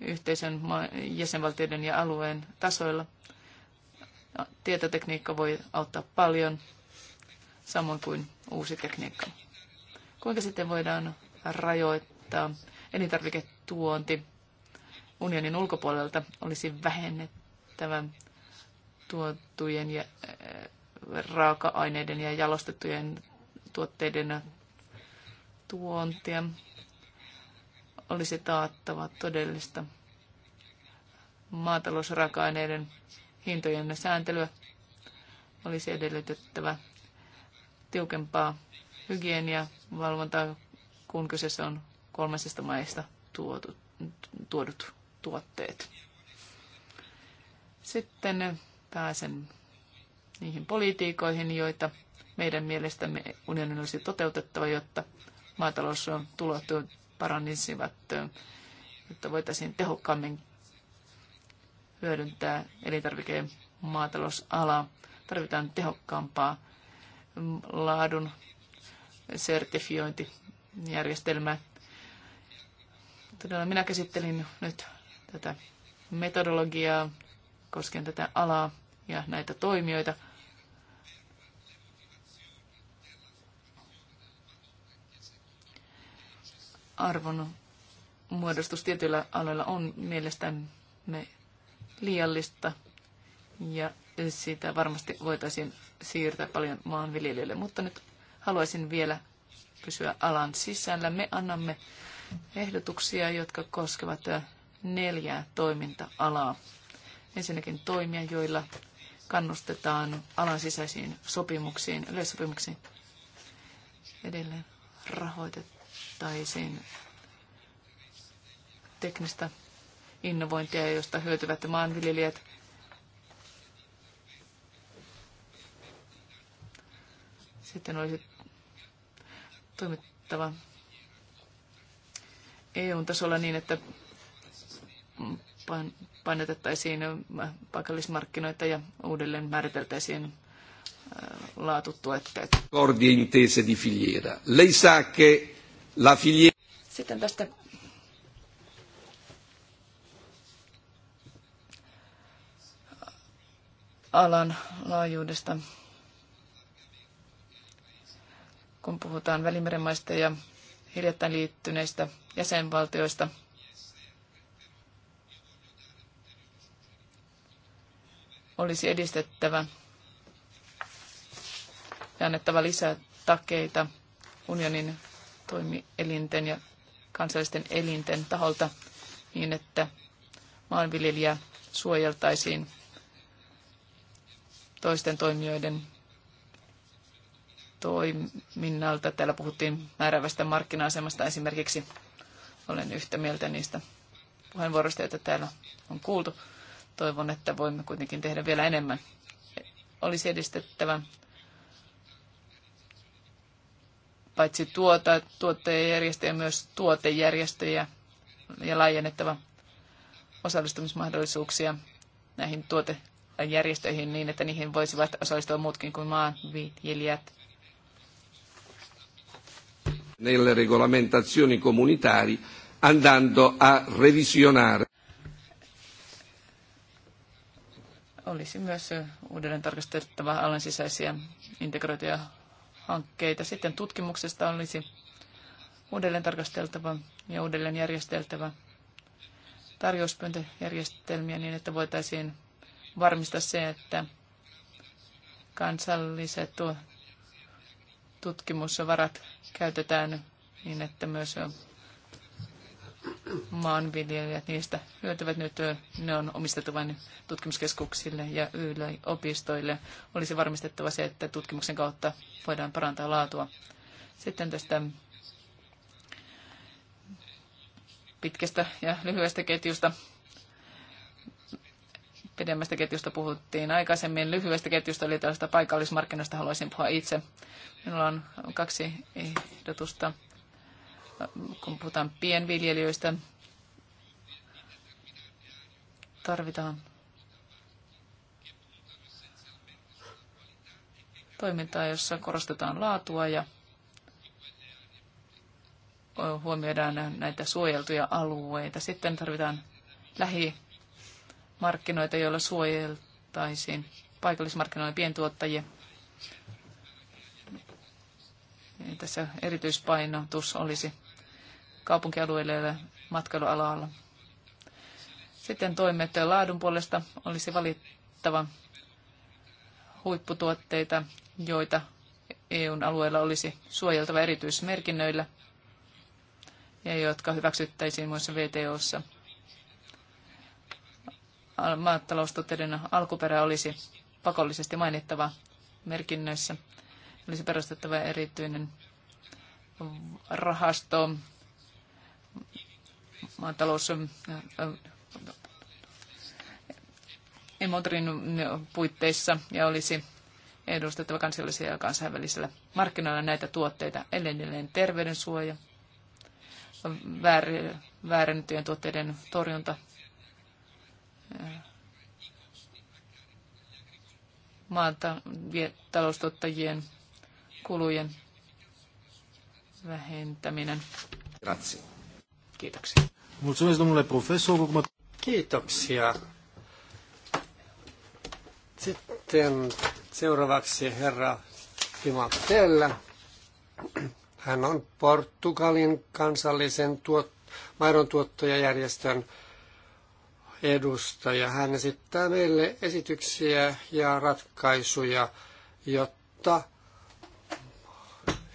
yhteisön jäsenvaltioiden ja alueen tasoilla – Tietotekniikka voi auttaa paljon, samoin kuin uusi tekniikka. Kuinka sitten voidaan rajoittaa elintarviketuonti unionin ulkopuolelta olisi vähennettävä tuotujen ja raaka-aineiden ja jalostettujen tuotteiden tuontia. Olisi taattava todellista maatalousraaka-aineiden hintojen sääntelyä olisi edellytettävä tiukempaa valvontaa, kun kyseessä on kolmansista maista tuotu, tuodut tuotteet. Sitten pääsen niihin politiikoihin, joita meidän mielestämme unionin olisi toteutettava, jotta maatalous on tulot paranisivat, jotta voitaisiin tehokkaammin hyödyntää elintarvike- maatalousalaa. Tarvitaan tehokkaampaa mm, laadun sertifiointijärjestelmää. Todella minä käsittelin nyt tätä metodologiaa koskien tätä alaa ja näitä toimijoita. Arvon muodostus tietyillä aloilla on mielestämme liiallista ja sitä varmasti voitaisiin siirtää paljon maanviljelijöille. Mutta nyt haluaisin vielä pysyä alan sisällä. Me annamme ehdotuksia, jotka koskevat neljää toiminta-alaa. Ensinnäkin toimia, joilla kannustetaan alan sisäisiin sopimuksiin, yleissopimuksiin. Edelleen rahoitettaisiin teknistä innovointia, josta hyötyvät maanviljelijät. Sitten olisi toimittava EU-tasolla niin, että painotettaisiin äh, paikallismarkkinoita ja uudelleen määriteltäisiin äh, laatutuotteet. intese di filiera. la Sitten tästä alan laajuudesta, kun puhutaan välimerenmaista ja hiljattain liittyneistä jäsenvaltioista. Olisi edistettävä ja annettava lisää takeita unionin toimielinten ja kansallisten elinten taholta niin, että maanviljelijä suojeltaisiin toisten toimijoiden toiminnalta. Täällä puhuttiin määrävästä markkina-asemasta esimerkiksi. Olen yhtä mieltä niistä puheenvuoroista, joita täällä on kuultu. Toivon, että voimme kuitenkin tehdä vielä enemmän. Olisi edistettävä paitsi tuota, tuottajajärjestöjä, myös tuotejärjestöjä ja laajennettava osallistumismahdollisuuksia näihin tuote järjestöihin niin, että niihin voisivat osallistua muutkin kuin maanviljelijät. Nelle regolamentazioni comunitari andando a revisionare. Olisi myös uudelleen tarkastettava alan sisäisiä integroituja hankkeita. Sitten tutkimuksesta olisi uudelleen tarkasteltava ja uudelleen järjesteltävä tarjouspyyntöjärjestelmiä niin, että voitaisiin varmistaa se, että kansalliset tutkimusvarat käytetään niin, että myös maanviljelijät niistä hyötyvät nyt. Ne on omistettu vain tutkimuskeskuksille ja yliopistoille. Olisi varmistettava se, että tutkimuksen kautta voidaan parantaa laatua. Sitten tästä pitkästä ja lyhyestä ketjusta Pidemmästä ketjusta puhuttiin aikaisemmin. Lyhyestä ketjusta oli tällaista paikallismarkkinoista, haluaisin puhua itse. Minulla on kaksi ehdotusta, kun puhutaan pienviljelijöistä. Tarvitaan toimintaa, jossa korostetaan laatua ja huomioidaan näitä suojeltuja alueita. Sitten tarvitaan lähi markkinoita, joilla suojeltaisiin paikallismarkkinoiden pientuottajia. Tässä erityispainotus olisi kaupunkialueilla ja matkailualalla. Sitten toimet laadun puolesta olisi valittava huipputuotteita, joita EUn alueella olisi suojeltava erityismerkinnöillä ja jotka hyväksyttäisiin muissa VTOssa – maataloustuotteiden alkuperä olisi pakollisesti mainittava merkinnöissä. Olisi perustettava erityinen rahasto maatalous äh, äh, Emotrin puitteissa ja olisi edustettava kansallisilla ja kansainvälisillä markkinoilla näitä tuotteita. Elinilleen terveydensuoja, väär, väärennettyjen tuotteiden torjunta, maata taloustuottajien kulujen vähentäminen. Grazie. Kiitoksia. Mulțumesc, domnule professor. Kiitoksia. Sitten seuraavaksi herra Timotella. Hän on Portugalin kansallisen tuot- maidontuottajajärjestön edustaja. Hän esittää meille esityksiä ja ratkaisuja, jotta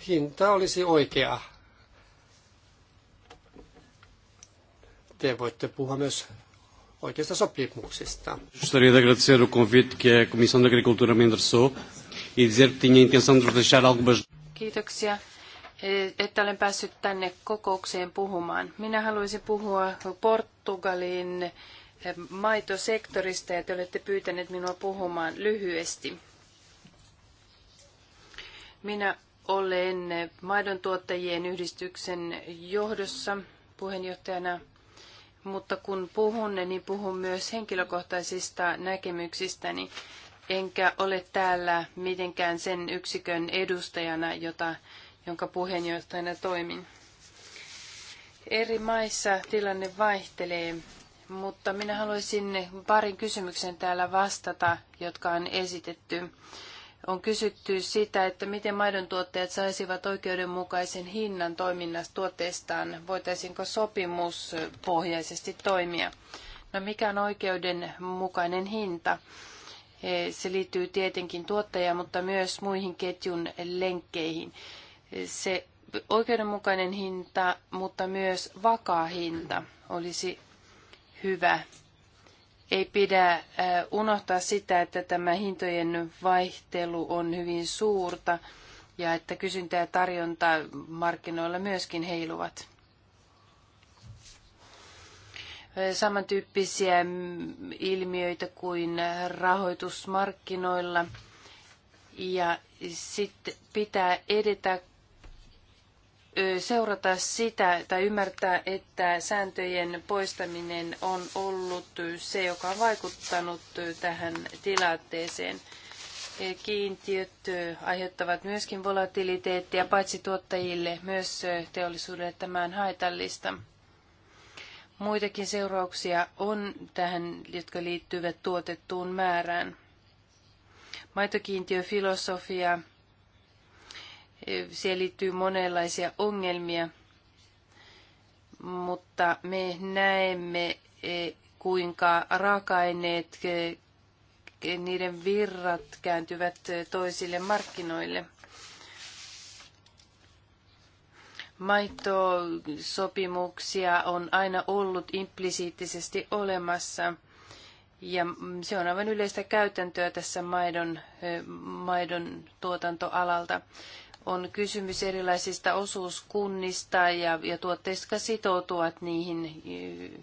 hinta olisi oikea. Te voitte puhua myös oikeista sopimuksista. Gostaria de agradecer o convite que a Comissão de Agricultura me endereçou e dizer que tinha intenção de deixar algumas... Kiitoksia että olen päässyt tänne kokoukseen puhumaan. Minä haluaisin puhua Portugalin maitosektorista ja te olette pyytäneet minua puhumaan lyhyesti. Minä olen maidontuottajien yhdistyksen johdossa puheenjohtajana, mutta kun puhun, niin puhun myös henkilökohtaisista näkemyksistäni, enkä ole täällä mitenkään sen yksikön edustajana, jota, jonka puheenjohtajana toimin. Eri maissa tilanne vaihtelee mutta minä haluaisin parin kysymyksen täällä vastata, jotka on esitetty. On kysytty sitä, että miten maidon tuottajat saisivat oikeudenmukaisen hinnan toiminnasta tuotteistaan. Voitaisiinko sopimuspohjaisesti toimia? No mikä on oikeudenmukainen hinta? Se liittyy tietenkin tuottajaan, mutta myös muihin ketjun lenkkeihin. Se oikeudenmukainen hinta, mutta myös vakaa hinta olisi hyvä. Ei pidä äh, unohtaa sitä, että tämä hintojen vaihtelu on hyvin suurta ja että kysyntä ja tarjonta markkinoilla myöskin heiluvat. Äh, samantyyppisiä ilmiöitä kuin rahoitusmarkkinoilla. Ja sitten pitää edetä seurata sitä tai ymmärtää, että sääntöjen poistaminen on ollut se, joka on vaikuttanut tähän tilanteeseen. Kiintiöt aiheuttavat myöskin volatiliteettia paitsi tuottajille, myös teollisuudelle tämän haitallista. Muitakin seurauksia on tähän, jotka liittyvät tuotettuun määrään. Maitokiintiöfilosofia filosofia Siihen liittyy monenlaisia ongelmia, mutta me näemme, e, kuinka raaka-aineet, e, e, niiden virrat kääntyvät toisille markkinoille. Maitosopimuksia on aina ollut implisiittisesti olemassa. Ja se on aivan yleistä käytäntöä tässä maidon, maidon tuotantoalalta on kysymys erilaisista osuuskunnista ja, ja tuotteista, jotka sitoutuvat niihin eh,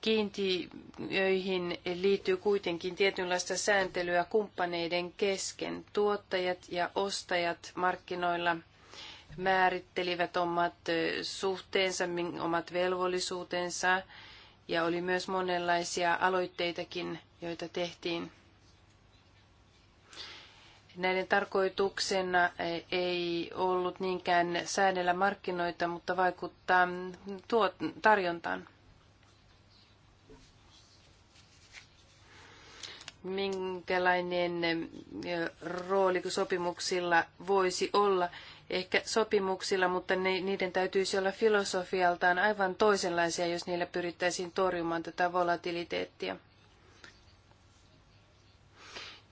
kiintiöihin liittyy kuitenkin tietynlaista sääntelyä kumppaneiden kesken. Tuottajat ja ostajat markkinoilla määrittelivät omat eh, suhteensa, omat velvollisuutensa ja oli myös monenlaisia aloitteitakin, joita tehtiin. Näiden tarkoituksena ei ollut niinkään säädellä markkinoita, mutta vaikuttaa tuot, tarjontaan. Minkälainen rooli sopimuksilla voisi olla? Ehkä sopimuksilla, mutta niiden täytyisi olla filosofialtaan aivan toisenlaisia, jos niillä pyrittäisiin torjumaan tätä volatiliteettia.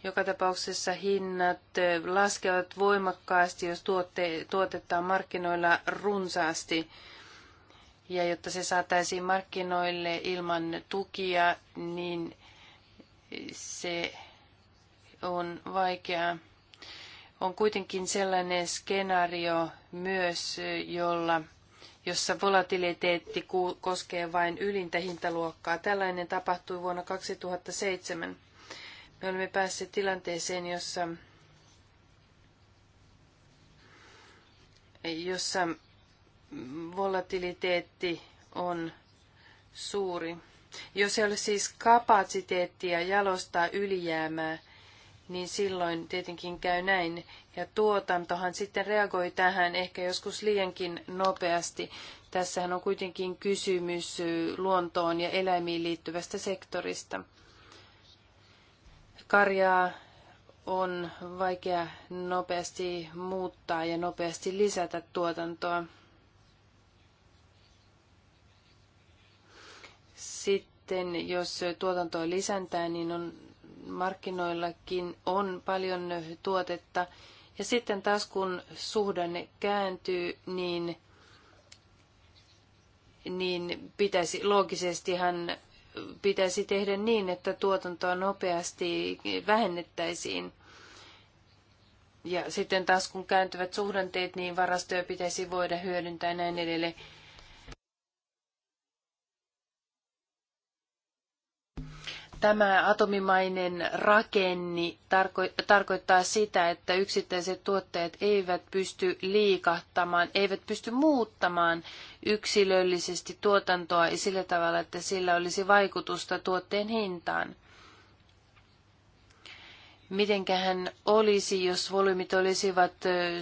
Joka tapauksessa hinnat eh, laskevat voimakkaasti, jos tuotte, tuotetta on markkinoilla runsaasti. Ja jotta se saataisiin markkinoille ilman tukia, niin se on vaikeaa. On kuitenkin sellainen skenaario myös, eh, jolla, jossa volatiliteetti koskee vain ylintä hintaluokkaa. Tällainen tapahtui vuonna 2007. Me olemme päässeet tilanteeseen, jossa, jossa volatiliteetti on suuri. Jos ei ole siis kapasiteettia jalostaa ylijäämää, niin silloin tietenkin käy näin. Ja tuotantohan sitten reagoi tähän ehkä joskus liiankin nopeasti. Tässähän on kuitenkin kysymys luontoon ja eläimiin liittyvästä sektorista. Karjaa on vaikea nopeasti muuttaa ja nopeasti lisätä tuotantoa. Sitten jos tuotantoa lisätään, niin on, markkinoillakin on paljon tuotetta. Ja sitten taas kun suhdanne kääntyy, niin, niin pitäisi loogisestihan pitäisi tehdä niin, että tuotantoa nopeasti vähennettäisiin. Ja sitten taas kun kääntyvät suhdanteet, niin varastoja pitäisi voida hyödyntää näin edelleen. Tämä atomimainen rakenni tarko- tarkoittaa sitä, että yksittäiset tuotteet eivät pysty liikahtamaan, eivät pysty muuttamaan yksilöllisesti tuotantoa ja sillä tavalla, että sillä olisi vaikutusta tuotteen hintaan. Mitenkähän olisi, jos volyymit olisivat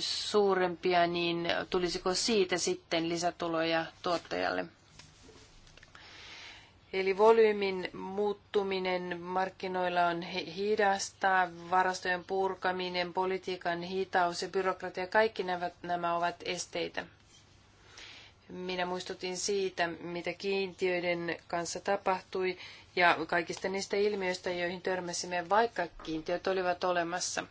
suurempia, niin tulisiko siitä sitten lisätuloja tuottajalle? Eli volyymin muuttuminen markkinoilla on hidasta, varastojen purkaminen, politiikan hitaus ja byrokratia, kaikki nämä, nämä ovat esteitä. Minä muistutin siitä, mitä kiintiöiden kanssa tapahtui ja kaikista niistä ilmiöistä, joihin törmäsimme, vaikka kiintiöt olivat olemassa.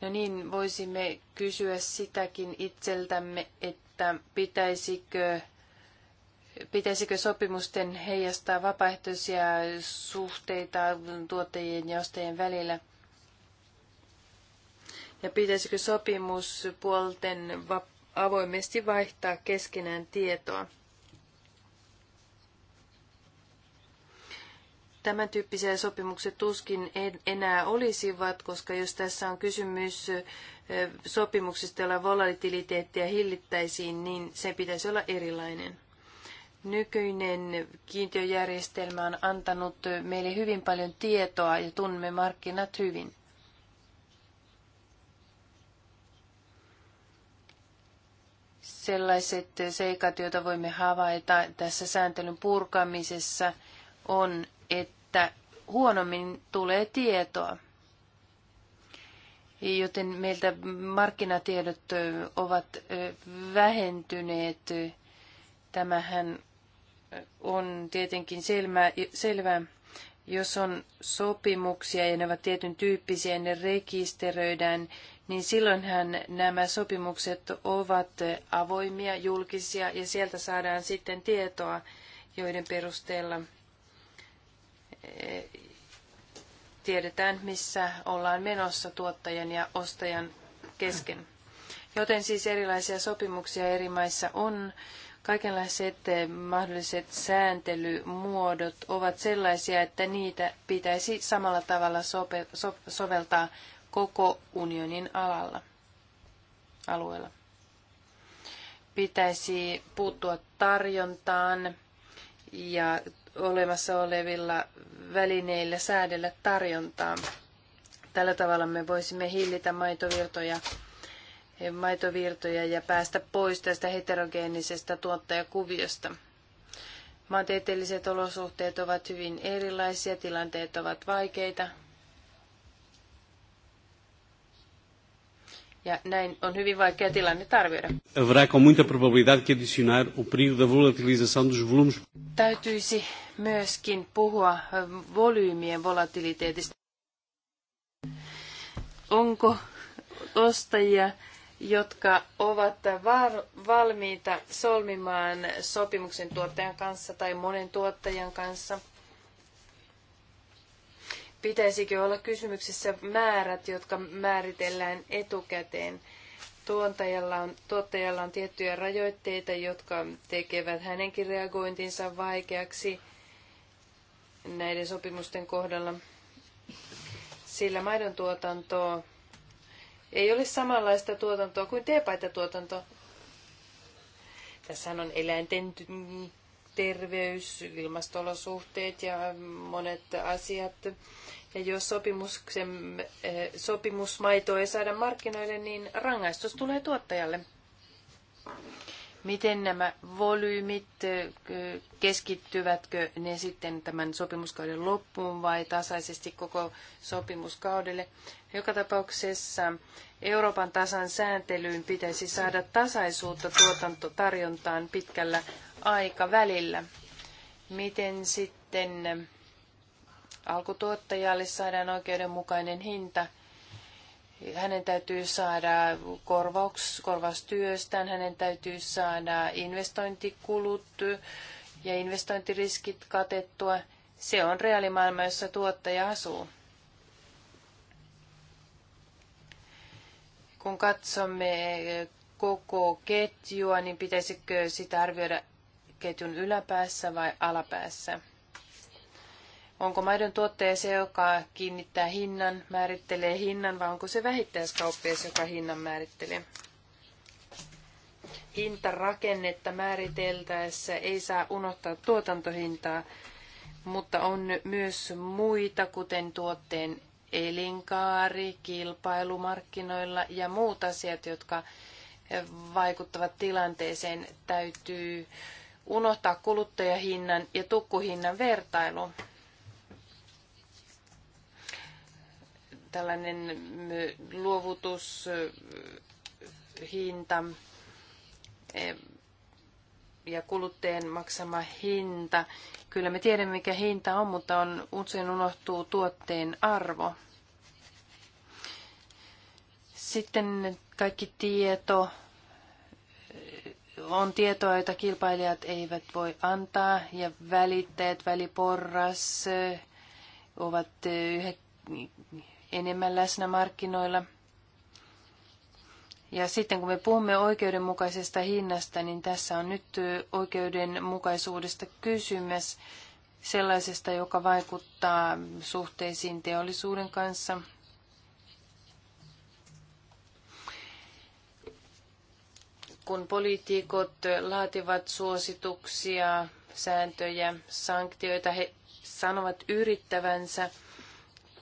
No niin, voisimme kysyä sitäkin itseltämme, että pitäisikö pitäisikö sopimusten heijastaa vapaaehtoisia suhteita tuottajien ja ostajien välillä? Ja pitäisikö sopimuspuolten avoimesti vaihtaa keskenään tietoa? Tämän tyyppisiä sopimukset tuskin enää olisivat, koska jos tässä on kysymys sopimuksista, joilla volatiliteettia hillittäisiin, niin se pitäisi olla erilainen. Nykyinen kiintiöjärjestelmä on antanut meille hyvin paljon tietoa ja tunnemme markkinat hyvin. Sellaiset seikat, joita voimme havaita tässä sääntelyn purkamisessa, on, että huonommin tulee tietoa. Joten meiltä markkinatiedot ovat vähentyneet. Tämähän on tietenkin selvää, selvää, jos on sopimuksia ja ne ovat tietyn tyyppisiä ja ne rekisteröidään, niin silloinhan nämä sopimukset ovat avoimia, julkisia ja sieltä saadaan sitten tietoa, joiden perusteella eh, tiedetään, missä ollaan menossa tuottajan ja ostajan kesken. Joten siis erilaisia sopimuksia eri maissa on Kaikenlaiset eh, mahdolliset sääntelymuodot ovat sellaisia, että niitä pitäisi samalla tavalla sope, so, soveltaa koko unionin alalla, alueella. Pitäisi puuttua tarjontaan ja olemassa olevilla välineillä säädellä tarjontaa. Tällä tavalla me voisimme hillitä maitovirtoja maitovirtoja ja päästä pois tästä heterogeenisestä tuottajakuviosta. Maantieteelliset olosuhteet ovat hyvin erilaisia, tilanteet ovat vaikeita. Ja näin on hyvin vaikea tilanne arvioida. Täytyisi myöskin puhua äh, volyymien volatiliteetista. Onko ostajia jotka ovat valmiita solmimaan sopimuksen tuottajan kanssa tai monen tuottajan kanssa. Pitäisikö olla kysymyksessä määrät, jotka määritellään etukäteen? Tuottajalla on, tuottajalla on tiettyjä rajoitteita, jotka tekevät hänenkin reagointinsa vaikeaksi näiden sopimusten kohdalla, sillä maidon tuotantoa ei ole samanlaista tuotantoa kuin teepaitatuotanto. Tässähän on eläinten terveys, ilmastolosuhteet ja monet asiat. Ja jos sopimuksen, eh, sopimusmaitoa ei saada markkinoille, niin rangaistus tulee tuottajalle. Miten nämä volyymit, keskittyvätkö ne sitten tämän sopimuskauden loppuun vai tasaisesti koko sopimuskaudelle? Joka tapauksessa Euroopan tasan sääntelyyn pitäisi saada tasaisuutta tuotantotarjontaan pitkällä aikavälillä. Miten sitten alkutuottajalle saadaan oikeudenmukainen hinta – hänen täytyy saada korvauks, korvaus työstään, hänen täytyy saada investointikulut ja investointiriskit katettua. Se on reaalimaailma, jossa tuottaja asuu. Kun katsomme koko ketjua, niin pitäisikö sitä arvioida ketjun yläpäässä vai alapäässä? Onko maidon tuottaja se, joka kiinnittää hinnan, määrittelee hinnan, vai onko se vähittäiskauppias, joka hinnan määrittelee? Hintarakennetta määriteltäessä ei saa unohtaa tuotantohintaa, mutta on myös muita, kuten tuotteen elinkaari, kilpailumarkkinoilla ja muut asiat, jotka vaikuttavat tilanteeseen, täytyy unohtaa kuluttajahinnan ja tukkuhinnan vertailu. tällainen luovutushinta e, ja kulutteen maksama hinta. Kyllä me tiedämme, mikä hinta on, mutta on, usein unohtuu tuotteen arvo. Sitten kaikki tieto. On tietoa, jota kilpailijat eivät voi antaa, ja välittäjät, väliporras ovat yhä enemmän läsnä markkinoilla. Ja sitten kun me puhumme oikeudenmukaisesta hinnasta, niin tässä on nyt oikeudenmukaisuudesta kysymys sellaisesta, joka vaikuttaa suhteisiin teollisuuden kanssa. Kun poliitikot laativat suosituksia, sääntöjä, sanktioita, he sanovat yrittävänsä –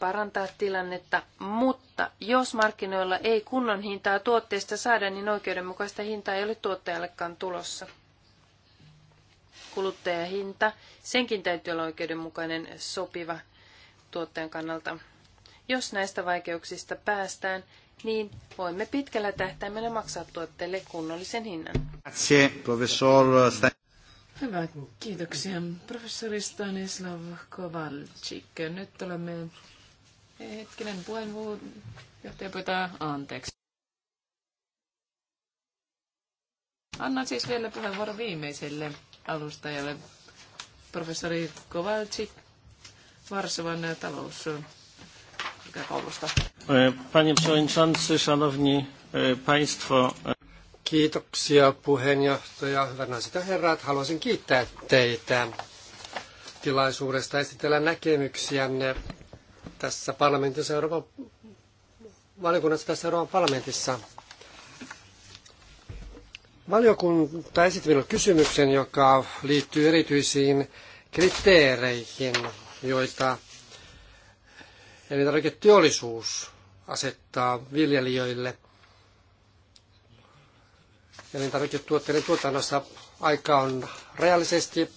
parantaa tilannetta, mutta jos markkinoilla ei kunnon hintaa tuotteesta saada, niin oikeudenmukaista hintaa ei ole tuottajallekaan tulossa. Kuluttajahinta, senkin täytyy olla oikeudenmukainen sopiva tuottajan kannalta. Jos näistä vaikeuksista päästään, niin voimme pitkällä tähtäimellä maksaa tuotteelle kunnollisen hinnan. Hyvä, kiitoksia. Professori Stanislav Kovalczyk. Nyt olemme Hetkinen puheenjohtaja pyytää anteeksi. Annan siis vielä puheenvuoron viimeiselle alustajalle, professori Kovalci Varsovan talous. Panie Przewodniczący, Szanowni e, Państwo. E, Kiitoksia puheenjohtaja, hyvät naiset ja herrat. Haluaisin kiittää teitä tilaisuudesta esitellä näkemyksiänne tässä parlamentissa, Euroopan valiokunnassa tässä Euroopan parlamentissa. Valiokunta esitti minulle kysymyksen, joka liittyy erityisiin kriteereihin, joita elintarviketeollisuus asettaa viljelijöille elintarviketuotteiden tuotannossa aika on rajallisesti.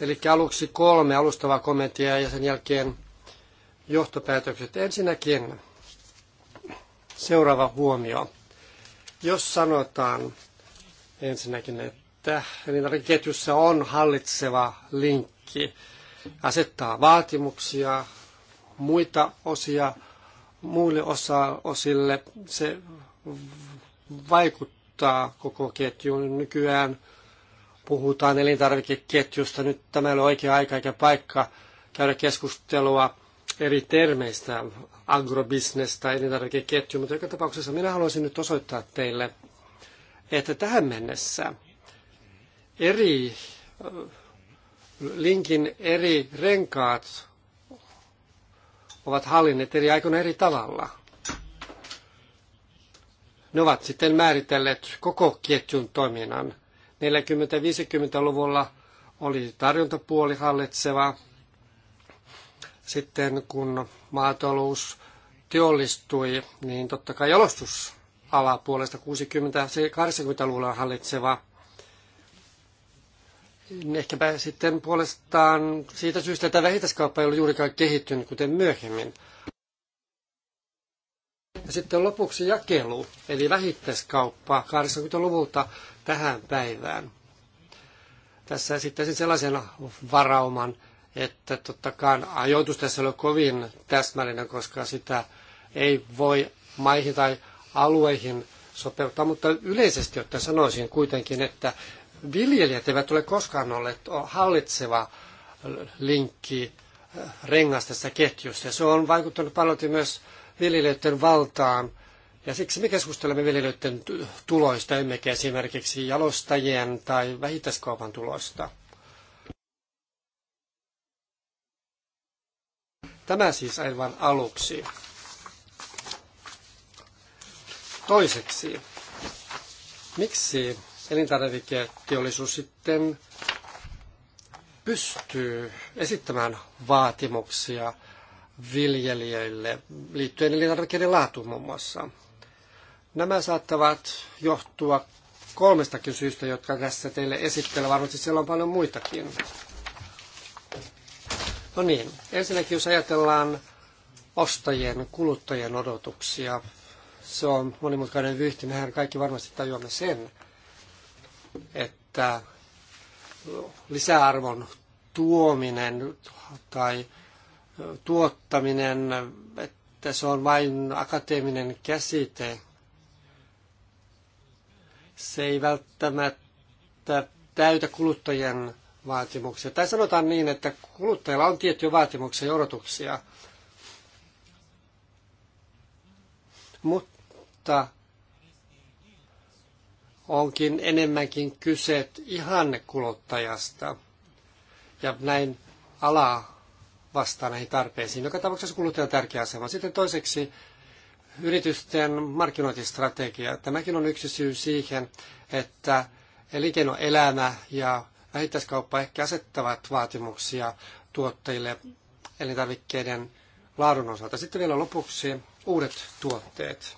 Eli aluksi kolme alustavaa kommenttia ja sen jälkeen johtopäätökset. Ensinnäkin seuraava huomio. Jos sanotaan ensinnäkin, että elintarvikeketjussa on hallitseva linkki, asettaa vaatimuksia muita osia muille osa osille, se vaikuttaa koko ketjuun. Nykyään puhutaan elintarvikeketjusta, nyt tämä ei ole oikea aika eikä paikka käydä keskustelua eri termeistä, agrobisnes tai elintarvikeketju, mutta joka tapauksessa minä haluaisin nyt osoittaa teille, että tähän mennessä eri linkin eri renkaat ovat hallinneet eri aikoina eri tavalla. Ne ovat sitten määritelleet koko ketjun toiminnan. 40-50-luvulla oli tarjontapuoli hallitseva, sitten kun maatalous teollistui, niin totta kai jalostusala puolesta 60-80-luvulla hallitseva ehkäpä sitten puolestaan siitä syystä, että vähittäiskauppa ei ollut juurikaan kehittynyt, kuten myöhemmin. Ja sitten lopuksi jakelu, eli vähittäiskauppa 80-luvulta tähän päivään. Tässä sitten sellaisen varauman, että kai ajoitus tässä oli kovin täsmällinen, koska sitä ei voi maihin tai alueihin sopeuttaa, mutta yleisesti ottaen sanoisin kuitenkin, että viljelijät eivät ole koskaan olleet hallitseva linkki eh, rengas tässä ketjussa. Ja se on vaikuttanut paljon myös viljelijöiden valtaan. Ja siksi me keskustelemme viljelijöiden tuloista, emmekä esimerkiksi jalostajien tai vähittäiskaupan tuloista. Tämä siis aivan aluksi. Toiseksi, miksi elintarviketeollisuus sitten pystyy esittämään vaatimuksia viljelijöille liittyen elintarvikkeiden laatuun muun muassa. Nämä saattavat johtua kolmestakin syystä, jotka tässä teille esittelen. Varmasti siis siellä on paljon muitakin. No niin, ensinnäkin jos ajatellaan ostajien, kuluttajien odotuksia, se on monimutkainen vyyhti. Mehän kaikki varmasti tajuamme sen, että lisäarvon tuominen tai tuottaminen, että se on vain akateeminen käsite. Se ei välttämättä täytä kuluttajien vaatimuksia. Tai sanotaan niin, että kuluttajilla on tiettyjä vaatimuksia ja odotuksia. Mutta onkin enemmänkin kyse ihanne kuluttajasta. Ja näin ala vastaa näihin tarpeisiin. Joka tapauksessa kuluttaja on tärkeä asema. Sitten toiseksi yritysten markkinointistrategia. Tämäkin on yksi syy siihen, että elinkeinoelämä ja vähittäiskauppa ehkä asettavat vaatimuksia tuottajille elintarvikkeiden laadun osalta. Sitten vielä lopuksi uudet tuotteet,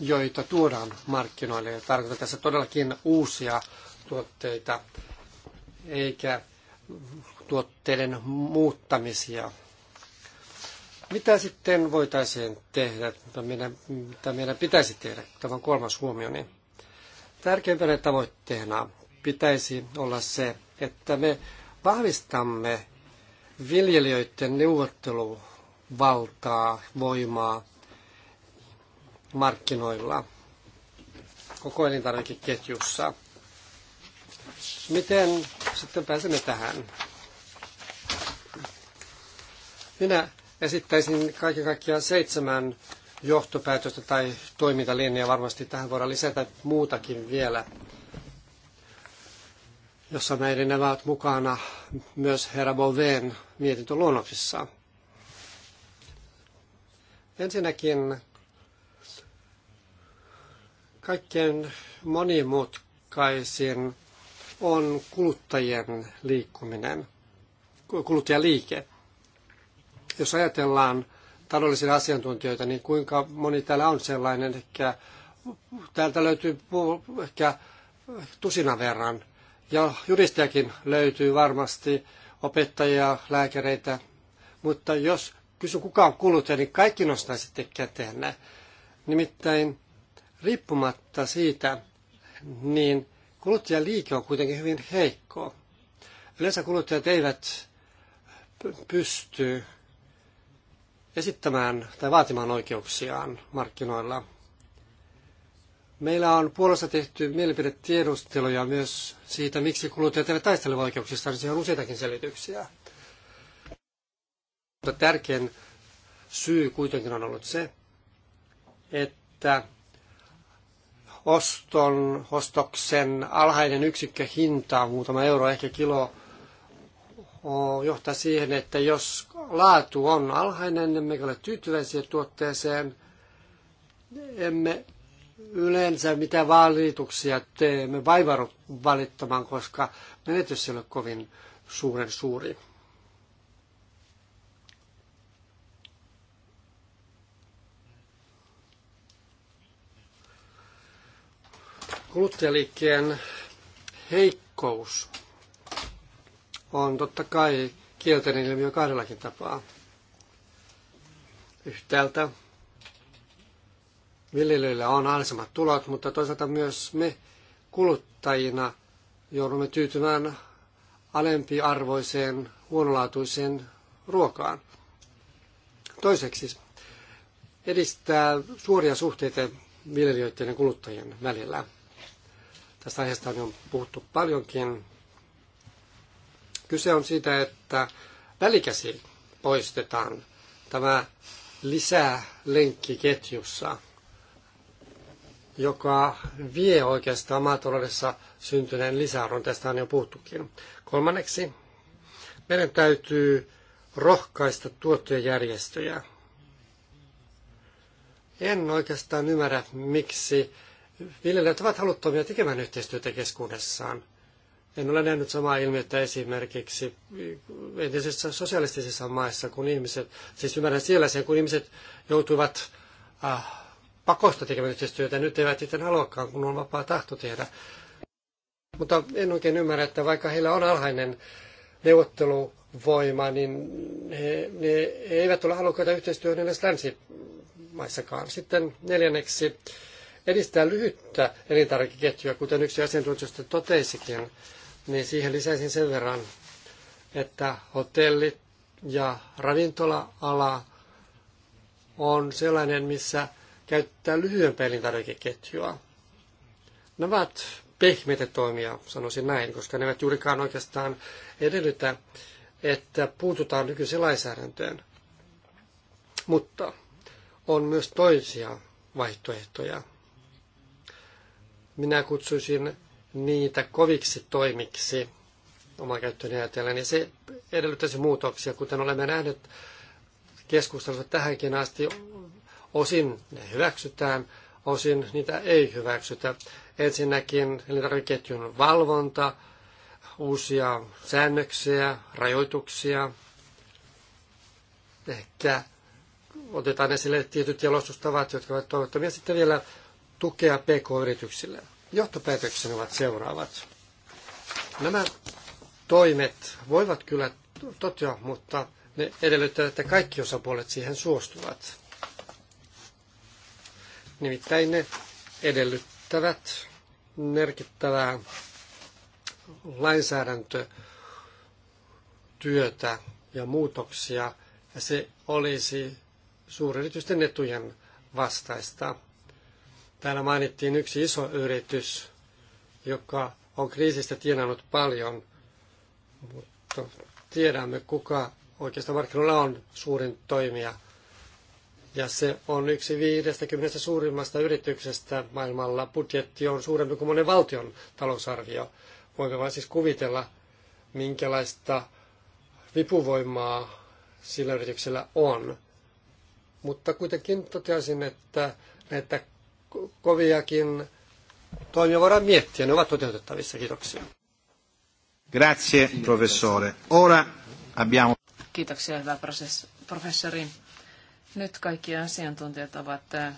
joita tuodaan markkinoille. tarkoitan tässä todellakin uusia tuotteita, eikä tuotteiden muuttamisia. Mitä sitten voitaisiin tehdä, mitä meidän, mitä meidän pitäisi tehdä? Tämä on kolmas huomioni. Niin Tärkeimpänä tavoitteena pitäisi olla se, että me vahvistamme viljelijöiden neuvotteluvaltaa, voimaa markkinoilla koko elintarvikeketjussa. Miten sitten pääsemme tähän? Minä esittäisin kaiken kaikkiaan seitsemän johtopäätöstä tai toimintalinjaa. Varmasti tähän voidaan lisätä muutakin vielä, jossa meidän nämä ovat mukana myös herra Boven mietintöluonnoksissa. Ensinnäkin kaikkein monimutkaisin on kuluttajien liikkuminen, kuluttajaliike. Jos ajatellaan taloudellisia asiantuntijoita, niin kuinka moni täällä on sellainen, ehkä täältä löytyy ehkä tusina verran. Ja juristiakin löytyy varmasti, opettajia, lääkäreitä. Mutta jos kysyn kuka on kuluttaja, niin kaikki sitten käteen. Nimittäin riippumatta siitä, niin kuluttajaliike on kuitenkin hyvin heikko. Yleensä kuluttajat eivät pysty esittämään tai vaatimaan oikeuksiaan markkinoilla. Meillä on Puolassa tehty mielipidetiedusteluja myös siitä, miksi kuluttajat eivät taistele oikeuksista. niin siihen on useitakin selityksiä. Mutta tärkein syy kuitenkin on ollut se, että oston, ostoksen alhainen yksikköhinta, muutama euro, ehkä kilo johtaa siihen, että jos laatu on alhainen, emme niin ole tyytyväisiä tuotteeseen, emme yleensä mitä valituksia teemme me valittamaan, koska menetys ei ole kovin suuren suuri. Kuluttajaliikkeen heikkous on totta kai kielten ilmiö kahdellakin tapaa. Yhtäältä viljelijöillä on alisemmat tulot, mutta toisaalta myös me kuluttajina joudumme tyytymään alempiarvoiseen, huonolaatuiseen ruokaan. Toiseksi siis edistää suoria suhteita viljelijöiden ja kuluttajien välillä. Tästä aiheesta on jo puhuttu paljonkin Kyse on siitä, että välikäsi poistetaan tämä lisää lenkkiketjussa, joka vie oikeastaan maataloudessa syntyneen lisäarvon. Tästä on jo puhuttukin. Kolmanneksi, meidän täytyy rohkaista tuottojärjestöjä. En oikeastaan ymmärrä, miksi viljelijät ovat haluttomia tekemään yhteistyötä keskuudessaan. En ole nähnyt samaa ilmiötä esimerkiksi entisissä sosialistisissa maissa, kun ihmiset, siis ymmärrän siellä sen, kun ihmiset joutuivat äh, pakosta tekemään yhteistyötä, nyt eivät sitten haluakaan, kun on vapaa tahto tehdä. Mutta en oikein ymmärrä, että vaikka heillä on alhainen neuvotteluvoima, niin he, ne eivät ole halukkaita yhteistyöhön edes länsimaissakaan. Sitten neljänneksi edistää lyhyttä elintarvikeketjua, kuten yksi asiantuntijoista totesikin niin siihen lisäisin sen verran, että hotellit ja ravintola-ala on sellainen, missä käyttää pelin elintarvikeketjua. Ne ovat pehmeitä toimia, sanoisin näin, koska ne eivät juurikaan oikeastaan edellytä, että puututaan nykyiseen lainsäädäntöön. Mutta on myös toisia vaihtoehtoja. Minä kutsuisin niitä koviksi toimiksi oman käyttöön ajatellen, niin se edellyttäisi muutoksia, kuten olemme nähneet keskustelussa tähänkin asti. Osin ne hyväksytään, osin niitä ei hyväksytä. Ensinnäkin elintarvikeketjun valvonta, uusia säännöksiä, rajoituksia. Ehkä otetaan esille tietyt jalostustavat, jotka ovat toivottomia. Sitten vielä tukea pk-yrityksille. Johtopäätökseni ovat seuraavat. Nämä toimet voivat kyllä totia, mutta ne edellyttävät, että kaikki osapuolet siihen suostuvat. Nimittäin ne edellyttävät merkittävää lainsäädäntötyötä ja muutoksia, ja se olisi suuryritysten etujen vastaista. Täällä mainittiin yksi iso yritys, joka on kriisistä tienannut paljon, mutta tiedämme, kuka oikeastaan markkinoilla on suurin toimija. Ja se on yksi 50 suurimmasta yrityksestä maailmalla. Budjetti on suurempi kuin monen valtion talousarvio. Voimme vain siis kuvitella, minkälaista vipuvoimaa sillä yrityksellä on. Mutta kuitenkin toteaisin, että näitä koviakin toimia voidaan miettiä. Ne ovat toteutettavissa. Kiitoksia. Grazie, professore. Ora abbiamo... Kiitoksia, hyvä professori. Nyt kaikki asiantuntijat ovat äh,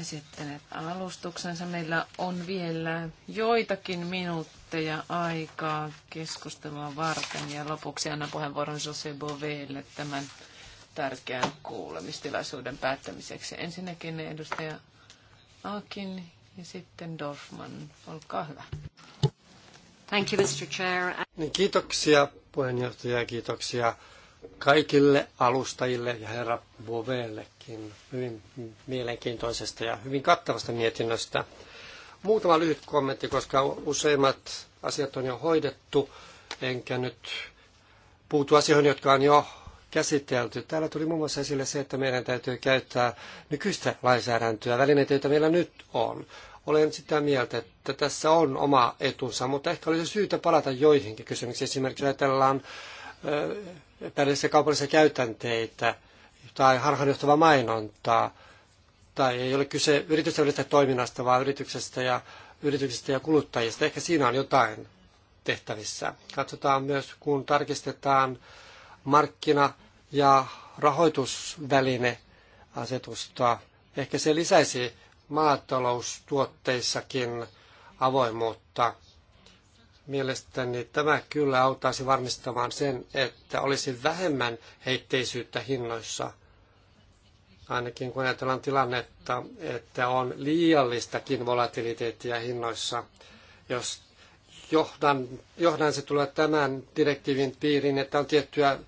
esittäneet alustuksensa. Meillä on vielä joitakin minuutteja aikaa keskustelua varten ja lopuksi annan puheenvuoron Jose Boveille tämän tärkeän kuulemistilaisuuden päättämiseksi. Ensinnäkin edustaja Akin ja sitten Dorfman. Olkaa hyvä. Thank you, Mr. Chair. Niin, kiitoksia puheenjohtaja ja kiitoksia kaikille alustajille ja herra Bovellekin hyvin mielenkiintoisesta ja hyvin kattavasta mietinnöstä. Muutama lyhyt kommentti, koska useimmat asiat on jo hoidettu, enkä nyt puutu asioihin, jotka on jo käsitelty. Täällä tuli muun muassa esille se, että meidän täytyy käyttää nykyistä lainsäädäntöä, välineitä, joita meillä nyt on. Olen sitä mieltä, että tässä on oma etunsa, mutta ehkä olisi syytä palata joihinkin kysymyksiin. Esimerkiksi ajatellaan tällaisia kaupallisia käytänteitä tai harhaanjohtavaa mainontaa. Tai ei ole kyse yritysten toiminnasta, vaan yrityksestä ja, yrityksestä ja kuluttajista. Ehkä siinä on jotain tehtävissä. Katsotaan myös, kun tarkistetaan markkina- ja rahoitusväline asetusta. Ehkä se lisäisi maataloustuotteissakin avoimuutta. Mielestäni tämä kyllä auttaisi varmistamaan sen, että olisi vähemmän heitteisyyttä hinnoissa. Ainakin kun ajatellaan tilannetta, että on liiallistakin volatiliteettia hinnoissa, jos johdan, johdan se tulee tämän direktiivin piiriin, että on tiettyä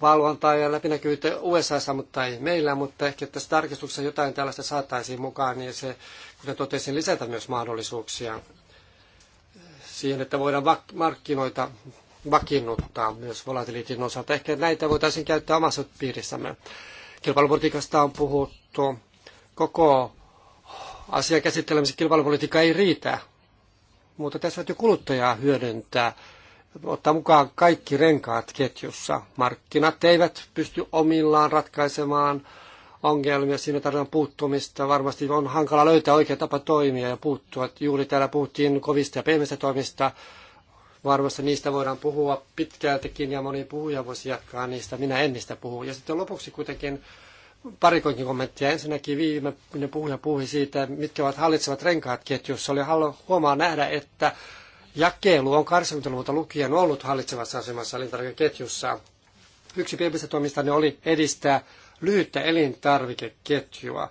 valvontaa ja läpinäkyvyyttä USA, mutta ei meillä, mutta ehkä tässä tarkistuksessa jotain tällaista saataisiin mukaan, niin se, kuten totesin, lisätä myös mahdollisuuksia siihen, että voidaan vak- markkinoita vakiinnuttaa myös volatiliitin osalta. Ehkä näitä voitaisiin käyttää omassa piirissämme. Kilpailupolitiikasta on puhuttu. Koko asia käsittelemisessä kilpailupolitiikka ei riitä mutta tässä täytyy kuluttajaa hyödyntää, ottaa mukaan kaikki renkaat ketjussa. Markkinat eivät pysty omillaan ratkaisemaan ongelmia, siinä tarvitaan puuttumista. Varmasti on hankala löytää oikea tapa toimia ja puuttua. Juuri täällä puhuttiin kovista ja pehmeistä toimista. Varmasti niistä voidaan puhua pitkältikin ja moni puhuja voisi jatkaa niistä. Minä en niistä puhu. Ja sitten lopuksi kuitenkin parikoinkin kommenttia. Ensinnäkin viime puhuja puhui siitä, mitkä ovat hallitsevat renkaat ketjussa. Oli huomaa nähdä, että jakelu on 80-luvulta lukien ollut hallitsevassa asemassa elintarvikeketjussa. Yksi pienistä toimista ne oli edistää lyhyttä elintarvikeketjua.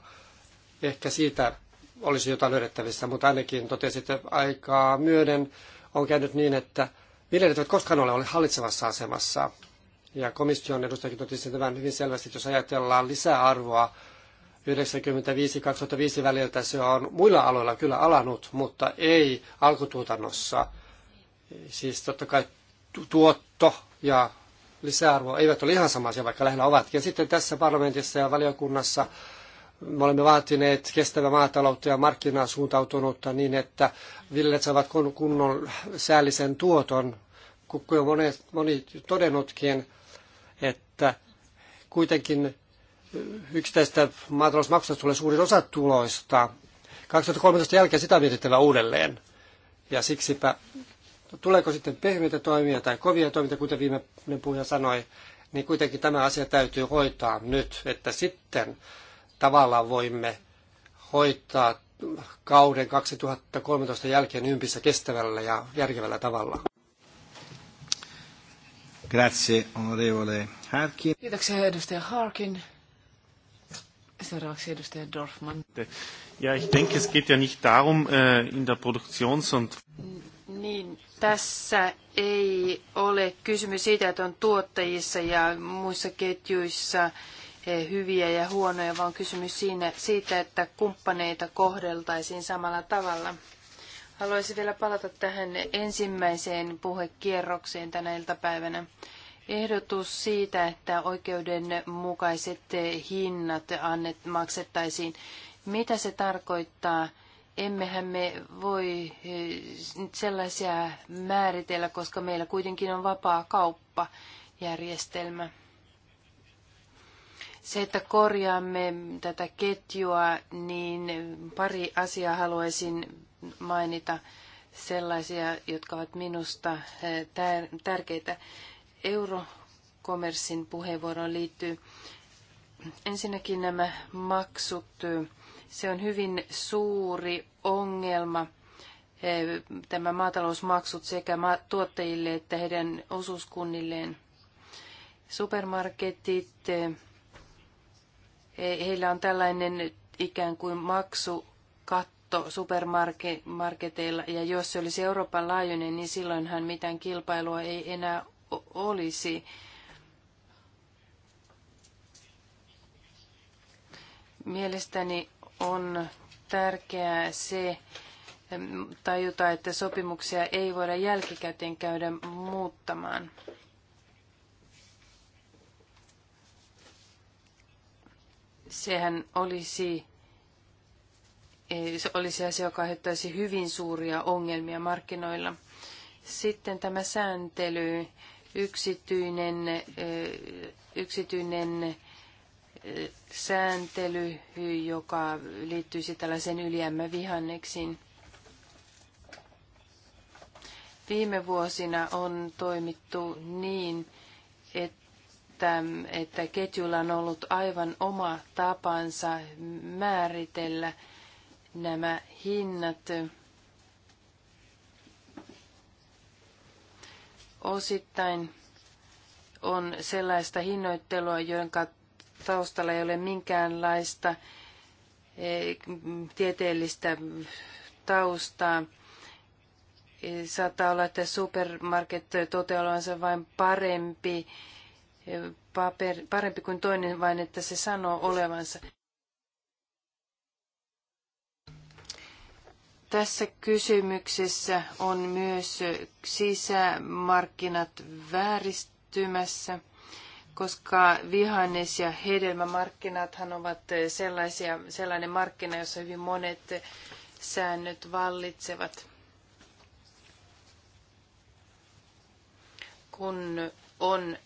Ehkä siitä olisi jotain löydettävissä, mutta ainakin totesin, että aikaa myöden on käynyt niin, että viljelijät eivät koskaan ole olleet hallitsevassa asemassa ja komission edustajakin totesi tämän hyvin selvästi, että jos ajatellaan lisäarvoa 95-2005 väliltä, se on muilla aloilla kyllä alanut, mutta ei alkutuotannossa. Siis totta kai tuotto ja lisäarvo eivät ole ihan samaisia, vaikka lähellä ovatkin. Ja sitten tässä parlamentissa ja valiokunnassa me olemme vaatineet kestävä maataloutta ja markkinaa suuntautunutta niin, että villet saavat kunnon säällisen tuoton. Kukku on moni, moni todennutkin, että kuitenkin yksittäistä maatalousmaksusta tulee suurin osa tuloista. 2013 jälkeen sitä mietittävä uudelleen. Ja siksipä, tuleeko sitten pehmeitä toimia tai kovia toimia, kuten viime puhuja sanoi, niin kuitenkin tämä asia täytyy hoitaa nyt, että sitten tavallaan voimme hoitaa kauden 2013 jälkeen ympissä kestävällä ja järkevällä tavalla. Grazie, onorevole Harkin. Kiitoksia, edustaja Harkin. Seuraavaksi edustaja Dorfman. Ja, ich denke, es geht ja nicht darum, äh, in der Produktions- und... Niin, tässä ei ole kysymys siitä, että on tuottajissa ja muissa ketjuissa äh, hyviä ja huonoja, vaan kysymys siinä, siitä, että kumppaneita kohdeltaisiin samalla tavalla. Haluaisin vielä palata tähän ensimmäiseen puhekierrokseen tänä iltapäivänä. Ehdotus siitä, että oikeudenmukaiset hinnat annet, maksettaisiin. Mitä se tarkoittaa? Emmehän me voi eh, sellaisia määritellä, koska meillä kuitenkin on vapaa kauppajärjestelmä. Se, että korjaamme tätä ketjua, niin pari asiaa haluaisin mainita sellaisia, jotka ovat minusta eh, tärkeitä. Eurokommerssin puheenvuoroon liittyy ensinnäkin nämä maksut. Se on hyvin suuri ongelma eh, tämä maatalousmaksut sekä tuottajille että heidän osuuskunnilleen. Supermarketit eh, Heillä on tällainen ikään kuin maksukatto supermarketeilla, ja jos se olisi Euroopan laajuinen, niin silloinhan mitään kilpailua ei enää olisi. Mielestäni on tärkeää se tajuta, että sopimuksia ei voida jälkikäteen käydä muuttamaan. sehän olisi, eh, se olisi asia, joka aiheuttaisi hyvin suuria ongelmia markkinoilla. Sitten tämä sääntely, yksityinen, eh, yksityinen eh, sääntely, joka liittyisi tällaiseen vihanneksiin. Viime vuosina on toimittu niin, että, että ketjulla on ollut aivan oma tapansa määritellä nämä hinnat. Osittain on sellaista hinnoittelua, jonka taustalla ei ole minkäänlaista eh, tieteellistä taustaa. Saattaa olla, että supermarket toteaa vain parempi parempi kuin toinen, vain että se sanoo olevansa. Tässä kysymyksessä on myös sisämarkkinat vääristymässä, koska vihannes- ja hedelmämarkkinathan ovat sellaisia, sellainen markkina, jossa hyvin monet säännöt vallitsevat. Kun on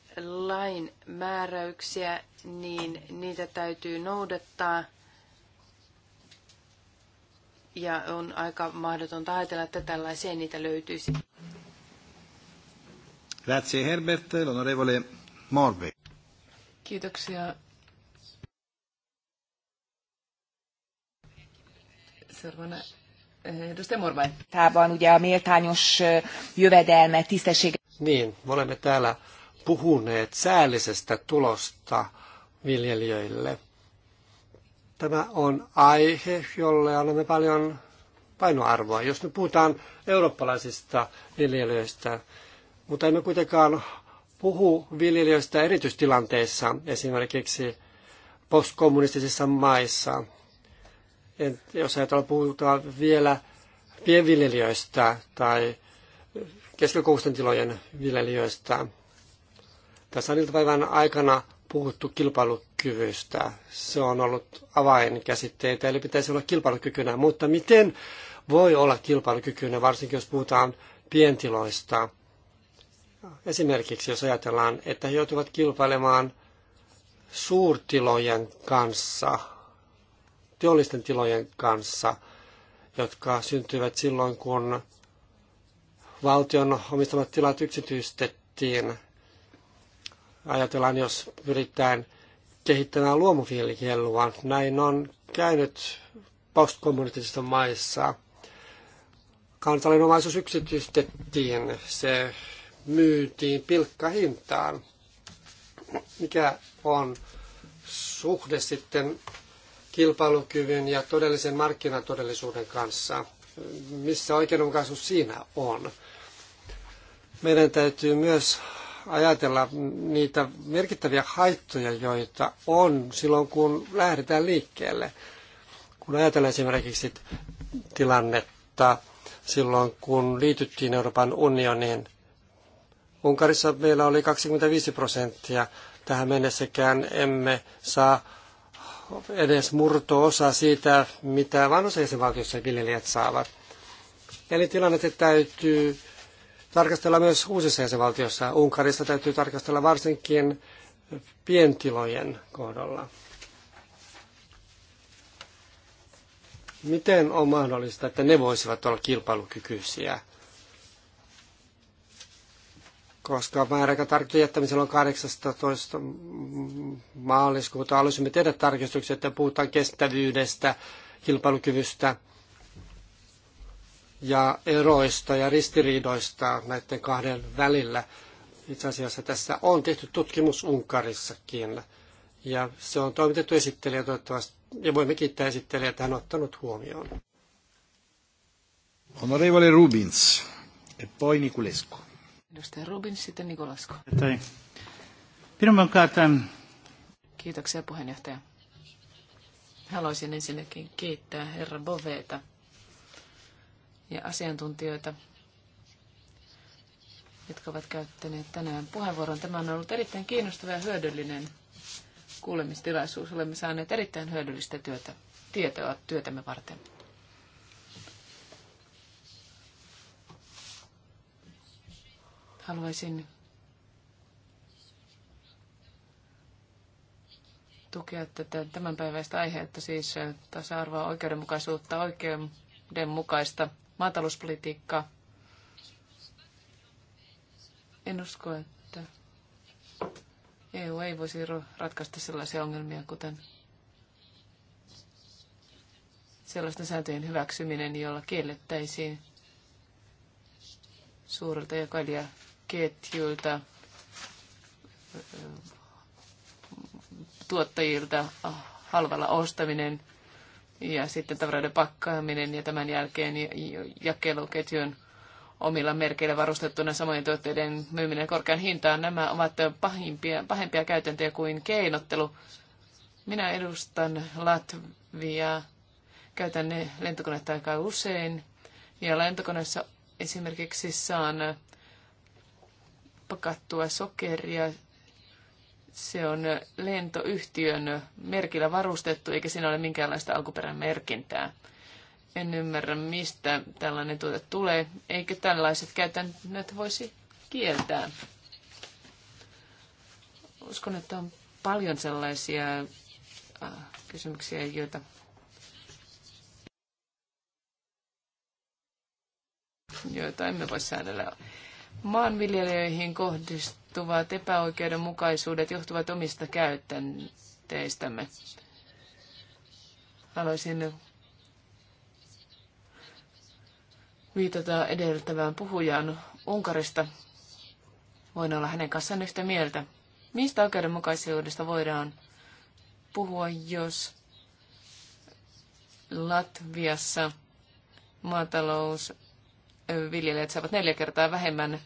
lain määräyksiä, niin niitä täytyy noudattaa. Ja on aika mahdotonta ajatella, että tällaiseen niitä löytyisi. Grazie Herbert, l'onorevole Morve. Kiitoksia. Seuraavana eh, edustaja Tämä on ugye a méltányos eh, jövedelme, tisztesség. Niin, me olemme täällä puhuneet säällisestä tulosta viljelijöille. Tämä on aihe, jolle annamme paljon painoarvoa. Jos me puhutaan eurooppalaisista viljelijöistä, mutta emme kuitenkaan puhu viljelijöistä erityistilanteissa, esimerkiksi postkommunistisissa maissa. En, jos ajatellaan puhutaan vielä pienviljelijöistä tai keskikokoisten tilojen viljelijöistä, tässä on iltapäivän aikana puhuttu kilpailukyvystä. Se on ollut avainkäsitteitä, eli pitäisi olla kilpailukykyinen. Mutta miten voi olla kilpailukykyinen, varsinkin jos puhutaan pientiloista? Esimerkiksi jos ajatellaan, että he joutuvat kilpailemaan suurtilojen kanssa, teollisten tilojen kanssa, jotka syntyivät silloin, kun valtion omistamat tilat yksityistettiin Ajatellaan, jos pyritään kehittämään luomukielikielua. Näin on käynyt postkommunistisissa maissa. Kansallinen omaisuus yksityistettiin, se myytiin pilkkahintaan. Mikä on suhde sitten kilpailukyvyn ja todellisen markkinatodellisuuden kanssa? Missä oikeudenmukaisuus siinä on? Meidän täytyy myös ajatella niitä merkittäviä haittoja, joita on silloin, kun lähdetään liikkeelle. Kun ajatellaan esimerkiksi tilannetta silloin, kun liityttiin Euroopan unioniin, Unkarissa meillä oli 25 prosenttia. Tähän mennessäkään emme saa edes murto-osa siitä, mitä vanhoissa jäsenvaltioissa viljelijät saavat. Eli tilannetta täytyy tarkastella myös uusissa jäsenvaltioissa. Unkarissa täytyy tarkastella varsinkin pientilojen kohdalla. Miten on mahdollista, että ne voisivat olla kilpailukykyisiä? Koska määräaika tarkistuksen jättämisellä on 18. maaliskuuta, haluaisimme tehdä tarkistuksia, että puhutaan kestävyydestä, kilpailukyvystä – ja eroista ja ristiriidoista näiden kahden välillä. Itse asiassa tässä on tehty tutkimus Unkarissakin ja se on toimitettu esittelijä toivottavasti ja voimme kiittää esittelijä, että hän on ottanut huomioon. Onorevole Rubins e poi Niculescu. Edustaja Rubins, sitten Nicolasco. Niin. Kiitoksia puheenjohtaja. Haluaisin ensinnäkin kiittää herra Boveta ja asiantuntijoita, jotka ovat käyttäneet tänään puheenvuoron. Tämä on ollut erittäin kiinnostava ja hyödyllinen kuulemistilaisuus. Olemme saaneet erittäin hyödyllistä työtä, tietoa työtämme varten. Haluaisin tukea tätä tämänpäiväistä aihetta, siis tasa-arvoa, oikeudenmukaisuutta, oikeudenmukaista maatalouspolitiikkaa. En usko, että EU ei voisi ratkaista sellaisia ongelmia, kuten sellaisten sääntöjen hyväksyminen, jolla kiellettäisiin suurilta ketjuilta tuottajilta halvalla ostaminen – ja sitten tavaroiden pakkaaminen ja tämän jälkeen jakeluketjun omilla merkeillä varustettuna samojen tuotteiden myyminen korkean hintaan. Nämä ovat pahimpia, pahempia käytäntöjä kuin keinottelu. Minä edustan Latviaa. Käytän ne lentokoneita aika usein. Ja lentokoneessa esimerkiksi saan pakattua sokeria se on lentoyhtiön merkillä varustettu, eikä siinä ole minkäänlaista alkuperän merkintää. En ymmärrä, mistä tällainen tuote tulee, eikä tällaiset käytännöt voisi kieltää. Uskon, että on paljon sellaisia äh, kysymyksiä, joita joita emme voi säädellä Maanviljelijöihin kohdistuvat epäoikeudenmukaisuudet johtuvat omista käytänteistämme. Haluaisin viitata edeltävään puhujaan Unkarista. Voin olla hänen kanssaan yhtä mieltä. Mistä oikeudenmukaisuudesta voidaan puhua, jos Latviassa maatalous viljelijät saavat neljä kertaa vähemmän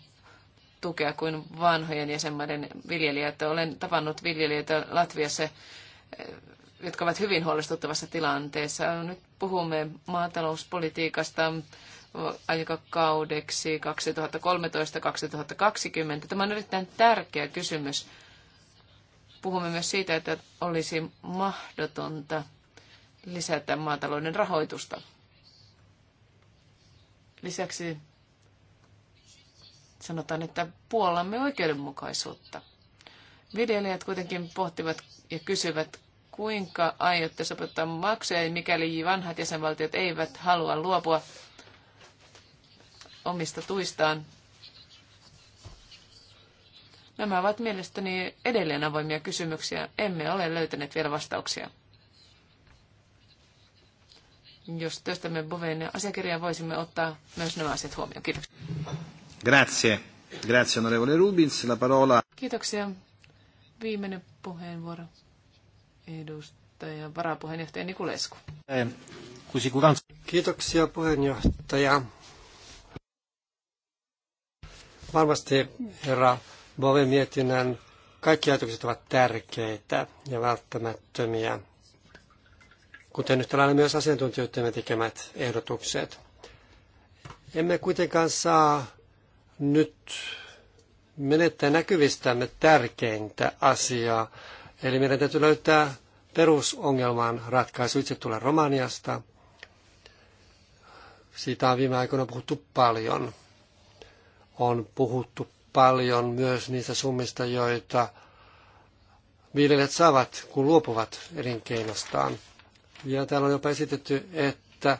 tukea kuin vanhojen jäsenmaiden viljelijät. Olen tavannut viljelijöitä Latviassa, eh, jotka ovat hyvin huolestuttavassa tilanteessa. Nyt puhumme maatalouspolitiikasta aikakaudeksi 2013-2020. Tämä on erittäin tärkeä kysymys. Puhumme myös siitä, että olisi mahdotonta lisätä maatalouden rahoitusta. Lisäksi sanotaan, että puolamme oikeudenmukaisuutta. Viljelijät kuitenkin pohtivat ja kysyvät, kuinka aiotte sopeuttaa maksuja, mikäli vanhat jäsenvaltiot eivät halua luopua omista tuistaan. Nämä ovat mielestäni edelleen avoimia kysymyksiä. Emme ole löytäneet vielä vastauksia jos työstämme Boven asiakirjaa, voisimme ottaa myös nämä asiat huomioon. Kiitoksia. Grazie. Grazie, onorevole Rubins. La parola... Kiitoksia. Viimeinen puheenvuoro. Edustaja, varapuheenjohtaja Nikulesku. Kiitoksia puheenjohtaja. Varmasti herra Bove mietinnän kaikki ajatukset ovat tärkeitä ja välttämättömiä kuten yhtä lailla myös asiantuntijoiden tekemät ehdotukset. Emme kuitenkaan saa nyt menettää näkyvistämme tärkeintä asiaa, eli meidän täytyy löytää perusongelman ratkaisu. Itse tulee Romaniasta. Siitä on viime aikoina puhuttu paljon. On puhuttu paljon myös niistä summista, joita viljelijät saavat, kun luopuvat elinkeinostaan. Ja täällä on jopa esitetty, että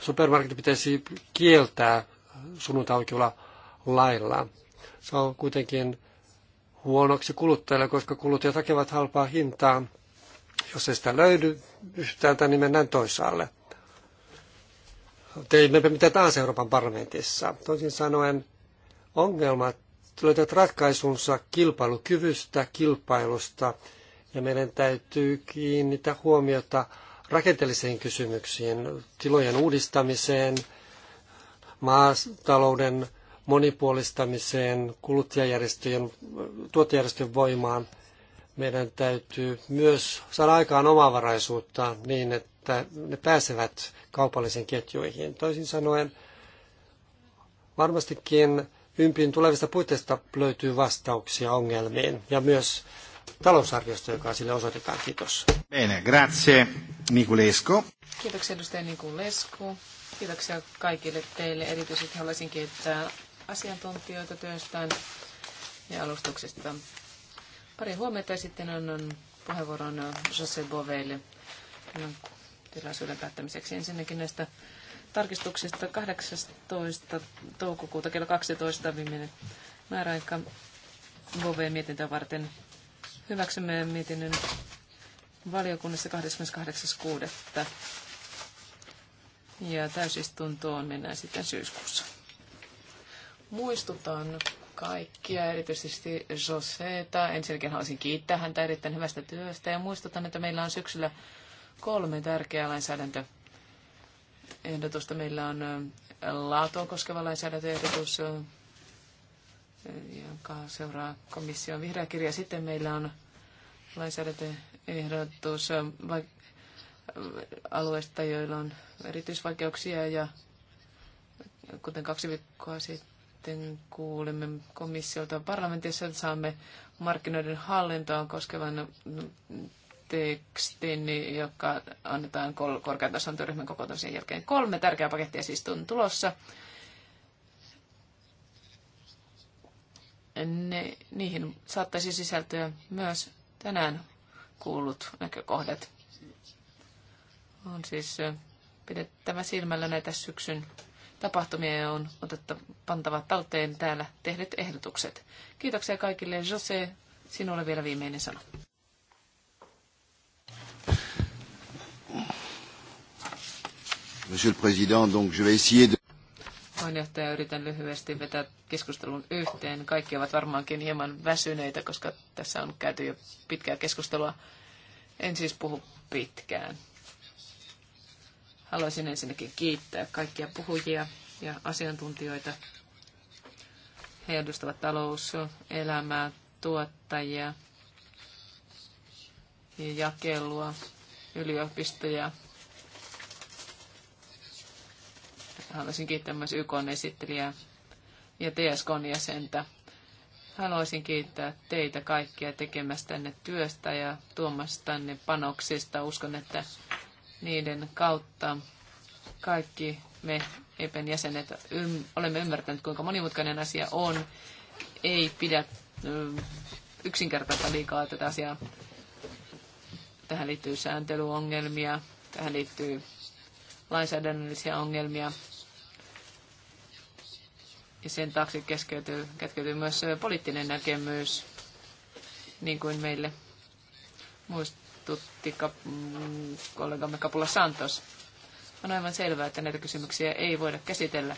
supermarketti pitäisi kieltää sunnuntaukiolla lailla. Se on kuitenkin huonoksi kuluttajille, koska kuluttajat hakevat halpaa hintaa. Jos ei sitä löydy yhtäältä, niin mennään toisaalle. Teimmepä mitä tahansa Euroopan parlamentissa. Toisin sanoen ongelmat löytävät ratkaisunsa kilpailukyvystä, kilpailusta ja meidän täytyy kiinnittää huomiota rakenteellisiin kysymyksiin, tilojen uudistamiseen, maatalouden monipuolistamiseen, kuluttajajärjestöjen, tuottajärjestöjen voimaan. Meidän täytyy myös saada aikaan omavaraisuutta niin, että ne pääsevät kaupallisiin ketjuihin. Toisin sanoen, varmastikin ympin tulevista puitteista löytyy vastauksia ongelmiin ja myös talousarviosta, joka sille osoitetaan. Kiitos. Bene, grazie Nikulesko. Kiitoksia edustaja Nikulesko. Kiitoksia kaikille teille. Erityisesti haluaisin kiittää asiantuntijoita työstään ja alustuksesta. Pari huomiota ja sitten annan puheenvuoron Jose Boveille tilaisuuden päättämiseksi. Ensinnäkin näistä tarkistuksista 18. toukokuuta kello 12 viimeinen määräaika Boveen mietintöä varten Hyväksymme mietinnön valiokunnassa 28.6. Ja täysistuntoon mennään sitten syyskuussa. Muistutan kaikkia, erityisesti Joseta. Ensinnäkin haluaisin kiittää häntä erittäin hyvästä työstä ja muistutan, että meillä on syksyllä kolme tärkeää Ehdotusta Meillä on laatua koskeva lainsäädäntöehdotus, joka seuraa komission vihreä kirja. Sitten meillä on lainsäädäntöehdotus alueista, joilla on erityisvaikeuksia ja kuten kaksi viikkoa sitten kuulemme komissiolta parlamentissa, saamme markkinoiden hallintoa koskevan tekstin, joka annetaan korkeatason työryhmän kokoontumisen jälkeen. Kolme tärkeää pakettia siis on tulossa. ne, niihin saattaisi sisältyä myös tänään kuullut näkökohdat. On siis pidettävä silmällä näitä syksyn tapahtumia ja on otetta, pantava talteen täällä tehdyt ehdotukset. Kiitoksia kaikille. Jose, sinulle vielä viimeinen sana. Monsieur le Président, donc je vais essayer de... Puheenjohtaja, yritän lyhyesti vetää keskustelun yhteen. Kaikki ovat varmaankin hieman väsyneitä, koska tässä on käyty jo pitkää keskustelua. En siis puhu pitkään. Haluaisin ensinnäkin kiittää kaikkia puhujia ja asiantuntijoita. He edustavat talouselämää, tuottajia ja jakelua, yliopistoja, Haluaisin kiittää myös YKn esittelijää ja TSKn jäsentä. Haluaisin kiittää teitä kaikkia tekemästä tänne työstä ja tuomasta tänne panoksista. Uskon, että niiden kautta kaikki me EPEN jäsenet ym, olemme ymmärtäneet, kuinka monimutkainen asia on. Ei pidä yksinkertaista liikaa tätä asiaa. Tähän liittyy sääntelyongelmia, tähän liittyy lainsäädännöllisiä ongelmia, ja sen taakse keskeytyy, keskeytyy myös poliittinen näkemys, niin kuin meille muistutti mm, kollegamme Kapula Santos. On aivan selvää, että näitä kysymyksiä ei voida käsitellä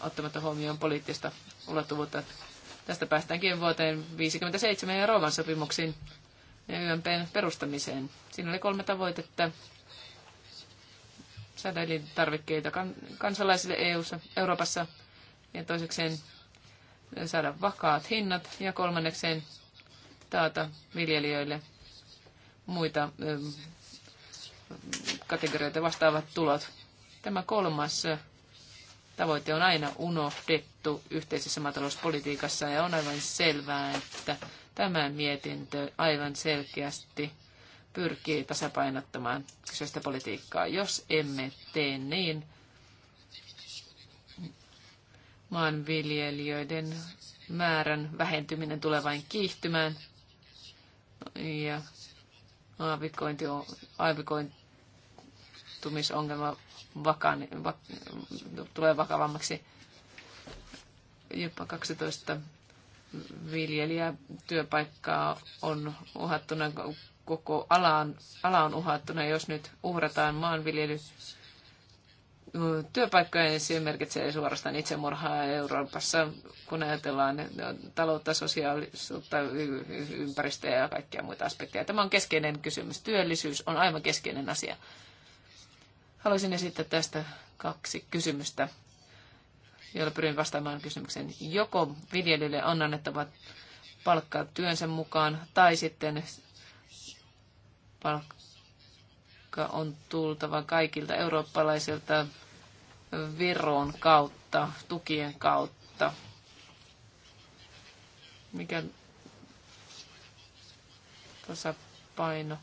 ottamatta huomioon poliittista ulottuvuutta. Tästä päästäänkin vuoteen 1957 ja Rooman sopimuksiin ja YMPn perustamiseen. Siinä oli kolme tavoitetta saada elintarvikkeita kansalaisille EUssa, Euroopassa ja toisekseen saada vakaat hinnat ja kolmannekseen taata viljelijöille muita ähm, kategorioita vastaavat tulot. Tämä kolmas äh, tavoite on aina unohdettu yhteisessä maatalouspolitiikassa ja on aivan selvää, että tämä mietintö aivan selkeästi pyrkii tasapainottamaan kyseistä politiikkaa. Jos emme tee niin, maanviljelijöiden määrän vähentyminen tulee vain kiihtymään ja aavikointi, aavikointumisongelma vakaan, va, tulee vakavammaksi. Jopa 12 viljelijätyöpaikkaa on uhattuna koko on, ala on uhattuna, jos nyt uhrataan maanviljely työpaikkoja, niin se merkitsee suorastaan itsemurhaa Euroopassa, kun ajatellaan taloutta, sosiaalisuutta, ympäristöä ja kaikkia muita aspekteja. Tämä on keskeinen kysymys. Työllisyys on aivan keskeinen asia. Haluaisin esittää tästä kaksi kysymystä, joilla pyrin vastaamaan kysymykseen. Joko viljelijöille on annettava palkkaa työnsä mukaan, tai sitten palkka on tultava kaikilta eurooppalaisilta veron kautta, tukien kautta. Mikä tasapaino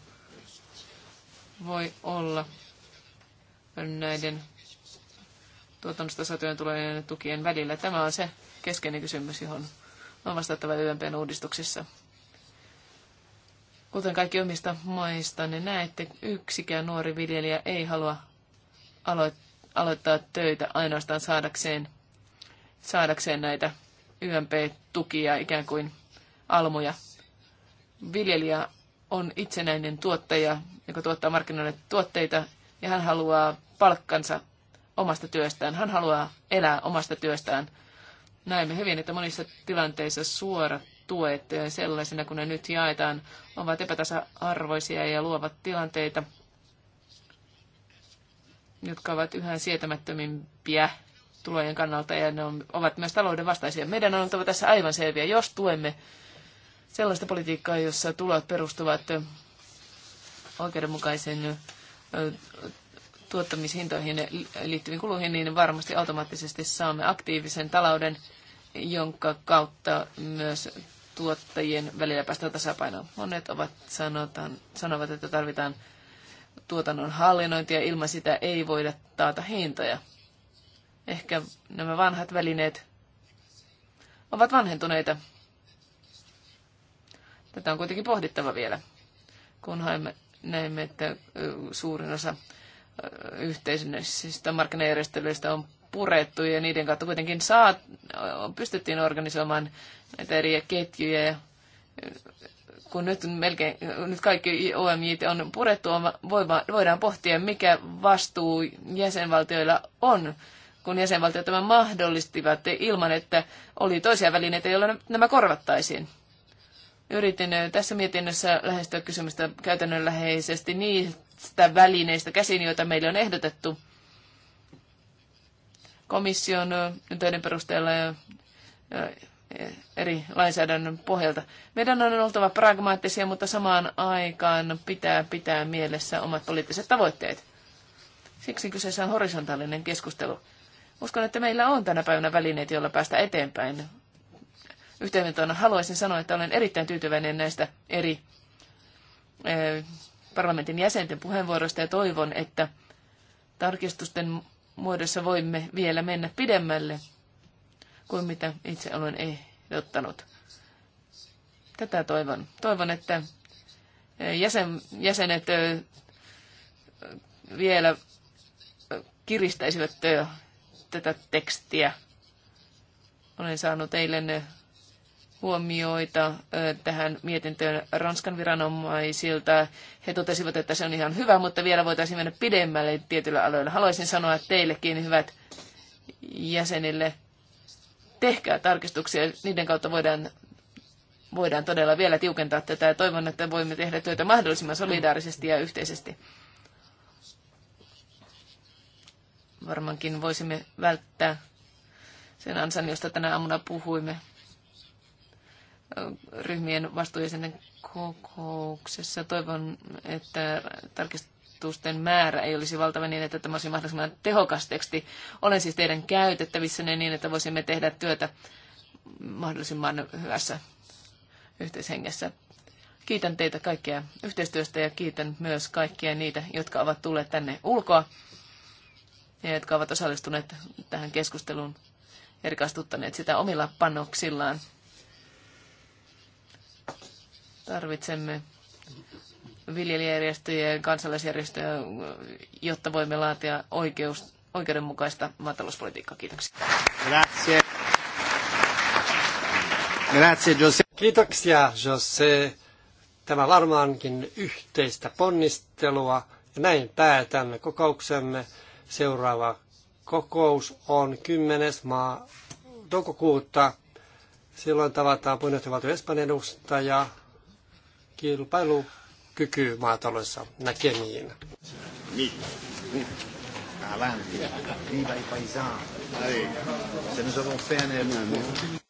voi olla näiden tuotannosta satojen tulojen tukien välillä? Tämä on se keskeinen kysymys, johon on vastattava YMPn uudistuksissa. Kuten kaikki omista maista, ne niin näette, yksikään nuori viljelijä ei halua aloittaa töitä ainoastaan saadakseen, saadakseen näitä YMP-tukia ikään kuin almuja. Viljelijä on itsenäinen tuottaja, joka tuottaa markkinoille tuotteita, ja hän haluaa palkkansa omasta työstään. Hän haluaa elää omasta työstään. Näemme hyvin, että monissa tilanteissa suorat tuet sellaisena kuin ne nyt jaetaan ovat epätasa-arvoisia ja luovat tilanteita, jotka ovat yhä sietämättömimpiä tulojen kannalta ja ne ovat myös talouden vastaisia. Meidän on oltava tässä aivan selviä, jos tuemme sellaista politiikkaa, jossa tulot perustuvat oikeudenmukaisen tuottamishintoihin liittyviin kuluihin, niin varmasti automaattisesti saamme aktiivisen talouden jonka kautta myös tuottajien välillä päästään tasapainoon. Monet ovat sanotaan, sanovat, että tarvitaan tuotannon hallinnointia, ilman sitä ei voida taata hintoja. Ehkä nämä vanhat välineet ovat vanhentuneita. Tätä on kuitenkin pohdittava vielä, kun haemme, näemme, että suurin osa yhteisöllisistä markkinajärjestelyistä on purettu ja niiden kautta kuitenkin saat, pystyttiin organisoimaan näitä eri ketjuja ja kun nyt, melkein, nyt kaikki OMJ on purettu, voidaan pohtia, mikä vastuu jäsenvaltioilla on, kun jäsenvaltiot tämän mahdollistivat ilman, että oli toisia välineitä, joilla nämä korvattaisiin. Yritin tässä mietinnössä lähestyä kysymystä käytännönläheisesti niistä välineistä käsin, joita meille on ehdotettu – komission töiden perusteella ja eri lainsäädännön pohjalta. Meidän on oltava pragmaattisia, mutta samaan aikaan pitää pitää mielessä omat poliittiset tavoitteet. Siksi kyseessä on horisontaalinen keskustelu. Uskon, että meillä on tänä päivänä välineet, joilla päästä eteenpäin. Yhteenvetona haluaisin sanoa, että olen erittäin tyytyväinen näistä eri parlamentin jäsenten puheenvuoroista ja toivon, että tarkistusten muodossa voimme vielä mennä pidemmälle kuin mitä itse olen ehdottanut. Tätä toivon. Toivon, että eh, jäsen, jäsenet eh, vielä eh, kiristäisivät tätä tekstiä. Olen saanut eilen huomioita tähän mietintöön Ranskan viranomaisilta. He totesivat, että se on ihan hyvä, mutta vielä voitaisiin mennä pidemmälle tietyillä aloilla. Haluaisin sanoa teillekin, hyvät jäsenille, tehkää tarkistuksia. Niiden kautta voidaan, voidaan todella vielä tiukentaa tätä. Toivon, että voimme tehdä työtä mahdollisimman solidaarisesti ja yhteisesti. Varmaankin voisimme välttää sen ansan, josta tänä aamuna puhuimme ryhmien vastuujäsenten kokouksessa. Toivon, että tarkistusten määrä ei olisi valtava niin, että tämä olisi mahdollisimman tehokas teksti. Olen siis teidän käytettävissä niin, että voisimme tehdä työtä mahdollisimman hyvässä yhteishengessä. Kiitän teitä kaikkia yhteistyöstä ja kiitän myös kaikkia niitä, jotka ovat tulleet tänne ulkoa ja jotka ovat osallistuneet tähän keskusteluun ja rikastuttaneet sitä omilla panoksillaan. Tarvitsemme viljelijäjärjestöjä ja kansalaisjärjestöjä, jotta voimme laatia oikeus, oikeudenmukaista maatalouspolitiikkaa. Kiitoksia. Grazie. Grazie, Jose. Kiitoksia, Jose. Tämä varmaankin yhteistä ponnistelua. Ja näin päätämme kokouksemme. Seuraava kokous on 10. maa toukokuuta. Silloin tavataan puheenjohtajavaltio Espanjan edustaja kilpailukyky maataloudessa näkemiin. Avanti, viva i paesani. Se nous avons fait un